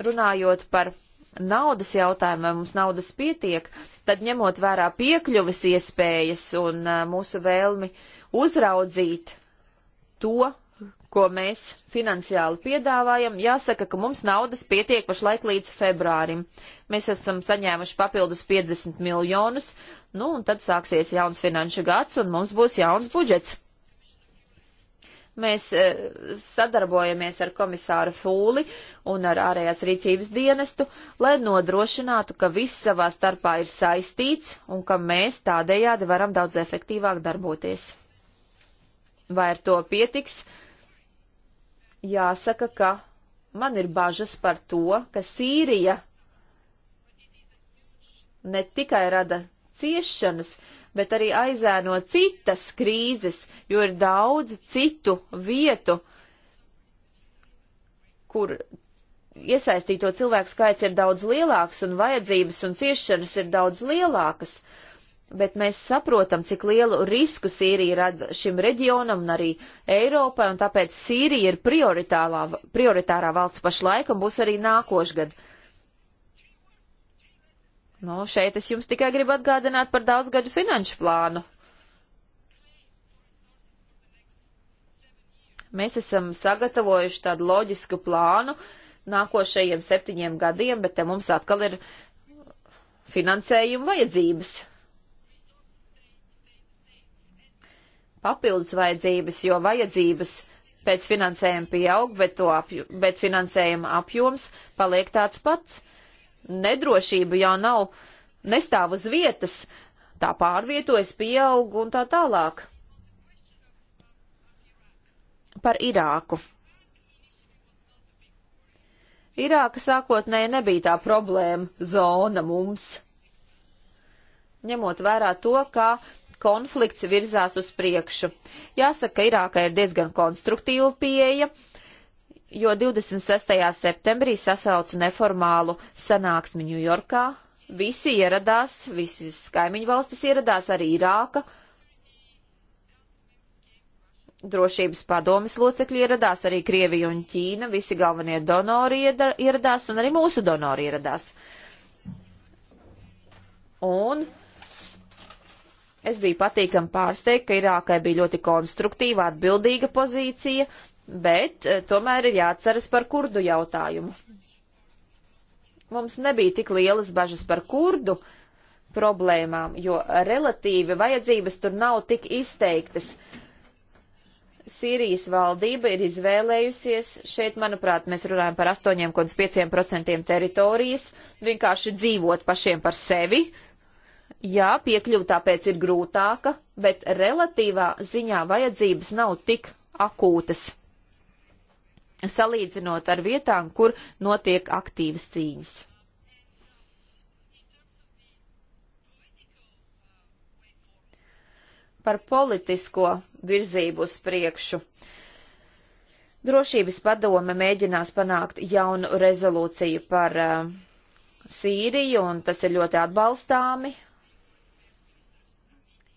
Runājot par naudas jautājumu, vai mums naudas pietiek, tad ņemot vērā piekļuvis iespējas un mūsu vēlmi uzraudzīt to, ko mēs finansiāli piedāvājam, jāsaka, ka mums naudas pietiek pašlaik līdz februārim. Mēs esam saņēmuši papildus 50 miljonus, nu un tad sāksies jauns finanšu gads un mums būs jauns budžets. Mēs e, sadarbojamies ar komisāru Fūli un ar ārējās rīcības dienestu, lai nodrošinātu, ka viss savā starpā ir saistīts un ka mēs tādējādi varam daudz efektīvāk darboties. Vai ar to pietiks? Uh, jāsaka, ka man ir bažas par to, ka Sīrija ne tikai rada ciešanas, bet arī aizēno citas krīzes, jo ir daudz citu vietu, kur iesaistīto cilvēku skaits ir daudz lielāks un vajadzības un ciešanas ir daudz lielākas. Uh, bet mēs saprotam, cik lielu risku Sīrija rada šim reģionam un arī Eiropai, un tāpēc Sīrija ir prioritārā valsts pašlaik un būs arī nākošgad. Nu, šeit es jums tikai gribu atgādināt par daudzgadu finanšu plānu. Mēs esam sagatavojuši tādu loģisku plānu nākošajiem septiņiem gadiem, bet te mums atkal ir finansējuma vajadzības. papildus vajadzības, jo vajadzības pēc finansējuma pieaug, bet, apju, bet finansējuma apjoms paliek tāds pats. Nedrošība jau nav, nestāv uz vietas, tā pārvietojas, pieaug un tā tālāk. Par Irāku. Irāka sākotnēji nebija tā problēma zona mums. Ņemot vērā to, kā konflikts virzās uz priekšu. Jāsaka, Irākai ir diezgan konstruktīva pieeja, jo 26. septembrī sasauca neformālu sanāksmi Ņujorkā. Visi ieradās, visas kaimiņu valstis ieradās, arī Irāka. Drošības padomis locekļi ieradās, arī Krievija un Ķīna, visi galvenie donori ieradās un arī mūsu donori ieradās. Un Es biju patīkami pārsteigta, ka Irākai bija ļoti konstruktīva, atbildīga pozīcija, bet eh, tomēr ir jāatceras par kurdu jautājumu. Mums nebija tik lielas bažas par kurdu problēmām, jo relatīvi vajadzības tur nav tik izteiktas. Sīrijas valdība ir izvēlējusies, šeit, manuprāt, mēs runājam par 8,5% teritorijas, vienkārši dzīvot pašiem par sevi, Jā, piekļuva tāpēc ir grūtāka, bet relatīvā ziņā vajadzības nav tik akūtas, salīdzinot ar vietām, kur notiek aktīvas cīņas. Par politisko virzību uz priekšu. Drošības padome mēģinās panākt jaunu rezolūciju par uh, Sīriju, un tas ir ļoti atbalstāmi,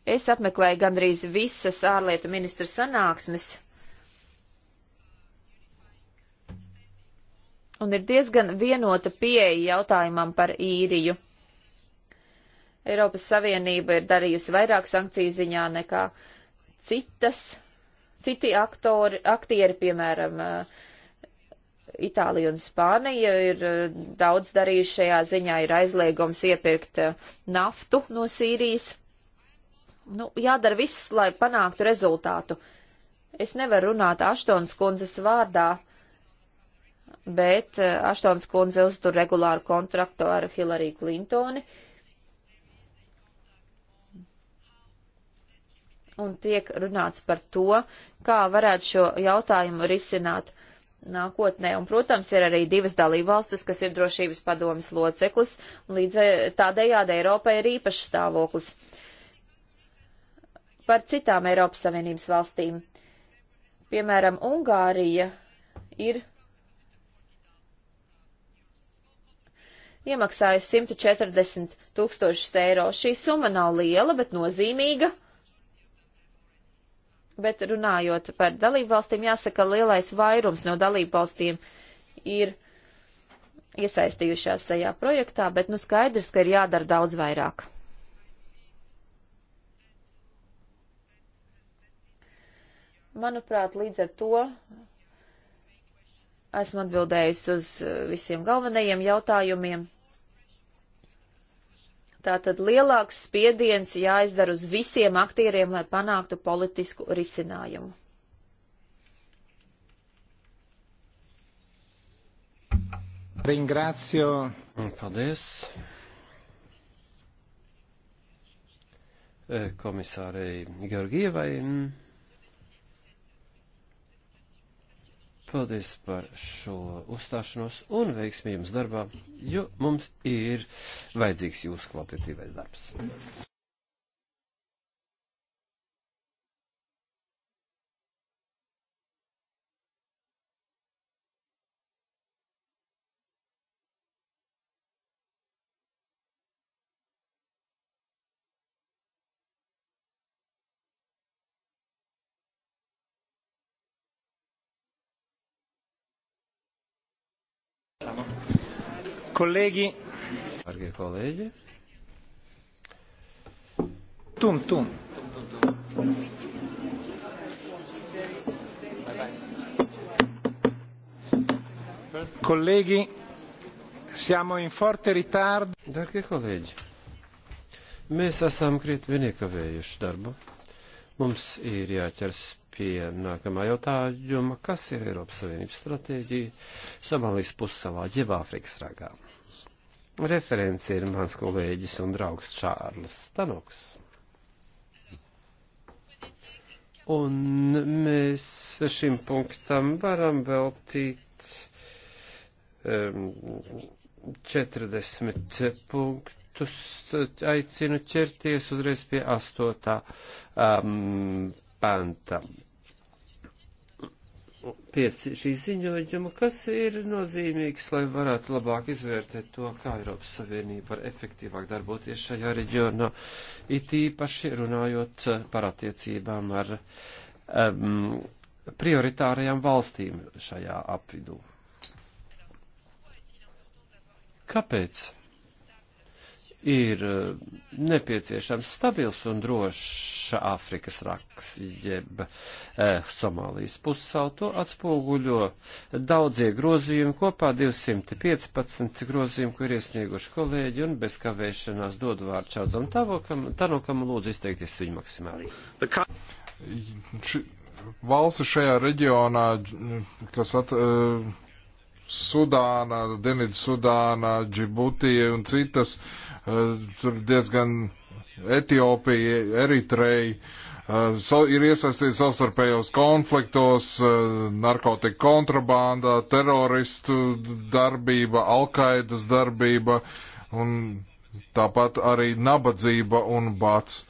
Es apmeklēju gandrīz visas ārlietu ministru sanāksmes. Un ir diezgan vienota pieeja jautājumam par īriju. Eiropas Savienība ir darījusi vairāk sankciju ziņā nekā citas, citi aktori, aktieri, piemēram, eh, Itālija un Spānija ir eh, daudz darījuši šajā ziņā, ir aizliegums iepirkt eh, naftu no Sīrijas nu, jādara viss, lai panāktu rezultātu. Es nevaru runāt Aštons kundzes vārdā, bet eh, Aštons kundze uztur regulāru kontraktu ar Hillary Clintoni. Un tiek runāts par to, kā varētu šo jautājumu risināt nākotnē. Un, protams, ir arī divas dalībvalstis, kas ir drošības padomas loceklis, un līdz eh, tādējādi Eiropai ir īpašs stāvoklis. Uh, par citām Eiropas Savienības valstīm. Piemēram, Ungārija ir iemaksājusi 140 tūkstošus eiro. Šī summa nav liela, bet nozīmīga. Bet runājot par dalību valstīm, jāsaka, lielais vairums no dalību valstīm ir iesaistījušās šajā projektā, bet nu skaidrs, ka ir jādara daudz vairāk. Manuprāt, līdz ar to esmu atbildējusi uz eh, visiem galvenajiem jautājumiem. Tātad lielāks spiediens jāizdara uz visiem aktieriem, lai panāktu politisku risinājumu. Ringrācio. Paldies. Eh, komisārei Georgievai. Paldies par šo uzstāšanos un veiksmi jums darbā, jo mums ir vajadzīgs jūsu kvalitatīvais darbs. Kolēģi. Dargie kolēģi. Tum, tum. Kolēģi, siamo in forte ritardo. Dargie kolēģi, mēs esam krietni iekavējuši darbu. Mums ir jāķers pie nākamā jautājuma, kas ir Eiropas Savienības stratēģija Somālijas pussalā, jeb Āfrikas ragā. Referents ir mans kolēģis un draugs Čārlis Stanoks. Un mēs šim punktam varam veltīt um, ehm, 40 punktus. Aicinu ķerties uzreiz pie 8. Um, ehm, panta pie šī ziņojuma, kas ir nozīmīgs, lai varētu labāk izvērtēt to, kā Eiropas Savienība var efektīvāk darboties šajā reģionā, it īpaši runājot eh, par attiecībām ar um, prioritārajām valstīm šajā apvidū. Kāpēc? ir eh, nepieciešams stabils un droša Āfrikas raks, jeb eh, Somālijas pussalto atspoguļo daudzie grozījumi, kopā 215 grozījumi, kur iesnieguši kolēģi, un bez kavēšanās dod vārdu Čāzam Tanokam, Tanokam lūdzu izteikties viņu maksimāli. Valsts šajā reģionā, kas at, uh, Sudāna, Dienvidu Sudāna, Džibutija un citas, eh, tur diezgan Etiopija, Eritreja, eh, ir iesaistīti savstarpējos konfliktos, eh, narkotika kontrabandā, teroristu darbība, Alkaidas darbība un tāpat arī nabadzība un bats.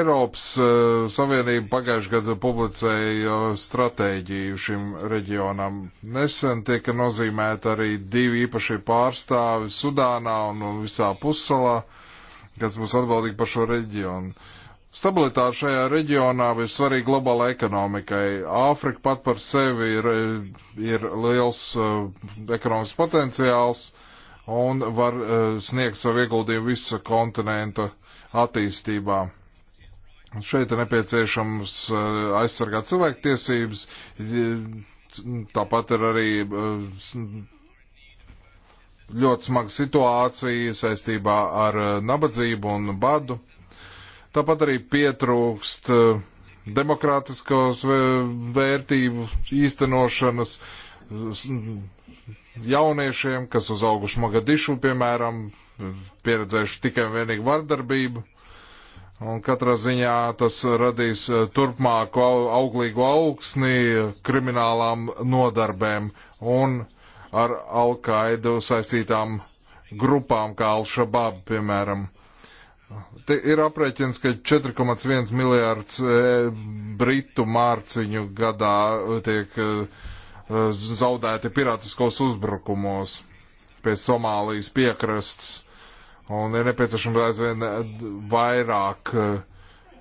Eiropas eh, Savienība pagājušajā gadā publicēja stratēģiju šim reģionam. Nesen tika nozīmēta arī divi īpašie pārstāvi Sudānā un visā pussalā, kas būs atbildīgi par šo reģionu. Stabilitāte šajā reģionā ir svarīga globāla ekonomikai. Āfrika pat par sevi ir, ir liels eh, ekonomisks potenciāls un var eh, sniegt savu ieguldījumu visa kontinenta attīstībā Šeit ir nepieciešams eh, aizsargāt cilvēktiesības, eh, tāpat ir arī eh, ļoti smaga situācija saistībā ar nabadzību un badu. Tāpat arī pietrūkst demokrātiskos vērtību īstenošanas jauniešiem, kas uzauguši Magadišu, piemēram, pieredzējuši tikai un vienīgi vardarbību. Un katrā ziņā tas radīs eh, turpmāku auglīgu augsni kriminālām nodarbēm un ar Alkaidu saistītām grupām, kā Al-Shabaab, piemēram. Te ir aprēķins, ka 4,1 miljārds eh, britu mārciņu gadā tiek eh, zaudēti pirātiskos uzbrukumos pie Somālijas piekrasts un ir nepieciešams aizvien eh, vairāk eh,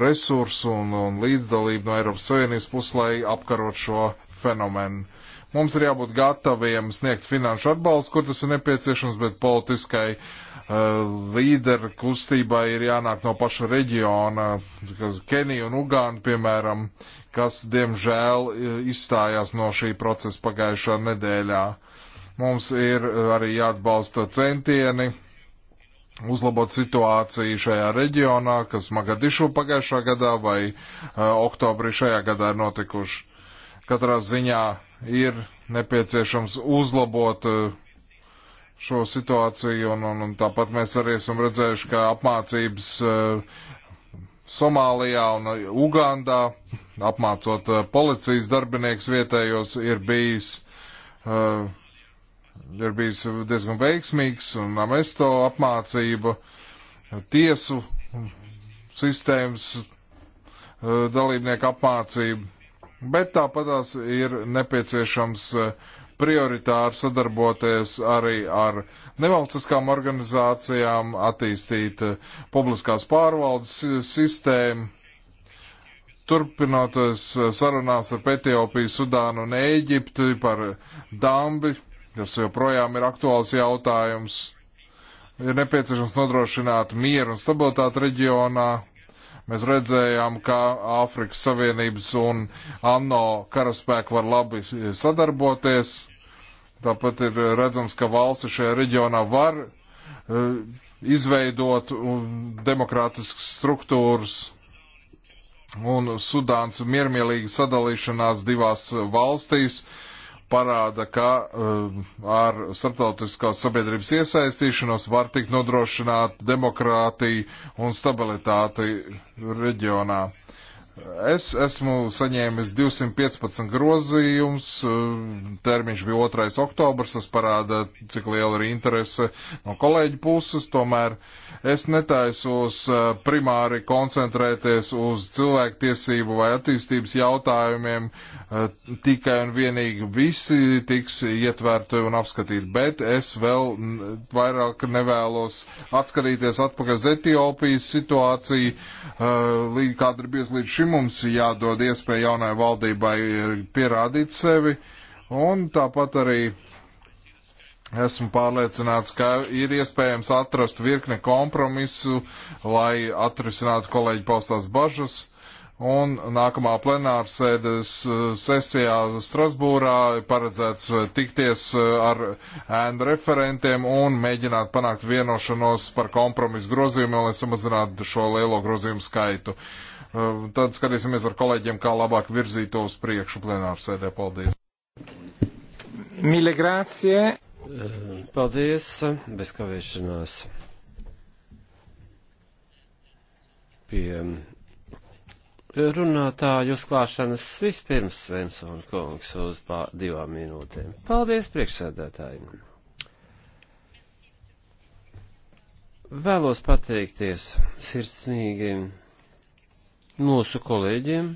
resursu un, un līdzdalību no Eiropas Savienības puses, lai apkarot šo fenomenu. Mums ir jābūt gataviem sniegt finanšu atbalstu, kur tas ir nepieciešams, bet politiskai uh, līderu kustībai ir jānāk no paša reģiona, kas Kenija un Ugāna, piemēram, kas, diemžēl, izstājās no šī procesa pagājušā nedēļā. Mums ir arī jāatbalsta centieni uzlabot situāciju šajā reģionā, kas Magadišu pagājušā gadā vai uh, oktobrī šajā gadā ir notikuši. Katrā ziņā ir nepieciešams uzlabot uh, šo situāciju, un, un, un tāpat mēs arī esam redzējuši, ka apmācības uh, Somālijā un Ugandā, apmācot policijas darbinieks vietējos, ir bijis uh, ir bijis diezgan veiksmīgs, un amesto apmācība, tiesu sistēmas eh, dalībnieku apmācība, bet tāpatās ir nepieciešams eh, prioritāri sadarboties arī ar nevalstiskām organizācijām, attīstīt eh, publiskās pārvaldes sistēmu, turpinoties sarunās ar Etiopiju, Sudānu un Ēģipti par Dambi kas joprojām ir aktuāls jautājums. Ir nepieciešams nodrošināt mieru un stabilitāti reģionā. Mēs redzējām, ka Āfrikas Savienības un ANO karaspēki var labi sadarboties. Tāpat ir redzams, ka valsts šajā reģionā var uh, izveidot demokrātiskas struktūras un Sudāns miermīlīga sadalīšanās divās valstīs uh, parāda, ka uh, ar starptautiskās sabiedrības iesaistīšanos var tikt nodrošināt demokrātija un stabilitāte reģionā. Es esmu saņēmis 215 grozījumus, eh, termiņš bija 2. oktobrs, tas parāda, cik liela ir interese no kolēģu puses, tomēr es netaisos eh, primāri koncentrēties uz cilvēktiesību vai attīstības jautājumiem, eh, tikai un vienīgi visi tiks ietverti un apskatīti, bet es vēl vairāk nevēlos atskatīties atpakaļ uz Etiopijas situāciju, kāda ir bijusi līdz šim tieši mums jādod iespēja jaunai valdībai eh, pierādīt sevi, un tāpat arī esmu pārliecināts, ka ir iespējams atrast virkne kompromisu, lai atrisinātu kolēģi paustās bažas. Un nākamā plenāra sēdes eh, sesijā Strasbūrā paredzēts eh, tikties ar ēnu referentiem un mēģināt panākt vienošanos par kompromisu grozījumiem, lai samazinātu šo lielo grozījumu skaitu. Uh, Uh, tad skatīsimies ar kolēģiem, kā labāk virzīt to uz priekšu plenāru sēdē. Paldies! Mille grazie! Uh, paldies! Bez kavēšanās pie runātāju uzklāšanas vispirms Svensona kungs uz pār divām minūtēm. Paldies priekšsēdētājiem! Vēlos pateikties sirsnīgi mūsu kolēģiem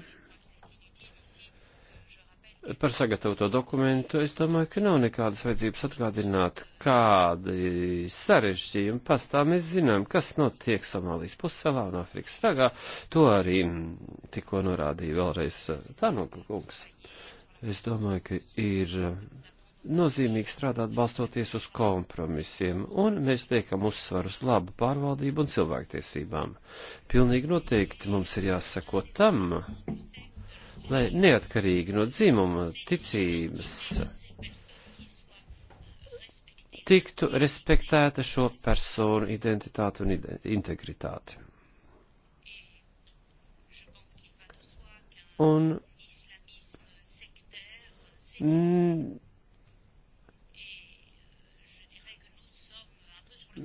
par sagatavoto dokumentu. Es domāju, ka nav nekādas vajadzības atgādināt, kādi sarežģījumi pastāv. Mēs zinām, kas notiek Somālijas pusselā un Afrikas ragā. To arī tikko norādīja vēlreiz Tanuka kungs. Es domāju, ka ir nozīmīgi strādāt balstoties uz kompromisiem, un mēs liekam uzsvaru uz labu pārvaldību un cilvēktiesībām. Pilnīgi noteikti mums ir jāsako tam, lai neatkarīgi no dzimuma, ticības, tiktu respektēta šo personu identitāte un integritāte. Un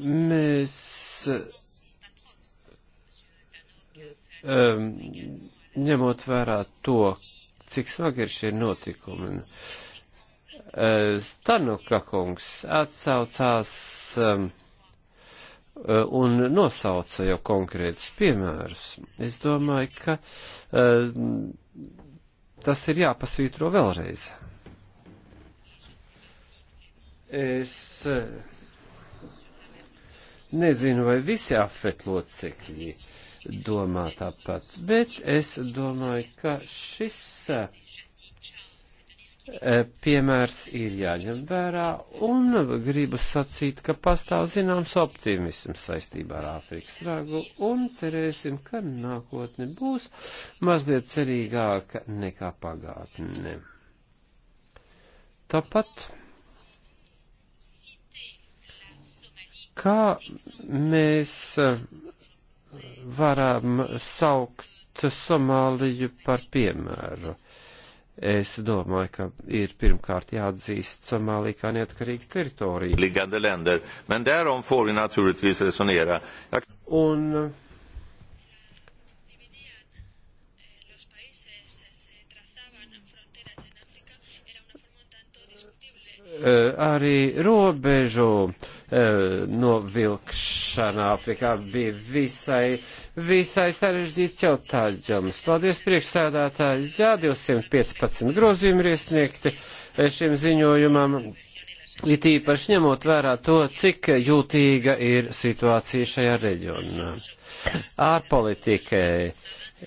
Mēs um, ņemot vērā to, cik smagi ir šie notikumi. Uh, Stanuka kungs atsaucās um, uh, un nosauca jau konkrētus piemērus. Es domāju, ka uh, tas ir jāpasvītro vēlreiz. Es uh, Nezinu, vai visi afetlocekļi domā tāpat, bet es domāju, ka šis e, piemērs ir jāņem vērā, un gribu sacīt, ka pastāv zināms optimisms saistībā ar Āfrikas ragu, un cerēsim, ka nākotne būs mazliet cerīgāka nekā pagātne. Tāpat Kā mēs eh, varam saukt Somāliju par piemēru? Es domāju, ka ir pirmkārt jāatzīst Somālija kā neatkarīga teritorija. Un eh, arī robežu E, novilkšana Āfrikā bija visai, visai sarežģīts jautājums. Paldies priekšsēdētāji, jā, 215 grozījumi ir iesniegti e, šiem ziņojumam. It īpaši ņemot vērā to, cik jūtīga ir situācija šajā reģionā. Ārpolitikai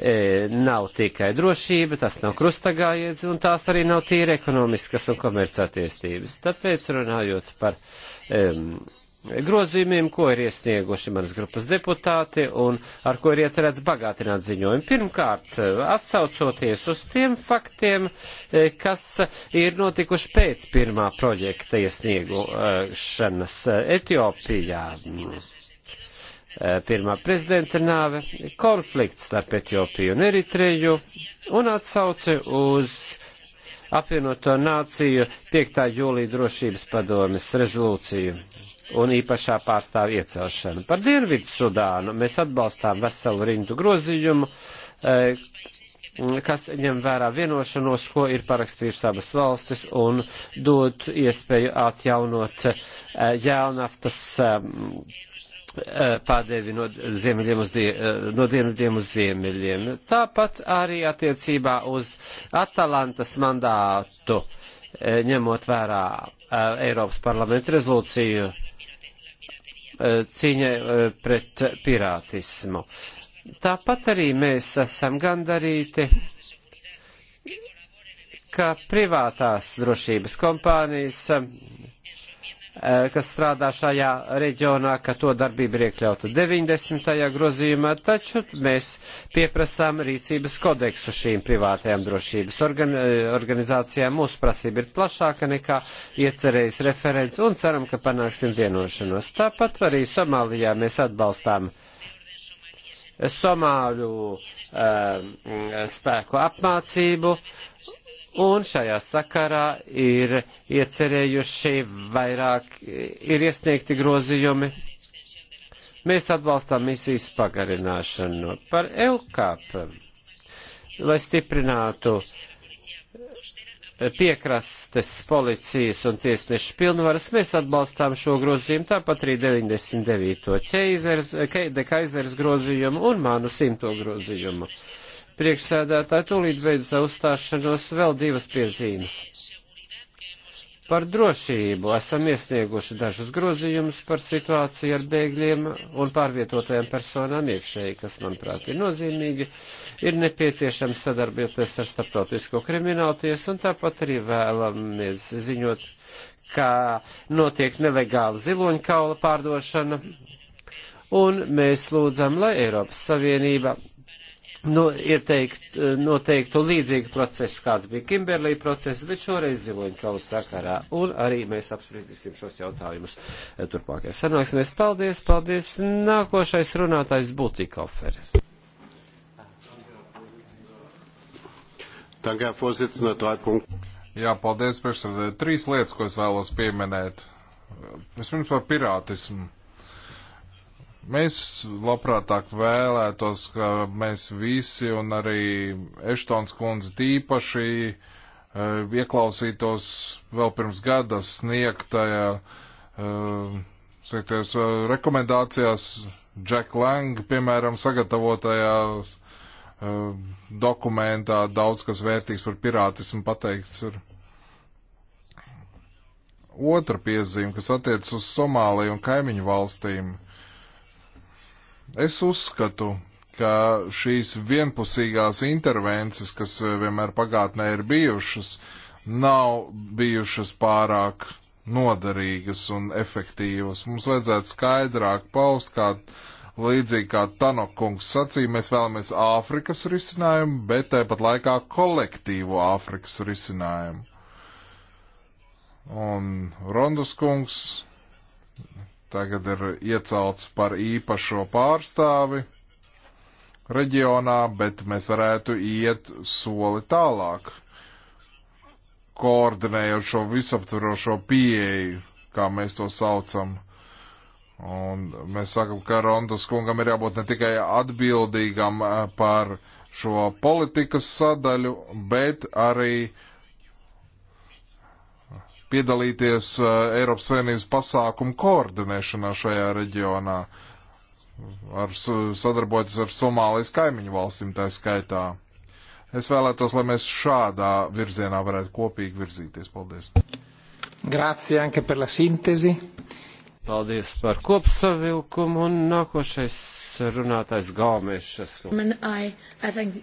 e, nav tikai drošība, tas nav krustagājiedz, un tās arī nav tīri ekonomiskas un komercātiestības. Tāpēc runājot par e, grozījumiem, ko ir iesnieguši manas grupas deputāti un ar ko ir iecerēts bagātināt ziņojumu. Pirmkārt, atsaucoties uz tiem faktiem, e, kas ir notikuši pēc pirmā projekta iesniegušanas Etiopijā. Eh, pirmā prezidenta nāve, konflikts starp Etiopiju un Eritreju un atsauce uz apvienoto nāciju 5. jūlija drošības padomes rezolūciju un īpašā pārstāvja iecelšanu. Par Dienvidu Sudānu mēs atbalstām veselu rindu grozījumu, eh, kas ņem vērā vienošanos, ko ir parakstījušas abas valstis un dod iespēju atjaunot eh, jēlnaftas padevi no, ziemeļiem uz die, no dienvidiem uz ziemeļiem. Tāpat arī attiecībā uz Atalantas mandātu, ņemot vērā Eiropas parlamenta rezolūciju cīņai pret pirātismu. Tāpat arī mēs esam gandarīti, ka privātās drošības kompānijas Eh, kas strādā šajā reģionā, ka to darbība ir iekļauta 90. grozījumā, taču mēs pieprasām rīcības kodeksu šīm privātajām drošības organi eh, organizācijām. Mūsu prasība ir plašāka nekā iecerējis referents un ceram, ka panāksim vienošanos. Tāpat arī Somālijā mēs atbalstām somāļu uh, spēku apmācību un šajā sakarā ir iecerējuši vairāk, ir iesniegti grozījumi. Mēs atbalstām misijas pagarināšanu par EUCAP, lai stiprinātu piekrastes policijas un tiesnešu pilnvaras. Mēs atbalstām šo grozījumu, tāpat arī 99. Keizers, Keide Kaizers grozījumu un manu simto grozījumu. Uh, Priekšsēdētāji tūlīt beidz savu stāšanos vēl divas piezīmes. Par drošību esam iesnieguši dažus grozījumus par situāciju ar bēgļiem un pārvietotajām personām iekšēji, kas, manuprāt, ir nozīmīgi. Ir nepieciešams sadarboties ar starptautisko kriminālu tiesu un tāpat arī vēlamies ziņot, kā notiek nelegāla ziloņkaula pārdošana. Un mēs lūdzam, lai Eiropas Savienība no, nu, ieteikt, eh, noteiktu līdzīgu procesu, kāds bija Kimberlī process, bet šoreiz ziloņkalu sakarā. Un arī mēs apspriedīsim šos jautājumus eh, turpmākajās sanāksmēs. Paldies, paldies. Nākošais runātājs Butikoferis. Jā, paldies, priekšsēdētāji. Trīs lietas, ko es vēlos pieminēt. Vispirms par pirātismu Mēs labprātāk vēlētos, ka mēs visi un arī Eštons kundze tīpaši e, ieklausītos vēl pirms gada sniegtajā, e, sniegtajās e, rekomendācijās Jack Lang, piemēram, sagatavotajā dokumentā daudz kas vērtīgs par pirātismu pateikts ir otra piezīme, kas attiecas uz Somāliju un kaimiņu valstīm. Es uzskatu, ka šīs vienpusīgās intervences, kas eh, vienmēr pagātnē ir bijušas, nav bijušas pārāk noderīgas un efektīvas. Mums vajadzētu skaidrāk paust, kā līdzīgi kā Tanokungs sacīja, mēs vēlamies Āfrikas risinājumu, bet tāpat laikā kolektīvu Āfrikas risinājumu. Un Rondas kungs tagad ir iecelts par īpašo pārstāvi reģionā, bet mēs varētu iet soli tālāk, koordinējot šo visaptverošo pieeju, kā mēs to saucam. Un mēs sakam, ka Rondas kungam ir jābūt ne tikai atbildīgam eh, par šo politikas sadaļu, bet arī uh, piedalīties uh, Eiropas Savienības pasākumu koordinēšanā šajā reģionā, ar, sadarboties ar Somālijas kaimiņu valstīm tā skaitā. Es vēlētos, lai mēs šādā virzienā varētu kopīgi virzīties. Paldies! Grazie anche per la sintesi. Paldies par kopsavilkumu un nākošais runātājs Galmēšas. Man, I, I think...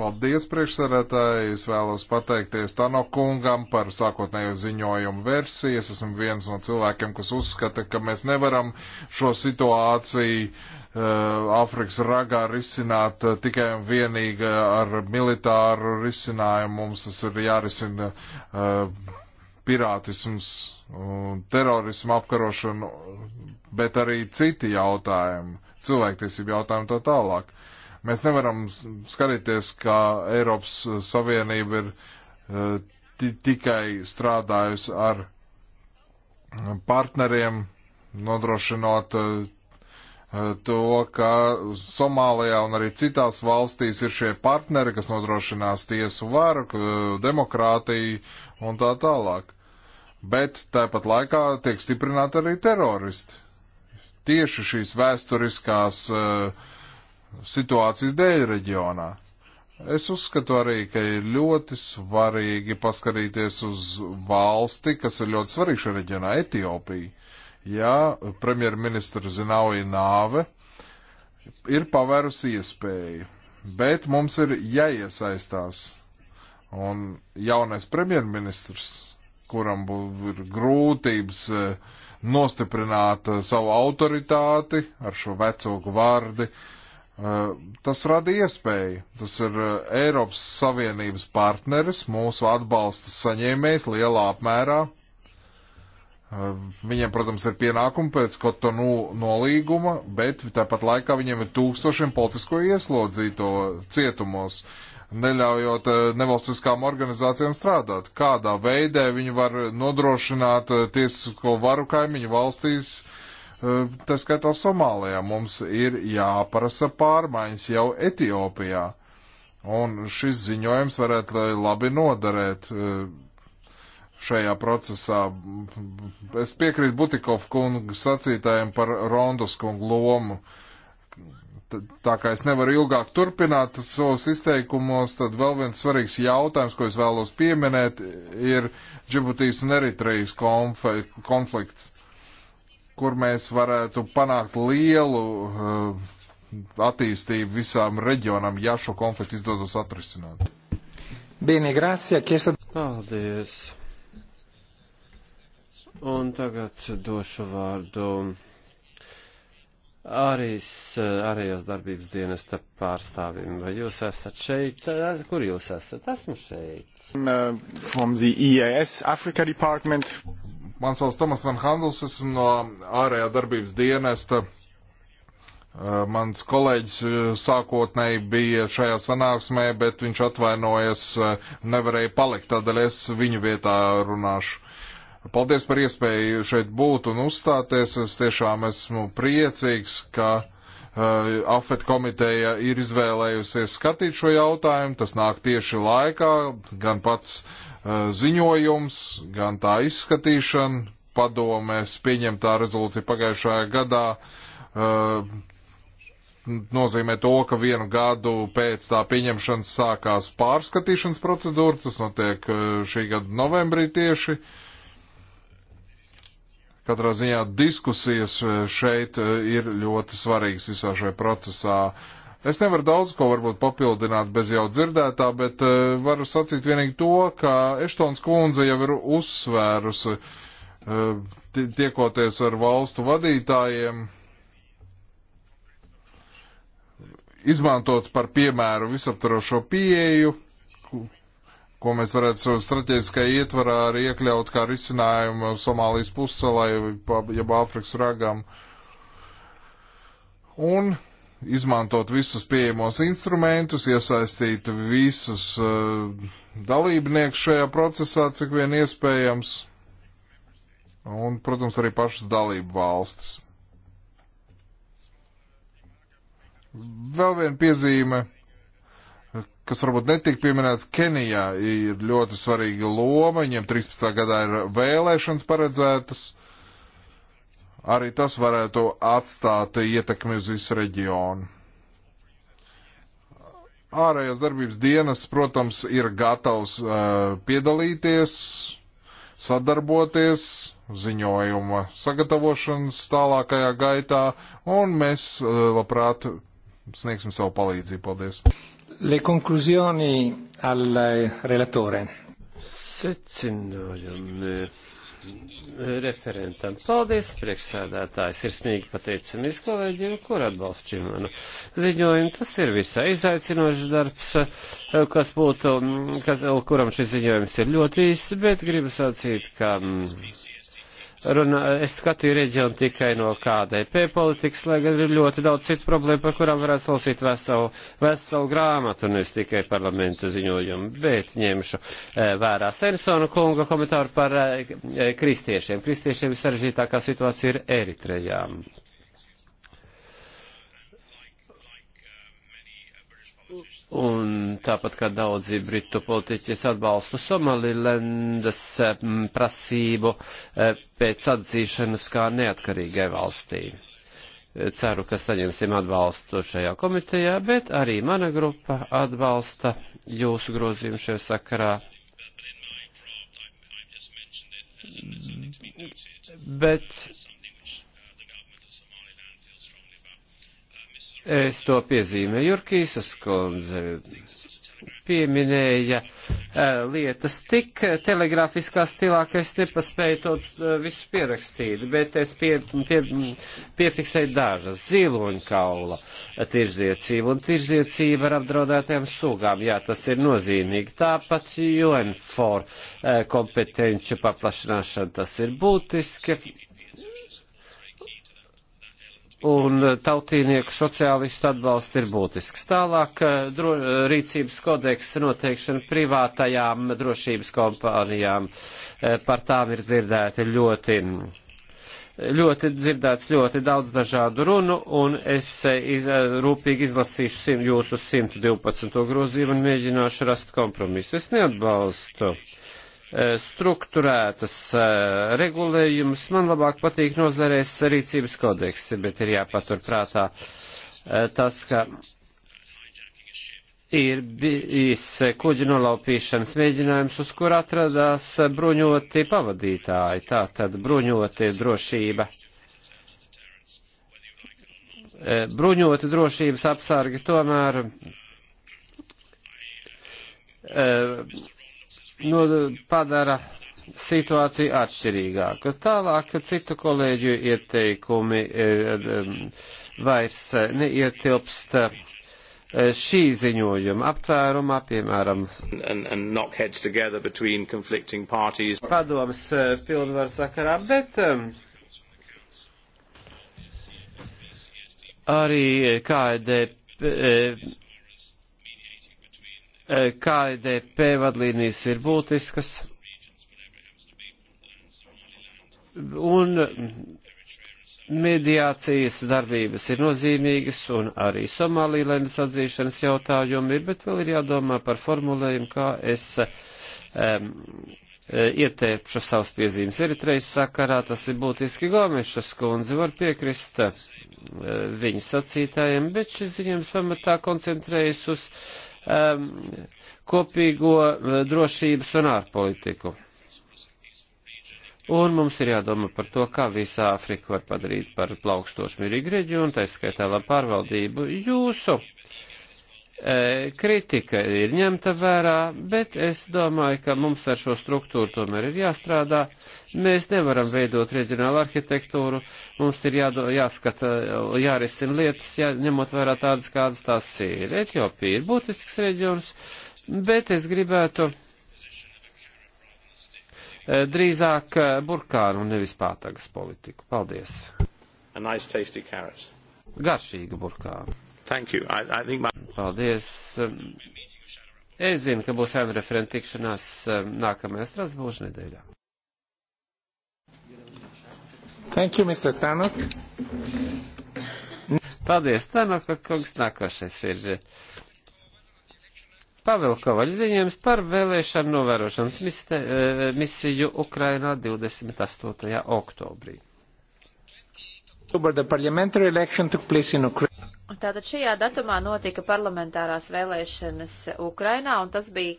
Paldies, priekšsarētāji. Es vēlos pateikties Tano kungam par sākotnējo ziņojumu versiju. Es esmu viens no cilvēkiem, kas uzskata, ka mēs nevaram šo situāciju eh, Āfrikas uh, ragā risināt uh, tikai un vienīgi ar militāru risinājumu. Mums tas ir jārisina uh, pirātisms un terorismu apkarošanu, bet arī citi jautājumi, cilvēktiesību jautājumi tā tālāk. Mēs nevaram skatīties, ka Eiropas Savienība ir eh, tikai strādājusi ar partneriem, nodrošinot eh, to, ka Somālijā un arī citās valstīs ir šie partneri, kas nodrošinās tiesu varu, demokrātiju un tā tālāk. Bet tāpat laikā tiek stiprināti arī teroristi. Tieši šīs vēsturiskās uh, situācijas dēļ reģionā. Es uzskatu arī, ka ir ļoti svarīgi paskarīties uz valsti, kas ir ļoti svarīga šajā reģionā - Etiopija. Ja premjerministra Zināoja nāve ir pavērusi iespēju, bet mums ir jāiesaistās. Un jaunais premjerministrs, kuram ir grūtības eh, nostiprināt eh, savu autoritāti ar šo veco gvardi, uh, Eh, tas rada iespēju. Tas ir eh, Eiropas Savienības partneris, mūsu atbalsta saņēmējs lielā apmērā. Eh, viņiem, protams, ir pienākumi pēc Kotonu nolīguma, bet tāpat laikā viņiem ir tūkstošiem politisko ieslodzīto cietumos, neļaujot nevalstiskām organizācijām strādāt. Kādā veidē viņi var nodrošināt tiesisko varu kaimiņu valstīs, uh, Eh, tā skaitā Somālijā. Mums ir jāprasa pārmaiņas jau Etiopijā. Un šis ziņojums varētu labi noderēt eh, šajā procesā. Es piekrītu Butikov kungu sacītājiem par Rondas kungu lomu. Tā kā es nevaru ilgāk turpināt savos izteikumos, tad vēl viens svarīgs jautājums, ko es vēlos pieminēt, ir Džibutīs un Eritrejas konflikts kur mēs varētu panākt lielu uh, attīstību visām reģionam, ja šo konfliktu izdodas atrisināt. Bīnī, grācija, kiesa. Paldies. Un tagad došu vārdu arī ārējās darbības dienesta pārstāvim. Vai jūs esat šeit? Kur jūs esat? Esmu šeit. Uh, from the EAS Africa Department. Mans vārds Tomas Van Handels, esmu no ārējā darbības dienesta. Mans kolēģis sākotnēji bija šajā sanāksmē, bet viņš atvainojas, nevarēja palikt, tādēļ es viņu vietā runāšu. Paldies par iespēju šeit būt un uzstāties. Es tiešām esmu priecīgs, ka uh, AFET komiteja ir izvēlējusies skatīt šo jautājumu. Tas nāk tieši laikā, gan pats Eh, ziņojums, gan tā izskatīšana, padomēs pieņemtā rezolūcija pagājušajā gadā eh, nozīmē to, ka vienu gadu pēc tā pieņemšanas sākās pārskatīšanas procedūra, tas notiek eh, šī gada novembrī tieši. Katrā ziņā diskusijas šeit ir ļoti svarīgas visā šajā procesā. Uh, Es nevaru daudz ko varbūt papildināt bez jau dzirdētā, bet uh, varu sacīt vienīgi to, ka Eštons kundze jau ir uzsvērusi uh, tiekoties ar valstu vadītājiem, izmantot par piemēru visaptarošo pieeju, ko mēs varētu strateģiskā ietvarā arī iekļaut kā risinājumu Somālijas puscelai, jeb Āfrikas ragam. Un izmantot visus pieejamos instrumentus, iesaistīt visus uh, dalībniekus šajā procesā, cik vien iespējams, un, protams, arī pašas dalību valstis. Vēl viena piezīme, kas varbūt netika pieminēts Kenijā, ir ļoti svarīga loma. Viņiem 13. gadā ir vēlēšanas paredzētas arī tas varētu atstāt ietekmi uz visu reģionu. Ārējās darbības dienas, protams, ir gatavs uh, piedalīties, sadarboties ziņojuma sagatavošanas tālākajā gaitā, un mēs uh, labprāt sniegsim savu palīdzību. Paldies! Le conclusioni al relatore. Secinājumi referentam. Paldies, priekšsēdētāji, sirsnīgi pateicamies kolēģiem, kur atbalstīja manu ziņojumu. Tas ir visai izaicinošs darbs, kas būtu, kas, kuram šis ziņojums ir ļoti īsts, bet gribu sacīt, ka. Mm, runā, es skatīju reģionu tikai no KDP politikas, lai gan ir ļoti daudz citu problēmu, par kurām varētu lasīt veselu, veselu grāmatu, un es tikai parlamenta ziņojumu, bet ņemšu eh, vērā Sensona kunga komentāru par eh, eh, kristiešiem. Kristiešiem vissaržītākā situācija ir Eritrejām. Un tāpat kā daudzi britu politiķi, es atbalstu Somalilendas prasību e, pēc atzīšanas kā neatkarīgai valstī. E, ceru, ka saņemsim atbalstu šajā komitejā, bet arī mana grupa atbalsta jūsu grozījumu šajā sakarā. Bet Es to piezīmēju. Jurkīsas kundze pieminēja eh, lietas tik telegrafiskā stilā, ka es nepaspēju to eh, visu pierakstīt, bet es pie, pie, piefiksēju dažas ziloņkaula tirzniecību un tirzniecību ar apdraudētajām sugām. Jā, tas ir nozīmīgi. Tāpat UNFOR eh, kompetenču paplašināšana tas ir būtiski un eh, tautīnieku sociālistu atbalsts ir būtisks. Tālāk eh, dro, eh, rīcības kodeksa noteikšana privātajām drošības kompānijām par tām ir dzirdēti ļoti. Ļoti dzirdēts ļoti daudz dažādu runu, un es iz, rūpīgi izlasīšu sim, jūsu 112. grozījumu un mēģināšu rast kompromisu. Es neatbalstu uh, Eh, strukturētas eh, regulējumus. Man labāk patīk nozarēs rīcības kodeksi, bet ir jāpatur prātā eh, tas, ka ir bijis kuģi nolaupīšanas mēģinājums, uz kur atradās bruņoti pavadītāji. Tā tad bruņoti drošība. Bruņoti drošības apsargi tomēr no, nu, padara situāciju atšķirīgāku. Tālāk citu kolēģu ieteikumi e, e, vairs neietilpst e, šī ziņojuma aptvērumā, piemēram, and, and padomas pilnvaru sakarā, bet arī KDP KDP e vadlīnijas ir būtiskas. Un mediācijas darbības ir nozīmīgas un arī Somālīlēnas atzīšanas jautājumi ir, bet vēl ir jādomā par formulējumu, kā es um, ietēpšu savus piezīmes Eritrejas sakarā, tas ir būtiski Gomešas kundze, var piekrist uh, eh, viņas sacītājiem, bet šis ziņojums pamatā koncentrējas uz uh, um, kopīgo uh, drošības un ārpolitiku. Un mums ir jādomā par to, kā visā Āfriku var padarīt par plaukstošu mirīgu reģionu, tā skaitā labu pārvaldību. Jūsu uh, E, kritika ir ņemta vērā, bet es domāju, ka mums ar šo struktūru tomēr ir jāstrādā. Mēs nevaram veidot reģionālu arhitektūru, mums ir jādo, jāskata, jārisina lietas, jā, ņemot vērā tādas, kādas tās ir. Etiopija ir būtisks reģions, bet es gribētu e, drīzāk e, burkānu nevis pātagas politiku. Paldies! A nice tasty carrot. Garšīga burkāna. Thank you. I, I think my Paldies. Es zinu, ka būs ēnu referenta tikšanās um, nākamajā Strasbūžu nedēļā. Thank you, Mr. Tanok. Paldies, Tanoka kungs. Nākošais ir eh, Pavel Kovaļ ziņojums par vēlēšanu novērošanas miste, eh, misiju Ukrainā 28. oktobrī. October, the parliamentary election took place in Ukraine. Tātad šajā datumā notika parlamentārās vēlēšanas Ukrainā, un tas bija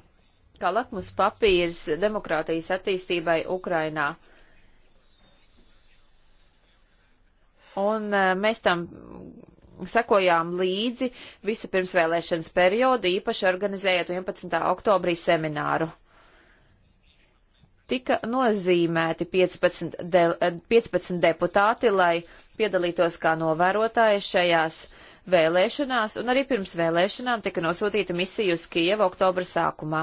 kā lakmus papīrs demokrātijas attīstībai Ukrainā. Un e, mēs tam sekojām līdzi visu pirms vēlēšanas periodu, īpaši organizējot 11. oktobrī semināru tika nozīmēti 15, de, 15 deputāti, lai piedalītos kā novērotāji šajās vēlēšanās, un arī pirms vēlēšanām tika nosūtīta misija uz Kievu oktobra sākumā.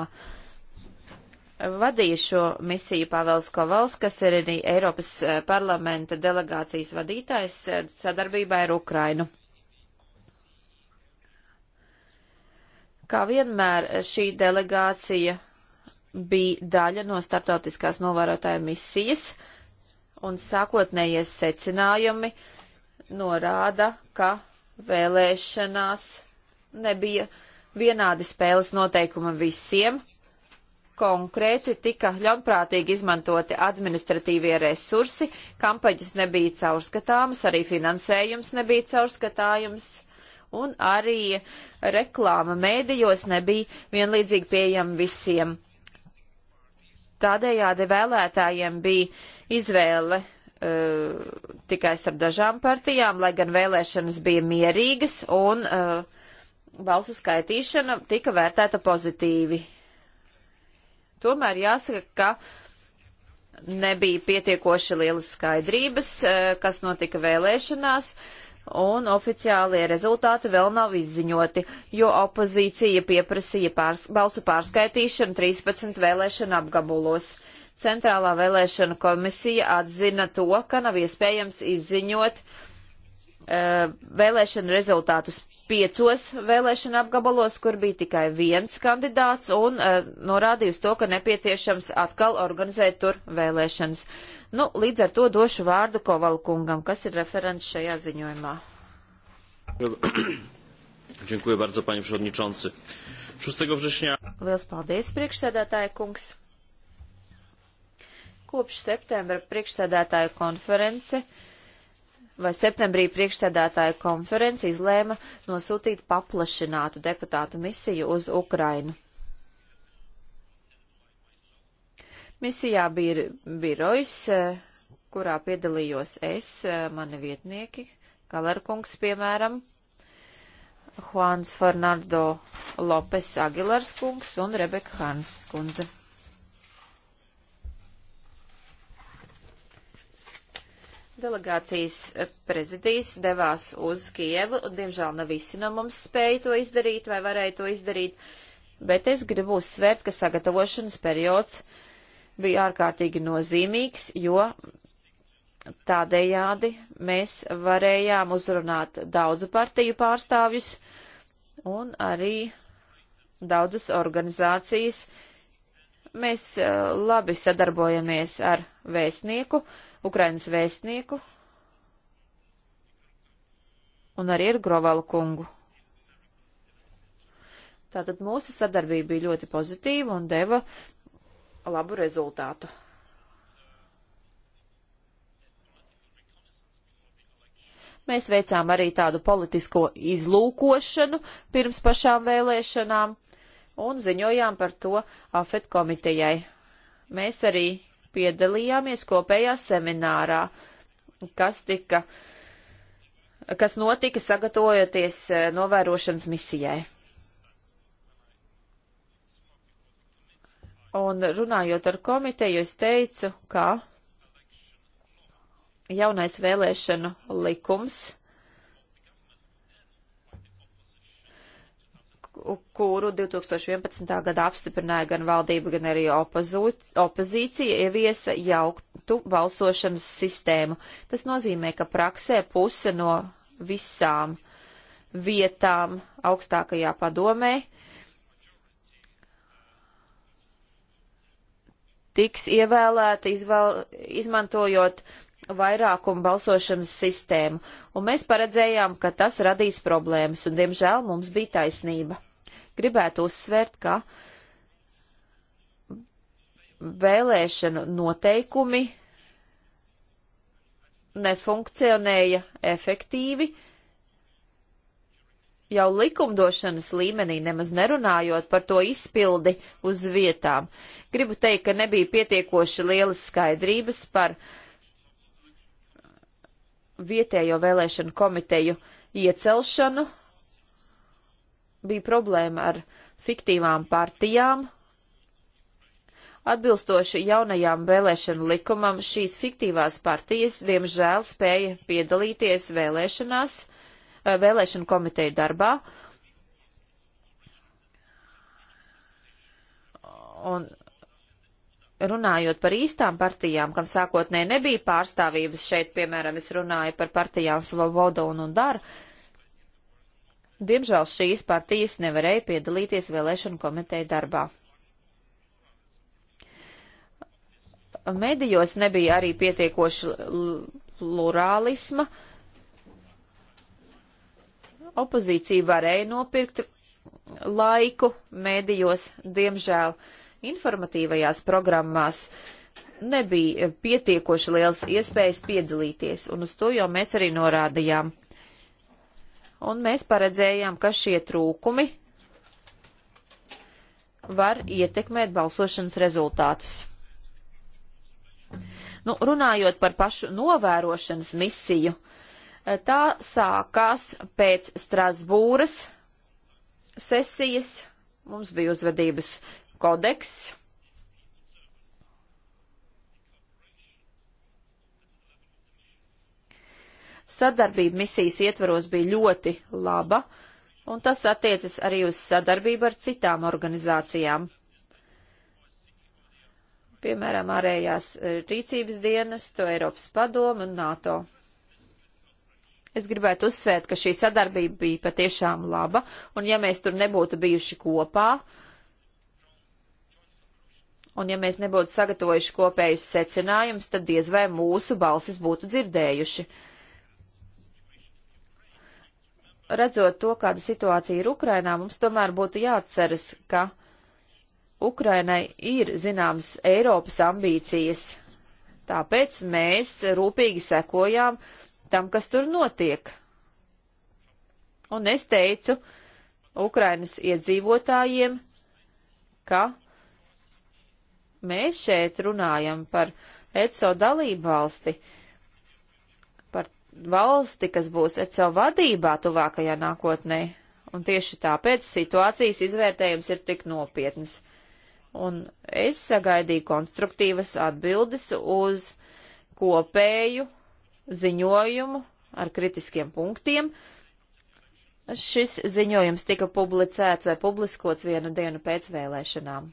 Vadīja šo misiju Pāvels Kovals, kas ir arī Eiropas eh, parlamenta delegācijas vadītājs eh, sadarbībā ar Ukrainu. Kā vienmēr eh, šī delegācija bija daļa no starptautiskās novērotāja misijas, un sākotnējie secinājumi norāda, ka vēlēšanās nebija vienādi spēles noteikumi visiem. Konkrēti tika ļaunprātīgi izmantoti administratīvie resursi, kampaņas nebija caurskatāmas, arī finansējums nebija caurskatājums, un arī reklāma mēdījos nebija vienlīdzīgi pieejama visiem. Tādējādi vēlētājiem bija izvēle uh, tikai starp dažām partijām, lai gan vēlēšanas bija mierīgas un uh, balsu skaitīšana tika vērtēta pozitīvi. Tomēr jāsaka, ka nebija pietiekoši lielas skaidrības, uh, kas notika vēlēšanās. Un oficiālie rezultāti vēl nav izziņoti, jo opozīcija pieprasīja pārs balsu pārskaitīšanu 13 vēlēšana apgabulos. Uh, Centrālā vēlēšana komisija atzina to, ka nav iespējams izziņot uh, eh, vēlēšanu rezultātus piecos vēlēšana apgabalos, kur bija tikai viens kandidāts, un uh, eh, norādīja uz to, ka nepieciešams atkal organizēt tur vēlēšanas. Nu, līdz ar to došu vārdu Kovalu kungam, kas ir referents šajā ziņojumā. (coughs) Dziękuję bardzo, panie przewodniczący. 6 września. Liels paldies, priekšsēdētāja kungs. Kopš septembra priekšsēdētāja konference vai septembrī priekšsēdētāja konference izlēma nosūtīt paplašinātu deputātu misiju uz Ukrainu. Misijā bija birojs, kurā piedalījos es, mani vietnieki, Galerkungs, piemēram, Juans Fernando Lopes Agilars kungs un Rebeka Hans kundze. Delegācijas eh, prezidijas devās uz Kievu, un diemžēl ne visi no mums spēja to izdarīt vai varēja to izdarīt, bet es gribu uzsvērt, ka sagatavošanas periods bija ārkārtīgi nozīmīgs, jo tādējādi mēs varējām uzrunāt daudzu partiju pārstāvjus un arī daudzas organizācijas, uh, Mēs uh, labi sadarbojamies ar vēstnieku, Ukrainas vēstnieku un arī ar Grovalu kungu. Tātad mūsu sadarbība bija ļoti pozitīva un deva labu rezultātu. Mēs veicām arī tādu politisko izlūkošanu pirms pašām vēlēšanām un ziņojām par to AFET komitejai. Mēs arī piedalījāmies kopējā seminārā, kas tika, kas notika sagatavojoties eh, novērošanas misijai. Un runājot ar komiteju, es teicu, ka jaunais vēlēšanu likums kuru 2011. gadā apstiprināja gan valdība, gan arī opozīcija, ieviesa jauktu balsošanas sistēmu. Tas nozīmē, ka praksē puse no visām vietām augstākajā padomē tiks ievēlēta, izvēl, izmantojot vairākumu balsošanas sistēmu, un mēs paredzējām, ka tas radīs problēmas, un diemžēl mums bija taisnība gribētu uzsvērt, ka vēlēšanu noteikumi nefunkcionēja efektīvi, jau likumdošanas līmenī, nemaz nerunājot par to izpildi uz vietām. Gribu teikt, ka nebija pietiekoši lielas skaidrības par vietējo vēlēšanu komiteju iecelšanu bija problēma ar fiktīvām partijām. Atbilstoši jaunajām vēlēšanu likumam, šīs fiktīvās partijas, diemžēl, spēja piedalīties vēlēšanās, eh, vēlēšanu komiteju darbā. Un runājot par īstām partijām, kam sākotnē nebija pārstāvības šeit, piemēram, es runāju par partijām Svoboda un Undara, Diemžēl šīs partijas nevarēja piedalīties vēlēšanu komiteju darbā. Medijos nebija arī pietiekoši plurālisma. Opozīcija varēja nopirkt laiku medijos, diemžēl informatīvajās programmās nebija pietiekoši liels iespējas piedalīties, un uz to jau mēs arī norādījām un mēs paredzējām, ka šie trūkumi var ietekmēt balsošanas rezultātus. Nu, runājot par pašu novērošanas misiju, eh, tā sākās pēc Strasbūras sesijas. Mums bija uzvedības kodeks, Sadarbība misijas ietvaros bija ļoti laba, un tas attiecas arī uz sadarbību ar citām organizācijām. Piemēram, ārējās eh, rīcības dienas, to Eiropas padomu un NATO. Es gribētu uzsvērt, ka šī sadarbība bija patiešām laba, un ja mēs tur nebūtu bijuši kopā, un ja mēs nebūtu sagatavojuši kopējus secinājumus, tad diez vai mūsu balsis būtu dzirdējuši redzot to, kāda situācija ir Ukrainā, mums tomēr būtu jāatceras, ka Ukrainai ir zināmas Eiropas ambīcijas. Tāpēc mēs rūpīgi sekojām tam, kas tur notiek. Un es teicu Ukrainas iedzīvotājiem, ka mēs šeit runājam par ECO dalību valsti, uh, valsti, kas būs ECO vadībā tuvākajā nākotnē. Un tieši tāpēc situācijas izvērtējums ir tik nopietns. Un es sagaidīju konstruktīvas atbildes uz kopēju ziņojumu ar kritiskiem punktiem. Šis ziņojums tika publicēts vai publiskots vienu dienu pēc vēlēšanām.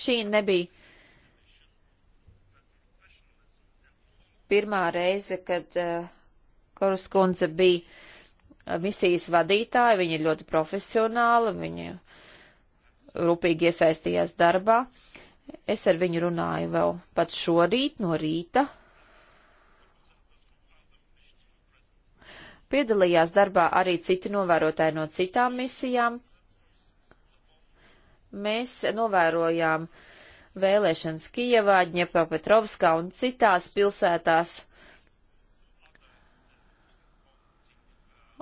Šī nebija pirmā reize, kad uh, eh, Koras kundze bija eh, misijas vadītāja, viņa ir ļoti profesionāla, viņa rūpīgi iesaistījās darbā. Es ar viņu runāju vēl pat šorīt no rīta. Piedalījās darbā arī citi novērotāji no citām misijām. Mēs novērojām uh, vēlēšanas Kijevā, Ņepapetrovskā un citās pilsētās.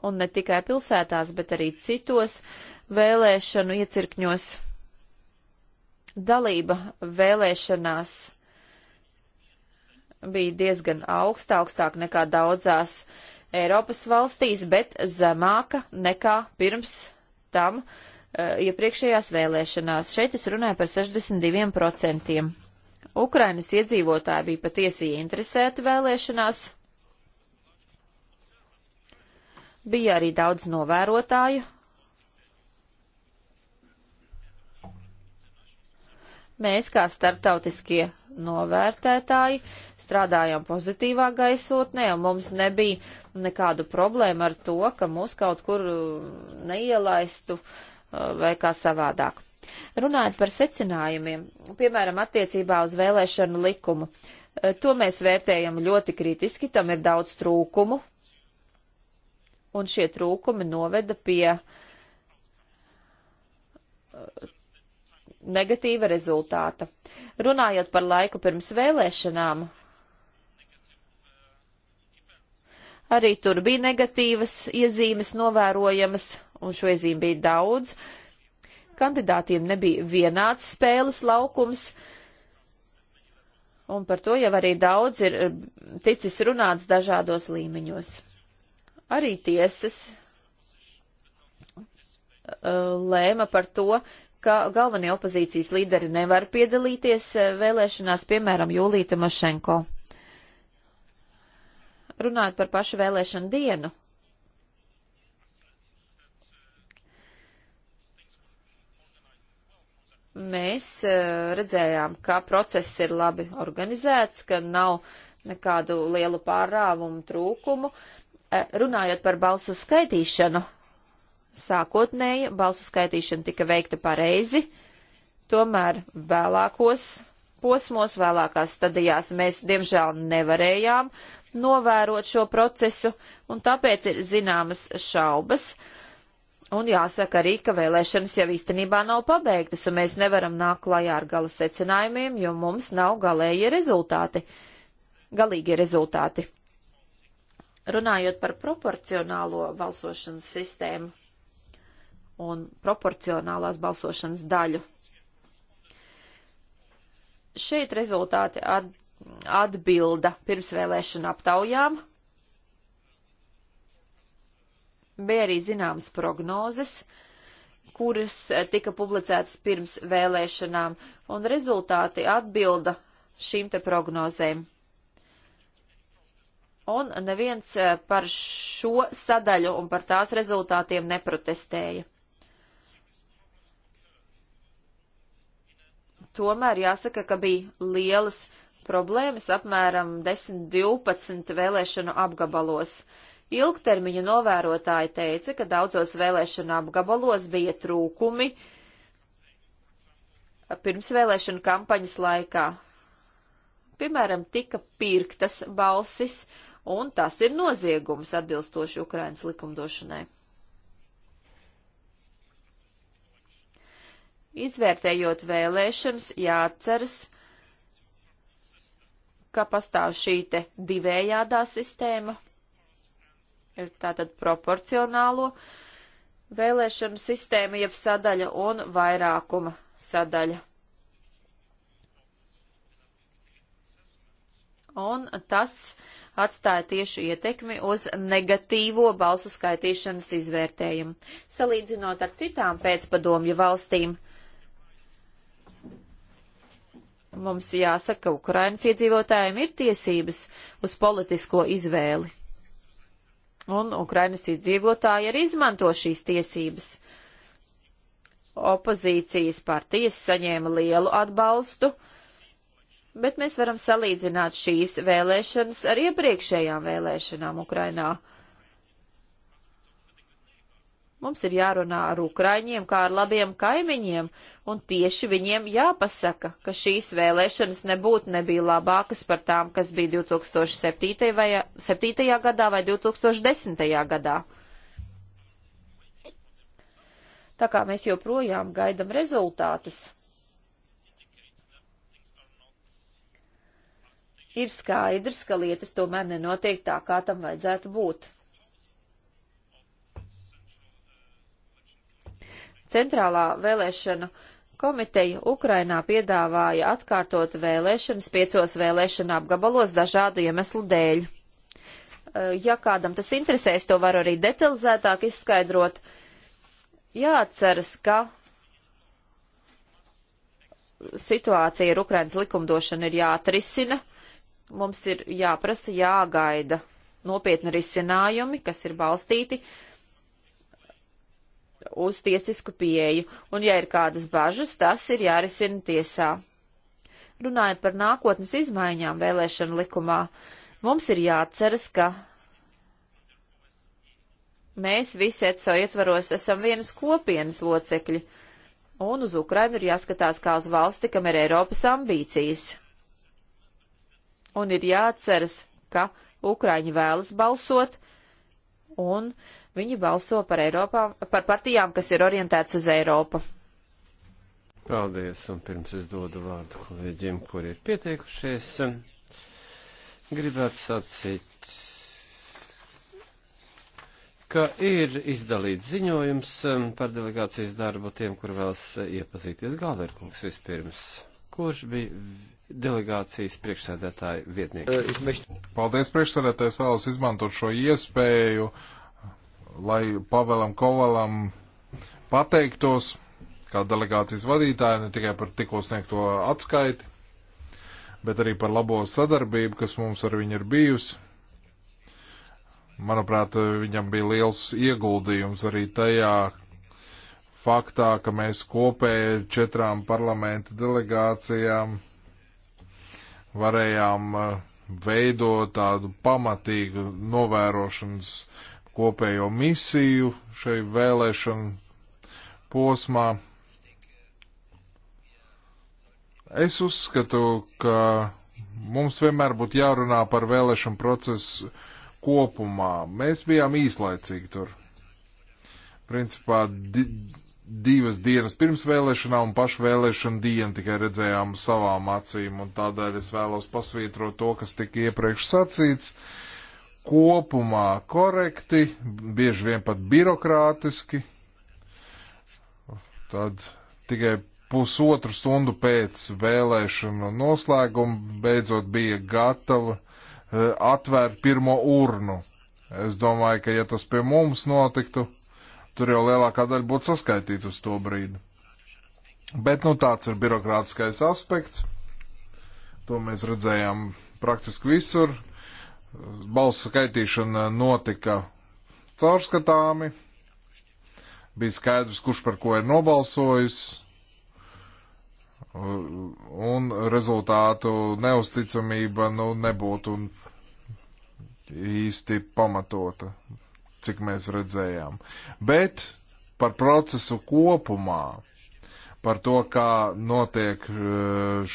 Un ne tikai pilsētās, bet arī citos vēlēšanu iecirkņos. Dalība vēlēšanās bija diezgan augsta, augstāk nekā daudzās Eiropas valstīs, bet zemāka nekā pirms tam uh, Eh, iepriekšējās vēlēšanās. Šeit es runāju par 62%. Ukrainas iedzīvotāji bija patiesi interesēti vēlēšanās. Bija arī daudz novērotāju. Mēs, kā starptautiskie novērtētāji, strādājām pozitīvā gaisotnē, un mums nebija nekādu problēmu ar to, ka mūs kaut kur neielaistu uh, Uh, vai kā savādāk. Runājot par secinājumiem, piemēram, attiecībā uz vēlēšanu likumu, uh, to mēs vērtējam ļoti kritiski, tam ir daudz trūkumu, un šie trūkumi noveda pie uh, negatīva rezultāta. Runājot par laiku pirms vēlēšanām, arī tur bija negatīvas iezīmes novērojamas un šo iezīmi bija daudz. Kandidātiem nebija vienāds spēles laukums, un par to jau arī daudz ir eh, ticis runāts dažādos līmeņos. Arī tiesas eh, lēma par to, ka galvenie opozīcijas līderi nevar piedalīties eh, vēlēšanās, piemēram, Jūlīta Mašenko. Runājot par pašu vēlēšanu dienu, mēs e, redzējām, ka process ir labi organizēts, ka nav nekādu lielu pārāvumu trūkumu. E, runājot par balsu skaitīšanu, sākotnēji balsu skaitīšana tika veikta pareizi, tomēr vēlākos posmos, vēlākās stadijās mēs diemžēl nevarējām novērot šo procesu, un tāpēc ir zināmas šaubas, uh, Un jāsaka arī, ka vēlēšanas jau īstenībā nav pabeigtas, un mēs nevaram nākt klajā ar gala secinājumiem, jo mums nav galējie rezultāti, galīgie rezultāti. Runājot par proporcionālo balsošanas sistēmu un proporcionālās balsošanas daļu. Šeit rezultāti at, atbilda pirmsvēlēšana aptaujām, bija arī zināmas prognozes, kuras eh, tika publicētas pirms vēlēšanām, un rezultāti atbilda šīm te prognozēm. Un neviens eh, par šo sadaļu un par tās rezultātiem neprotestēja. Tomēr jāsaka, ka bija lielas problēmas apmēram 10-12 vēlēšanu apgabalos. Uh, Ilgtermiņa novērotāji teica, ka daudzos vēlēšana apgabalos bija trūkumi pirms vēlēšana kampaņas laikā. Piemēram, tika pirktas balsis, un tas ir noziegums atbilstoši Ukrainas likumdošanai. Izvērtējot vēlēšanas, jāatceras, ka pastāv šī te divējādā sistēma ir tātad proporcionālo vēlēšanu sistēma, jeb sadaļa un vairākuma sadaļa. Un tas atstāja tieši ietekmi uz negatīvo balsu skaitīšanas izvērtējumu. Salīdzinot ar citām pēcpadomju valstīm, mums jāsaka, ka Ukrainas iedzīvotājiem ir tiesības uz politisko izvēli un Ukrainas iedzīvotāji arī izmanto šīs tiesības. Opozīcijas partijas saņēma lielu atbalstu, bet mēs varam salīdzināt šīs vēlēšanas ar iepriekšējām vēlēšanām Ukrainā. Mums ir jārunā ar Ukraiņiem kā ar labiem kaimiņiem, un tieši viņiem jāpasaka, ka šīs vēlēšanas nebūtu nebija labākas par tām, kas bija 2007. Vai, 7. gadā vai 2010. gadā. Tā kā mēs joprojām gaidam rezultātus. ir skaidrs, ka lietas tomēr nenotiek tā, kā tam vajadzētu būt. Centrālā vēlēšanu komiteja Ukrainā piedāvāja atkārtot vēlēšanas piecos vēlēšana apgabalos dažādu iemeslu dēļ. Eh, ja kādam tas interesēs, to var arī detalizētāk izskaidrot. Jāatceras, ka situācija ar Ukrainas likumdošanu ir jāatrisina. Mums ir jāprasa, jāgaida nopietni risinājumi, kas ir balstīti uh, uz tiesisku pieeju, un ja ir kādas bažas, tas ir jārisina tiesā. Runājot par nākotnes izmaiņām vēlēšanu likumā, mums ir jāatceras, ka mēs visi ECO ietvaros esam vienas kopienas locekļi, un uz Ukrainu ir jāskatās kā uz valsti, kam ir Eiropas ambīcijas. Un ir jāatceras, ka Ukraiņi vēlas balsot, un viņi balso par, Eiropā, par partijām, kas ir orientētas uz Eiropu. Paldies, un pirms es dodu vārdu kolēģiem, kuri ir pieteikušies, gribētu sacīt, ka ir izdalīts ziņojums par delegācijas darbu tiem, kur vēlas iepazīties Galverkungs vispirms, kurš bija delegācijas priekšsēdētāja vietnieki. Uh, Paldies, priekšsēdētājs vēlas izmantot šo iespēju, lai Pavelam Kovalam pateiktos, kā delegācijas vadītāja, ne tikai par tikko sniegto atskaiti, bet arī par labo sadarbību, kas mums ar viņu ir bijusi. Manuprāt, viņam bija liels ieguldījums arī tajā, faktā, ka mēs kopēji četrām parlamenta delegācijām varējām uh, veidot tādu pamatīgu novērošanas kopējo misiju šai vēlēšanu posmā. Es uzskatu, ka mums vienmēr būtu jārunā par vēlēšanu procesu kopumā. Mēs bijām īslaicīgi tur. Principā di divas dienas pirms vēlēšanām un pašu vēlēšanu dienu tikai redzējām savām acīm, un tādēļ es vēlos pasvītrot to, kas tika iepriekš sacīts. Kopumā korekti, bieži vien pat birokrātiski, tad tikai pusotru stundu pēc vēlēšanu noslēguma beidzot bija gatava eh, atvērt pirmo urnu. Es domāju, ka ja tas pie mums notiktu, Tur jau lielākā daļa būtu saskaitīta uz to brīdi. Bet nu, tāds ir birokrātiskais aspekts. To mēs redzējām praktiski visur. Balsu skaitīšana notika caurskatāmi. Bija skaidrs, kurš par ko ir nobalsojis. Un rezultātu neusticamība nu, nebūtu īsti pamatota cik mēs redzējām, bet par procesu kopumā, par to, kā notiek eh,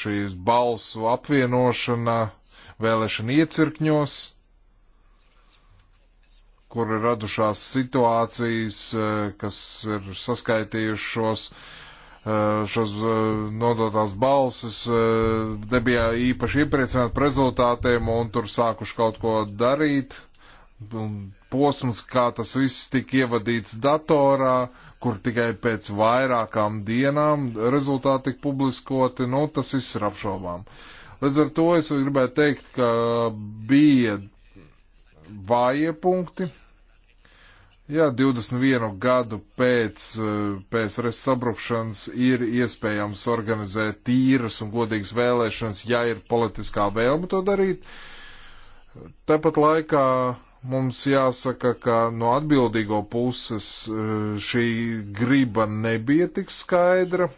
šīs balsu apvienošana vēlēšana iecirkņos, kur ir radušās situācijas, eh, kas ir saskaitījušos eh, šos nodotās balsis, nebija īpaši iepriecināti par rezultātiem un tur sākuši kaut ko darīt. Un posms, kā tas viss tika ievadīts datorā, kur tikai pēc vairākām dienām rezultāti tika publiskoti, nu tas viss ir apšaubām. Līdz ar to es gribēju teikt, ka bija vāja punkti. Jā, 21 gadu pēc PSRS sabrukšanas ir iespējams organizēt tīras un godīgas vēlēšanas, ja ir politiskā vēlme to darīt. Tāpat laikā uh, mums jāsaka, ka no atbildīgo puses e, šī griba nebija tik skaidra,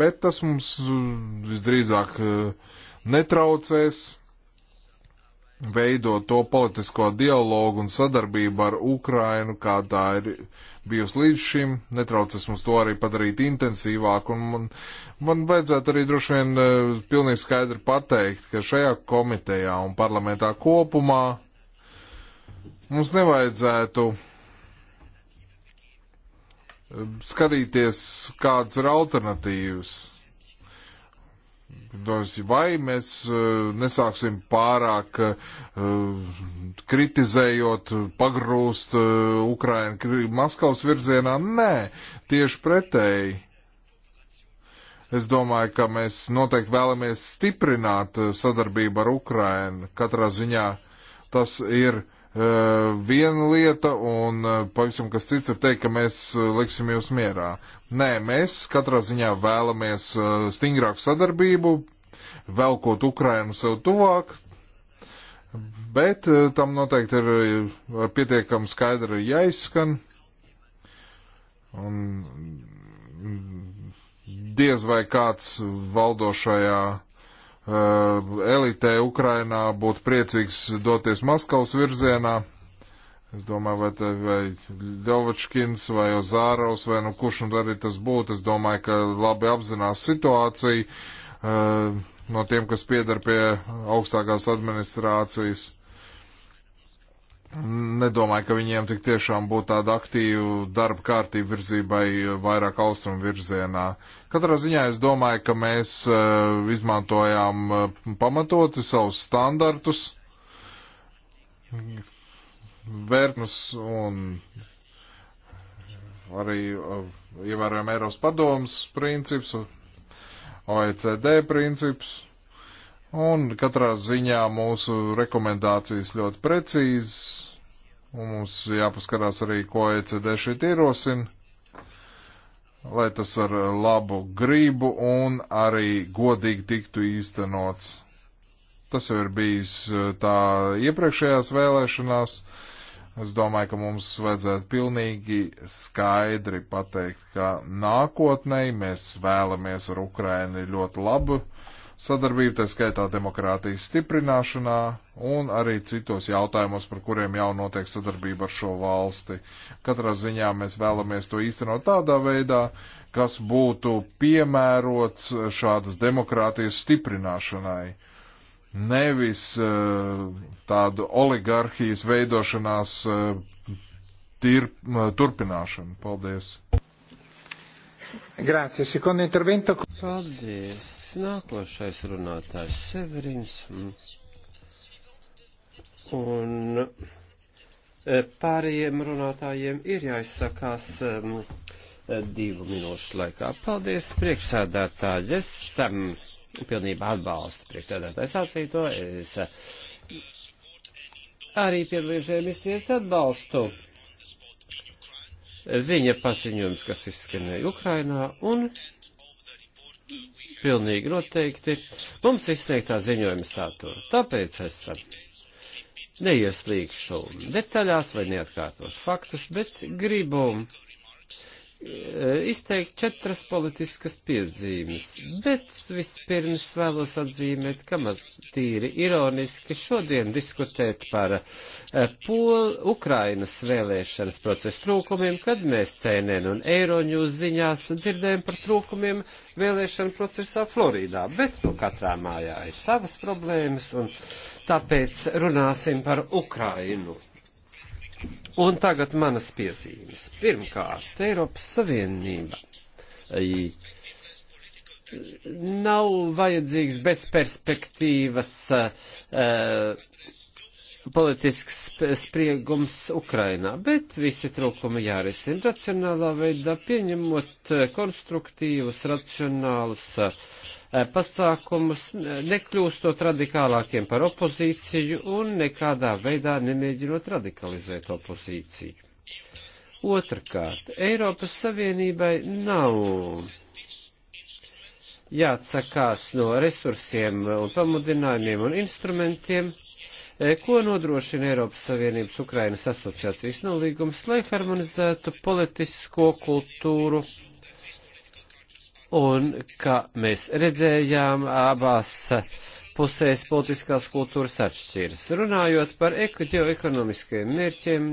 bet tas mums e, visdrīzāk e, netraucēs veidot to politisko dialogu un sadarbību ar Ukrainu, kā tā ir bijusi līdz šim, netraucas mums to arī padarīt intensīvāk, un man, man vajadzētu arī droši vien pilnīgi skaidri pateikt, ka šajā komitejā un parlamentā kopumā Mums nevajadzētu skatīties, kādas ir alternatīvas. Vai mēs e, nesāksim pārāk e, kritizējot, pagrūst e, Ukrainu Maskavas virzienā? Nē, tieši pretēji. Es domāju, ka mēs noteikti vēlamies stiprināt sadarbību ar Ukrainu. Katrā ziņā tas ir uh, Eh, viena lieta un eh, pavisam kas cits ir teikt, ka mēs eh, liksim jūs mierā. Nē, mēs katrā ziņā vēlamies stingrāku sadarbību, velkot Ukrainu sev tuvāk, bet tam noteikti ir pietiekami skaidri jāizskan. Un mm, diez vai kāds valdošajā Eh, elitē Ukrainā būtu priecīgs doties Maskavas virzienā. Es domāju, vai, te, vai Ļovačkins, vai Ozārovs, vai nu kurš un arī tas būtu. Es domāju, ka labi apzinās situāciju eh, no tiem, kas piedar pie augstākās administrācijas. Nedomāju, ka viņiem tik tiešām būtu tāda aktīva darba kārtība virzībai vairāk austrumu virzienā. Katrā ziņā es domāju, ka mēs eh, izmantojām eh, pamatoti savus standartus, vērtnes un arī eh, ievērojam Eiropas padomus principus, OECD principus Un katrā ziņā mūsu rekomendācijas ļoti precīzas, un mums jāpaskarās arī, ko ECD šeit ierosina, lai tas ar labu gribu un arī godīgi tiktu īstenots. Tas jau ir bijis eh, tā iepriekšējās vēlēšanās. Es domāju, ka mums vajadzētu pilnīgi skaidri pateikt, ka nākotnē mēs vēlamies ar Ukraini ļoti labu sadarbību, tā skaitā demokrātijas stiprināšanā un arī citos jautājumos, par kuriem jau notiek sadarbība ar šo valsti. Katrā ziņā mēs vēlamies to īstenot tādā veidā, kas būtu piemērots šādas demokrātijas stiprināšanai. Nevis eh, tādu oligarhijas veidošanās eh, tir, eh, turpināšanu. Paldies! Grazie, secondo intervento. Paldies. Nākošais runātājs Severins. Un e, pārējiem runātājiem ir jāizsakās um, divu minūšu laikā. Paldies, priekšsēdētāji. Es um, pilnībā atbalstu priekšsēdētāju sacīto. Es e, arī piedalīšamies atbalstu viņa paziņojums, kas izskanēja Ukrainā, un pilnīgi noteikti mums izsniegtā ziņojuma satura. Tāpēc esam neieslīgšu detaļās vai neatkārtošu faktus, bet gribu Eh, izteikt četras politiskas piezīmes, bet vispirms vēlos atzīmēt, ka maz tīri ironiski šodien diskutēt par eh, Pol Ukrainas vēlēšanas procesu trūkumiem, kad mēs CNN un Eiroņūs ziņās dzirdējam par trūkumiem vēlēšanu procesā Floridā, bet nu katrā mājā ir savas problēmas un tāpēc runāsim par Ukrainu Un tagad manas piezīmes. Pirmkārt, Eiropas Savienība nav vajadzīgs bezperspektīvas uh, politisks spriegums Ukrainā, bet visi trūkumi jārisina racionālā veidā, pieņemot eh, konstruktīvus, racionālus uh, Eh, pasākumus, eh, nekļūstot radikālākiem par opozīciju un nekādā veidā nemēģinot radikalizēt opozīciju. Otrakārt, Eiropas Savienībai nav jāatsakās no resursiem un pamudinājumiem un instrumentiem, eh, ko nodrošina Eiropas Savienības Ukrainas asociācijas nolīgums, lai harmonizētu politisko kultūru un kā mēs redzējām, abās pusēs politiskās kultūras atšķiras. Runājot par ģeoekonomiskajiem mērķiem,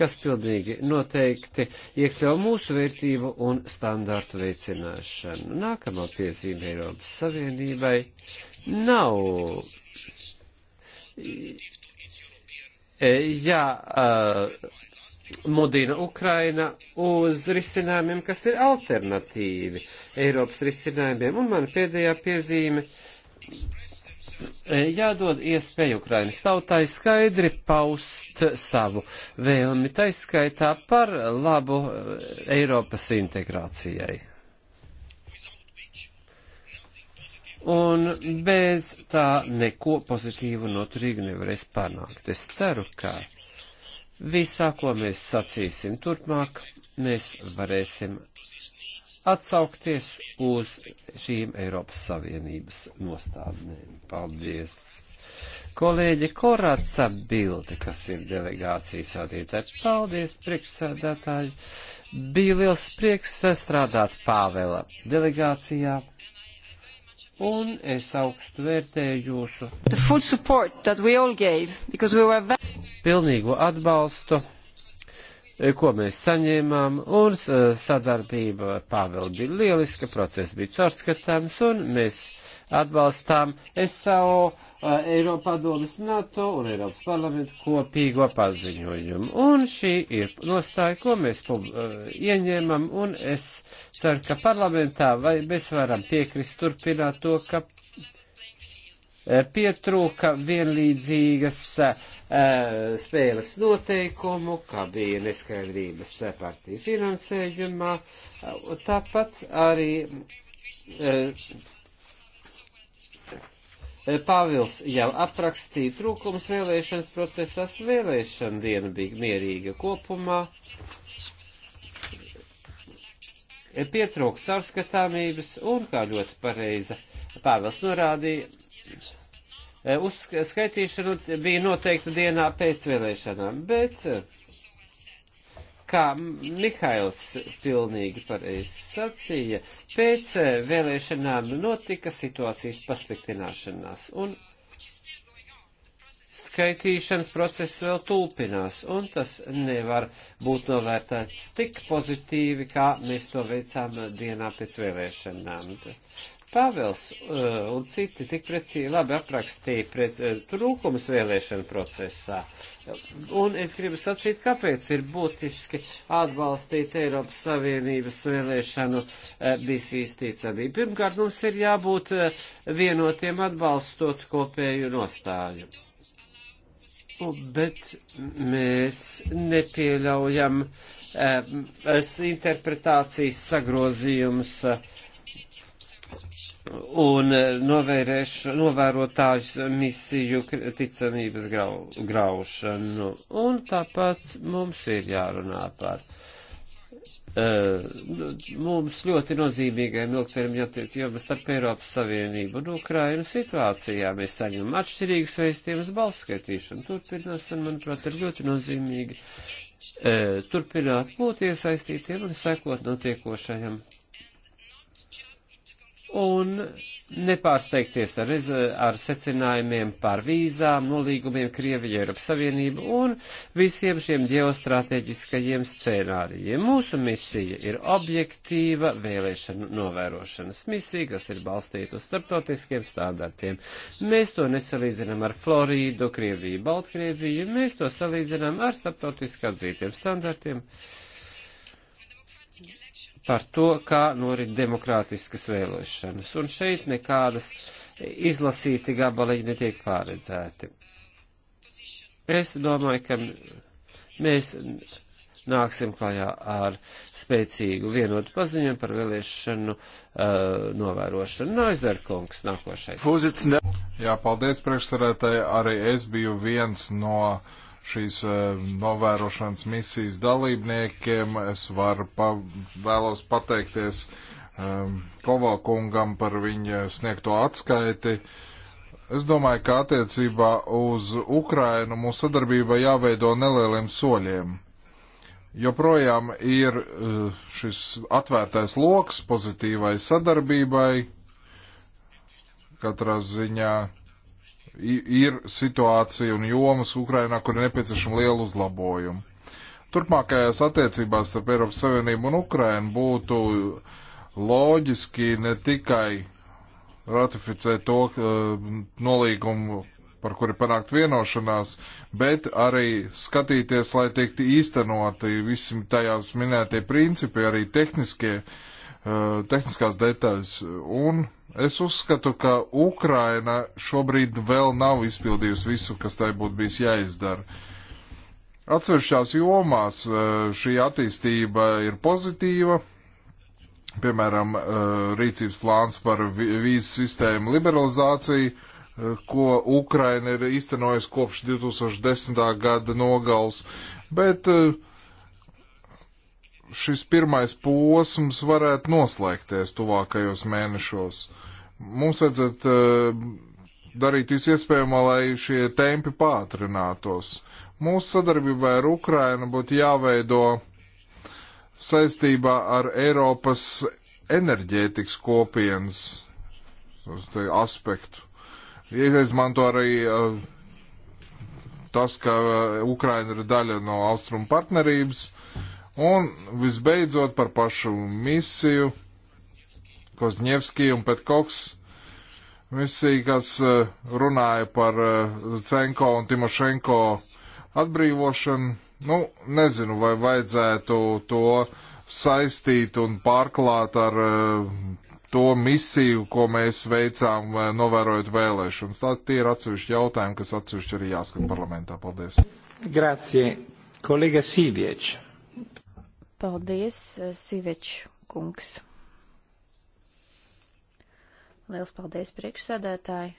kas pilnīgi noteikti iekļauj mūsu vērtību un standārtu veicināšanu. Nākamā piezīme Eiropas Savienībai nav. E, Jā, uh, mudina Ukraina uz risinājumiem, kas ir alternatīvi Eiropas risinājumiem. Un man pēdējā piezīme jādod iespēju Ukrainas tautai skaidri paust savu vēlmi, taiskaitā par labu eh, Eiropas integrācijai. Un bez tā neko pozitīvu noturīgi nevarēs panākt. Es ceru, ka Visā, ko mēs sacīsim turpmāk, mēs varēsim atsaukties uz šīm Eiropas Savienības nostādnēm. Paldies! Kolēģi Korāca Bilde, kas ir delegācijas vadītāja, paldies priekšsēdētāji! Bija liels prieks eh, strādāt Pāvela delegācijā un es augstu vērtēju jūsu. Pilnīgu atbalstu Eh, ko mēs saņēmām, un eh, sadarbība ar Pāvelu bija lieliska, process bija caurskatāms, un mēs atbalstām SAO, eh, Eiropā domas NATO un Eiropas parlamentu kopīgo paziņojumu. Un šī ir nostāja, ko mēs pub, ieņēmam, un es ceru, ka parlamentā vai mēs varam piekrist turpināt to, ka pietrūka vienlīdzīgas Eh, spēles noteikumu, kā bija neskaidrības partiju finansējumā, eh, tāpat arī eh, Pāvils jau aprakstīja trūkumus vēlēšanas procesās, vēlēšana diena bija mierīga kopumā. Pietrūka caurskatāmības un, kā ļoti pareiza Pāvils norādīja, Eh, Uzskaitīšana bija noteikta dienā pēc vēlēšanām, bet, eh, kā Mihails pilnīgi pareizi sacīja, pēc eh, vēlēšanām notika situācijas pasliktināšanās, un skaitīšanas process vēl tulpinās, un tas nevar būt novērtēts tik pozitīvi, kā mēs to veicām dienā pēc vēlēšanām. Pāvils uh, un citi tik precīzi labi aprakstīja pret, uh, trūkumus vēlēšanu procesā. Un es gribu sacīt, kāpēc ir būtiski atbalstīt Eiropas Savienības vēlēšanu uh, misijas ticamību. Pirmkārt, mums ir jābūt uh, vienotiem atbalstot kopēju nostāju. Un, bet mēs nepieļaujam uh, interpretācijas sagrozījumus. Uh, un eh, novērotāju misiju ticamības grau, graušanu. Un tāpat mums ir jārunā par uh, mums ļoti nozīmīgajām ilgtermiņa attiecībām starp Eiropas Savienību un Ukrainu situācijā. Mēs saņemam atšķirīgus veistījumus balsskaitīšanu. Turpinās, un, manuprāt, ir ļoti nozīmīgi uh, turpināt būt iesaistītiem un sekot notiekošajam un nepārsteigties ar, rez, ar secinājumiem par vīzām, nolīgumiem Krievija, Eiropas Savienība un visiem šiem ģeostrateģiskajiem scenārijiem. Mūsu misija ir objektīva vēlēšana novērošanas misija, kas ir balstīta uz starptautiskiem standartiem. Mēs to nesalīdzinām ar Floridu, Krieviju, Baltkrieviju, mēs to salīdzinām ar starptautiski atzītiem standartiem. Uh, par to, kā norit demokrātiskas vēlošanas. Un šeit nekādas izlasīti gabaliņi netiek pārredzēti. Es domāju, ka mēs nāksim klajā ar spēcīgu vienotu paziņojumu par vēlēšanu uh, novērošanu. Noizdara kungs nākošais. Jā, paldies priekšsarētāji. Arī es biju viens no uh, šīs eh, novērošanas misijas dalībniekiem. Es varu pa, vēlos pateikties um, ehm, Kovā kungam par viņa sniegto atskaiti. Es domāju, ka attiecībā uz Ukrainu mūsu sadarbība jāveido nelieliem soļiem. Joprojām ir uh, šis atvērtais loks pozitīvai sadarbībai, katrā ziņā uh, ir situācija un jomas Ukrainā, kur ir nepieciešama liela uzlabojuma. Turpmākajās attiecībās ar Eiropas Savienību un Ukrainu būtu loģiski ne tikai ratificēt to uh, nolīgumu, par kuri panākt vienošanās, bet arī skatīties, lai tiekti īstenoti visi tajās minētie principi, arī tehniskie uh, Eh, tehniskās detaļas. Un es uzskatu, ka Ukraina šobrīd vēl nav izpildījusi visu, kas tai būtu bijis jāizdara. Atsevišķās jomās eh, šī attīstība ir pozitīva, piemēram, eh, rīcības plāns par vīzu sistēmu liberalizāciju, ko Ukraina ir īstenojusi kopš 2010. gada nogals, bet uh, šis pirmais posms varētu noslēgties tuvākajos mēnešos. Mums vajadzētu eh, darīt visu iespējamo, lai šie tempi pātrinātos. Mūsu sadarbībai ar Ukrainu būtu jāveido saistībā ar Eiropas enerģētikas kopienas aspektu. Izmanto arī uh, tas, ka eh, Ukraina ir daļa no austrumu partnerības. Uh, Un visbeidzot par pašu misiju, Kozņevski un Petkoks misiju, kas e, runāja par e, Cenko un Timošenko atbrīvošanu. Nu, nezinu, vai vajadzētu to saistīt un pārklāt ar e, to misiju, ko mēs veicām, novērojot vēlēšanas. Tās tie ir atsevišķi jautājumi, kas atsevišķi arī jāskat parlamentā. Paldies. Grazie. Kolēģa Sīvieča. Paldies, eh, Siveču kungs. Liels paldies, priekšsēdētāji.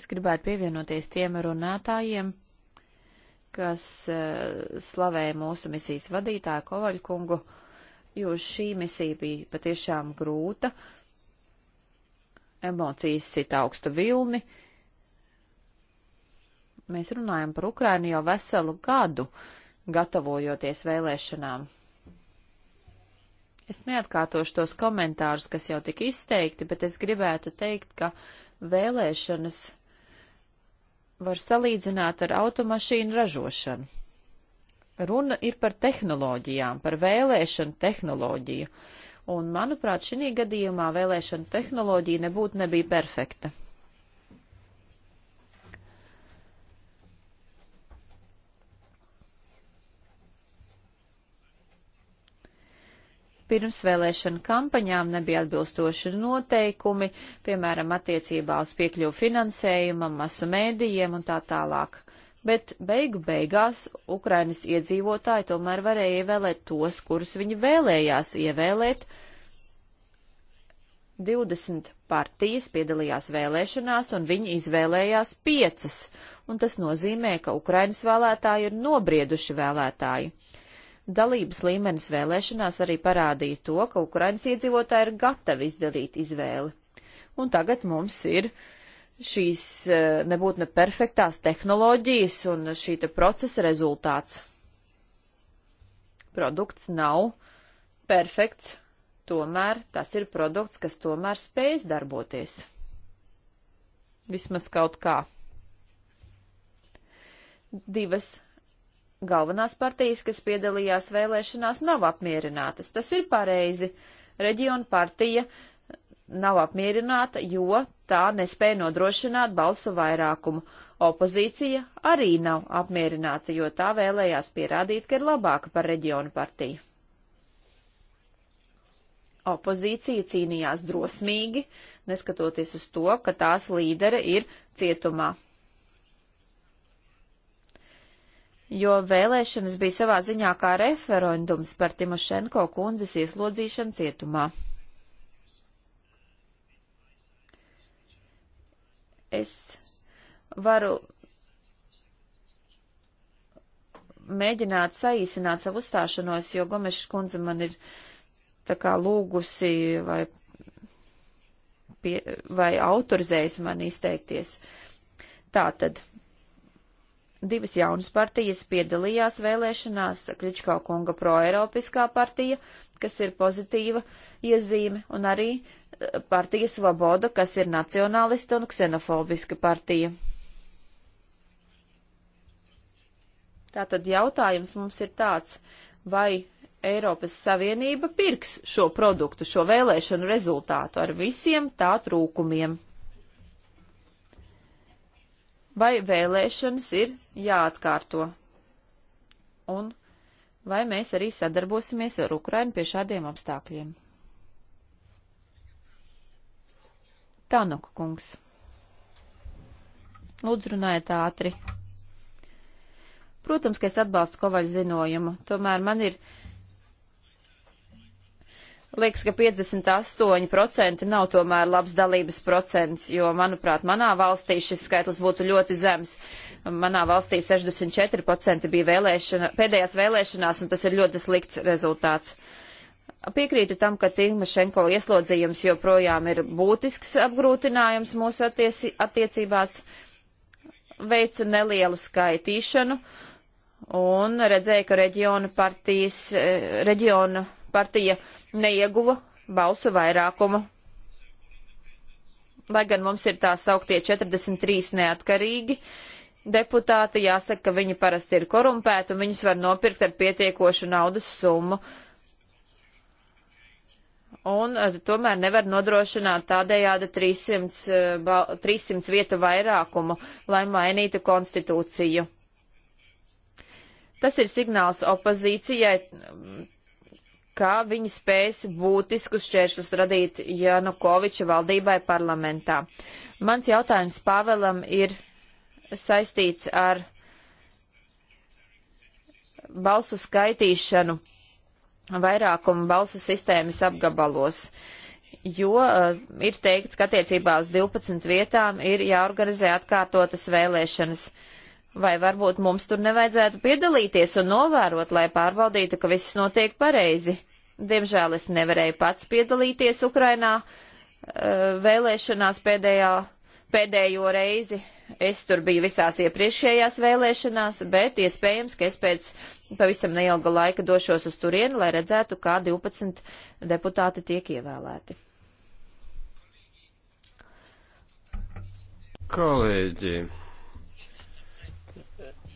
Es gribētu pievienoties tiem runātājiem, kas eh, slavēja mūsu misijas vadītāju Kovaļkungu, jo šī misija bija patiešām grūta. Emocijas sit augstu vilni, uh, Mēs runājam par Ukrainu jau veselu gadu, gatavojoties vēlēšanām. Es neatkārtošu tos komentārus, kas jau tika izteikti, bet es gribētu teikt, ka vēlēšanas var salīdzināt ar automašīnu ražošanu. Runa ir par tehnoloģijām, par vēlēšanu tehnoloģiju, un, manuprāt, šī gadījumā vēlēšanu tehnoloģija nebūtu nebija perfekta. pirms vēlēšana kampaņām nebija atbilstoši noteikumi, piemēram, attiecībā uz piekļuvu finansējumam, masu mēdījiem un tā tālāk. Bet beigu beigās Ukrainas iedzīvotāji tomēr varēja ievēlēt tos, kurus viņi vēlējās ievēlēt. 20 partijas piedalījās vēlēšanās, un viņi izvēlējās piecas, un tas nozīmē, ka Ukrainas vēlētāji ir nobrieduši vēlētāji. Dalības līmenis vēlēšanās arī parādīja to, ka Ukrainas iedzīvotāji ir gatavi izdarīt izvēli. Un tagad mums ir šīs e, nebūtu ne perfektās tehnoloģijas un šī te procesa rezultāts. Produkts nav perfekts, tomēr tas ir produkts, kas tomēr spējas darboties. Vismaz kaut kā. Divas galvenās partijas, kas piedalījās vēlēšanās, nav apmierinātas. Tas ir pareizi. Reģiona partija nav apmierināta, jo tā nespēja nodrošināt balsu vairākumu. Opozīcija arī nav apmierināta, jo tā vēlējās pierādīt, ka ir labāka par reģionu partiju. Opozīcija cīnījās drosmīgi, neskatoties uz to, ka tās līdere ir cietumā. jo vēlēšanas bija savā ziņā kā referendums par Timošenko kundzes ieslodzīšanu cietumā. Es varu mēģināt saīsināt savu uzstāšanos, jo Gomeša kundze man ir tā kā lūgusi vai, pie, vai autorizējusi man izteikties. Tātad divas jaunas partijas piedalījās vēlēšanās - Kričko kunga proeiropiskā partija, kas ir pozitīva iezīme, un arī eh, partija Svoboda, kas ir nacionālista un ksenofobiska partija. Tātad jautājums mums ir tāds, vai Eiropas Savienība pirks šo produktu, šo vēlēšanu rezultātu ar visiem tā trūkumiem vai vēlēšanas ir jāatkārto. Un vai mēs arī sadarbosimies ar Ukrainu pie šādiem apstākļiem. Tanuka kungs. Lūdzu, runājiet ātri. Protams, ka es atbalstu Kovaļa ziņojumu, tomēr man ir Liekas, ka 58% nav tomēr labs dalības procents, jo, manuprāt, manā valstī šis skaitlis būtu ļoti zems. Manā valstī 64% bija vēlēšana, pēdējās vēlēšanās, un tas ir ļoti slikts rezultāts. Piekrītu tam, ka Tīmašenko ieslodzījums joprojām ir būtisks apgrūtinājums mūsu attieci, attiecībās. Veicu nelielu skaitīšanu un redzēju, ka reģiona partijas, eh, reģiona partija neieguva balsu vairākumu. Lai gan mums ir tā sauktie 43 neatkarīgi deputāti, jāsaka, ka viņi parasti ir korumpēti un viņus var nopirkt ar pietiekošu naudas summu. Un eh, tomēr nevar nodrošināt tādējādi 300, 300 eh, vietu vairākumu, lai mainītu konstitūciju. Tas ir signāls opozīcijai ka viņi spēs būtiskus šķēršļus radīt Janukoviča valdībai parlamentā. Mans jautājums Pāvelam ir saistīts ar balsu skaitīšanu vairākumu balsu sistēmas apgabalos, jo uh, ir teikts, ka attiecībā uz 12 vietām ir jāorganizē atkārtotas vēlēšanas. Vai varbūt mums tur nevajadzētu piedalīties un novērot, lai pārbaudītu, ka viss notiek pareizi? Diemžēl es nevarēju pats piedalīties Ukrainā eh, vēlēšanās pēdējā, pēdējo reizi. Es tur biju visās iepriekšējās vēlēšanās, bet iespējams, ka es pēc pavisam neilga laika došos uz turieni, lai redzētu, kā 12 deputāti tiek ievēlēti. Kolēģi,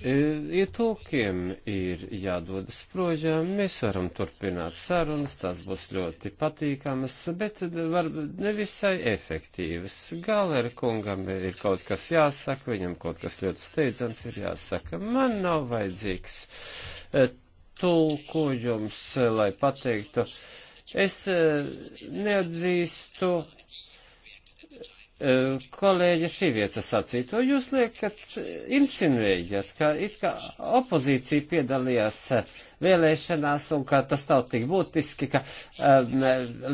Ja eh, tulkiem ir jādodas projām, mēs varam turpināt sarunas, tās būs ļoti patīkamas, bet var nevisai efektīvas. Galera kungam ir kaut kas jāsaka, viņam kaut kas ļoti steidzams ir jāsaka. Man nav vajadzīgs eh, tulkojums, lai pateiktu, es eh, neatzīstu E, kolēģa šī vieta sacīto, jūs liekat, insinuējat, ka it kā opozīcija piedalījās vēlēšanās un ka tas nav tik būtiski, ka um,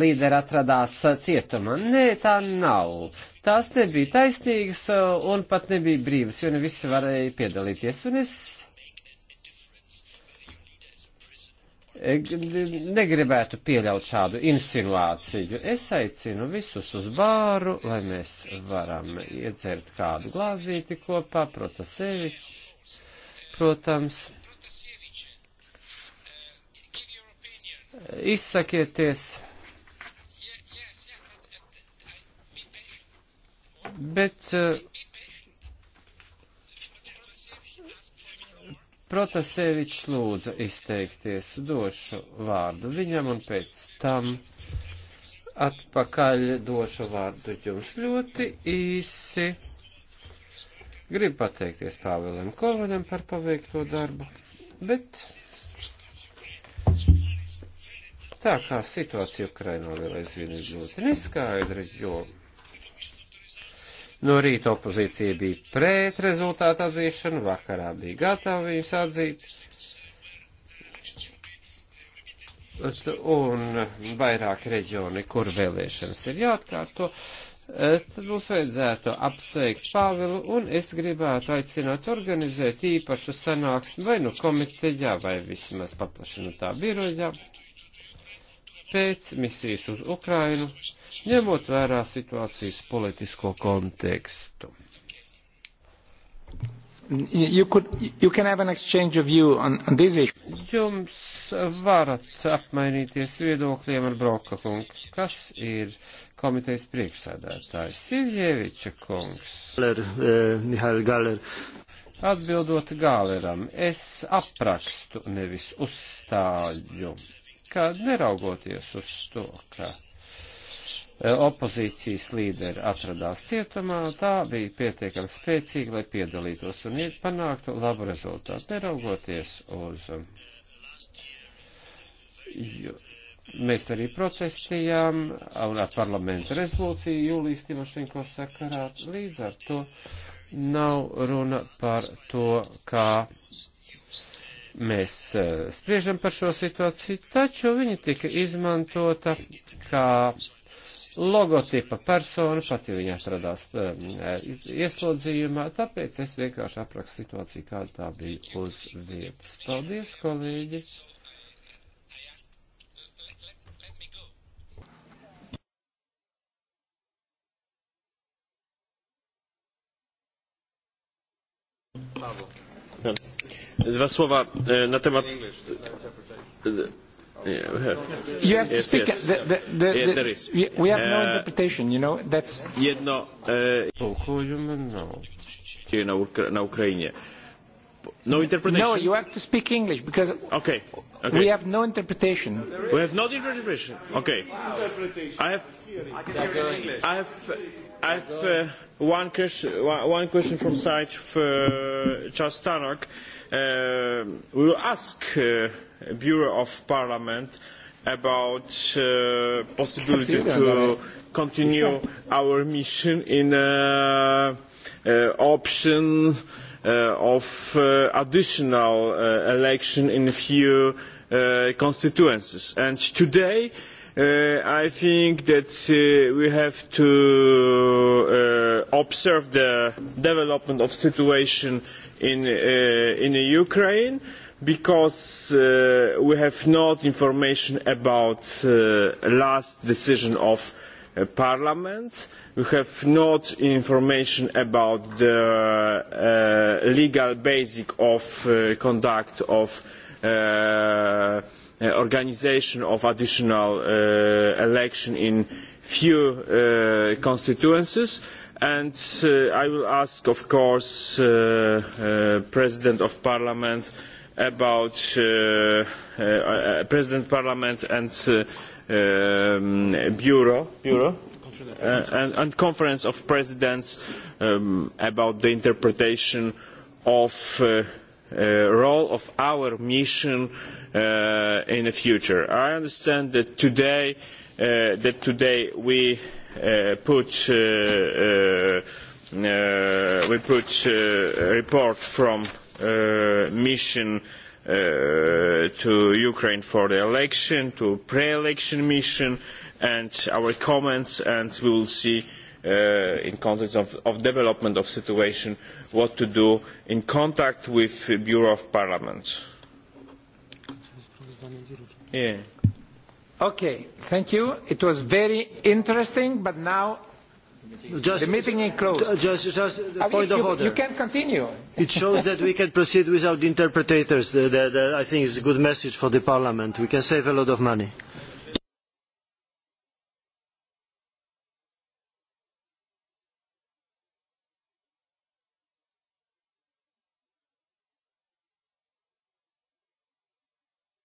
līderi atradās cietumā. Nē, tā nav. Tās nebija taisnīgas un pat nebija brīvas, jo ne visi varēja piedalīties. Un es negribētu pieļaut šādu insinuāciju. Es aicinu visus uz bāru, lai mēs varam iedzert kādu glāzīti kopā, protasevičs, protams. Izsakieties. Bet uh, Protasevičs lūdza izteikties, došu vārdu viņam un pēc tam atpakaļ došu vārdu jums ļoti īsi. Gribu pateikties Pāvēlam Kovanam par paveikto darbu, bet tā kā situācija Ukrainā vēl aizvien ir ļoti neskaidra, jo No rīta opozīcija bija pret rezultātu atzīšanu, vakarā bija gatava viņus atzīt. Un vairāk reģioni, kur vēlēšanas ir jāatkārto, tad mums vajadzētu apsveikt Pāvilu, un es gribētu aicināt organizēt īpašu sanāksmi vai nu komiteļā, vai vismaz paplašinātā birojā pēc misijas uz Ukrainu, ņemot vērā situācijas politisko kontekstu. You could, you on, on Jums varat apmainīties viedokļiem ar Broka kungu, kas ir komitejas priekšsēdētājs. Siljeviča kungs. Galer, uh, eh, Mihail Galer. Atbildot Galeram, es aprakstu nevis uzstāju. Jums ka neraugoties uz to, ka e, opozīcijas līderi atradās cietumā, tā bija pietiekami spēcīga, lai piedalītos un panāktu labu rezultātu, neraugoties uz. Jo, mēs arī protestējām ar parlamenta rezolūciju Jūlijas Timošenko sakarā. Līdz ar to nav runa par to, kā Mēs eh, spriežam par šo situāciju, taču viņa tika izmantota kā logotipa persona, pati viņa atradās eh, ieslodzījumā, tāpēc es vienkārši aprakstu situāciju, kāda tā bija uz vietas. Paldies, kolēģi! Bravo. Ja. Dwa słowa e, na temat. Yeah, we have. You have yes, to speak. Yes. The, the, the, yeah, there is. We have no uh, interpretation, you know. That's. Jedno. Tłukujemy e, no. Na Ukrainie. No interpretation. No, you have to speak English because. Okay. okay. We have no interpretation. We have no interpretation. Okay. I have. I have. I've uh, one question. One question from side for uh, Charles Tannock. Uh, we will ask uh, Bureau of Parliament about uh, possibility to continue our mission in uh, uh, option uh, of uh, additional uh, election in a few uh, constituencies. And today. Uh, Uh, I think that uh, we have to uh, observe the development of situation in, uh, in Ukraine because uh, we have not information about uh, last decision of uh, parliament. We have not information about the uh, legal basic of uh, conduct of uh, uh, organization of additional uh, election in few uh, constituencies and uh, I will ask of course uh, uh, President of Parliament about uh, uh, uh, President Parliament and uh, um, Bureau, Bureau? Uh, and, and Conference of Presidents um, about the interpretation of uh, uh, role of our mission uh, uh, in the future. I understand that today, uh, that today we uh, put uh, uh, uh, we put uh, a report from uh, mission uh, to Ukraine for the election, to pre-election mission, and our comments, and we will see uh, in context of, of development of situation what to do in contact with Bureau of Parliament. Uh, Yeah. Okay, thank you. It was very interesting, but now just, the meeting is closed. Just, just the I point mean, of you, order. You can continue. It shows that we can proceed without the interpreters. That, that, that I think is a good message for the Parliament. We can save a lot of money.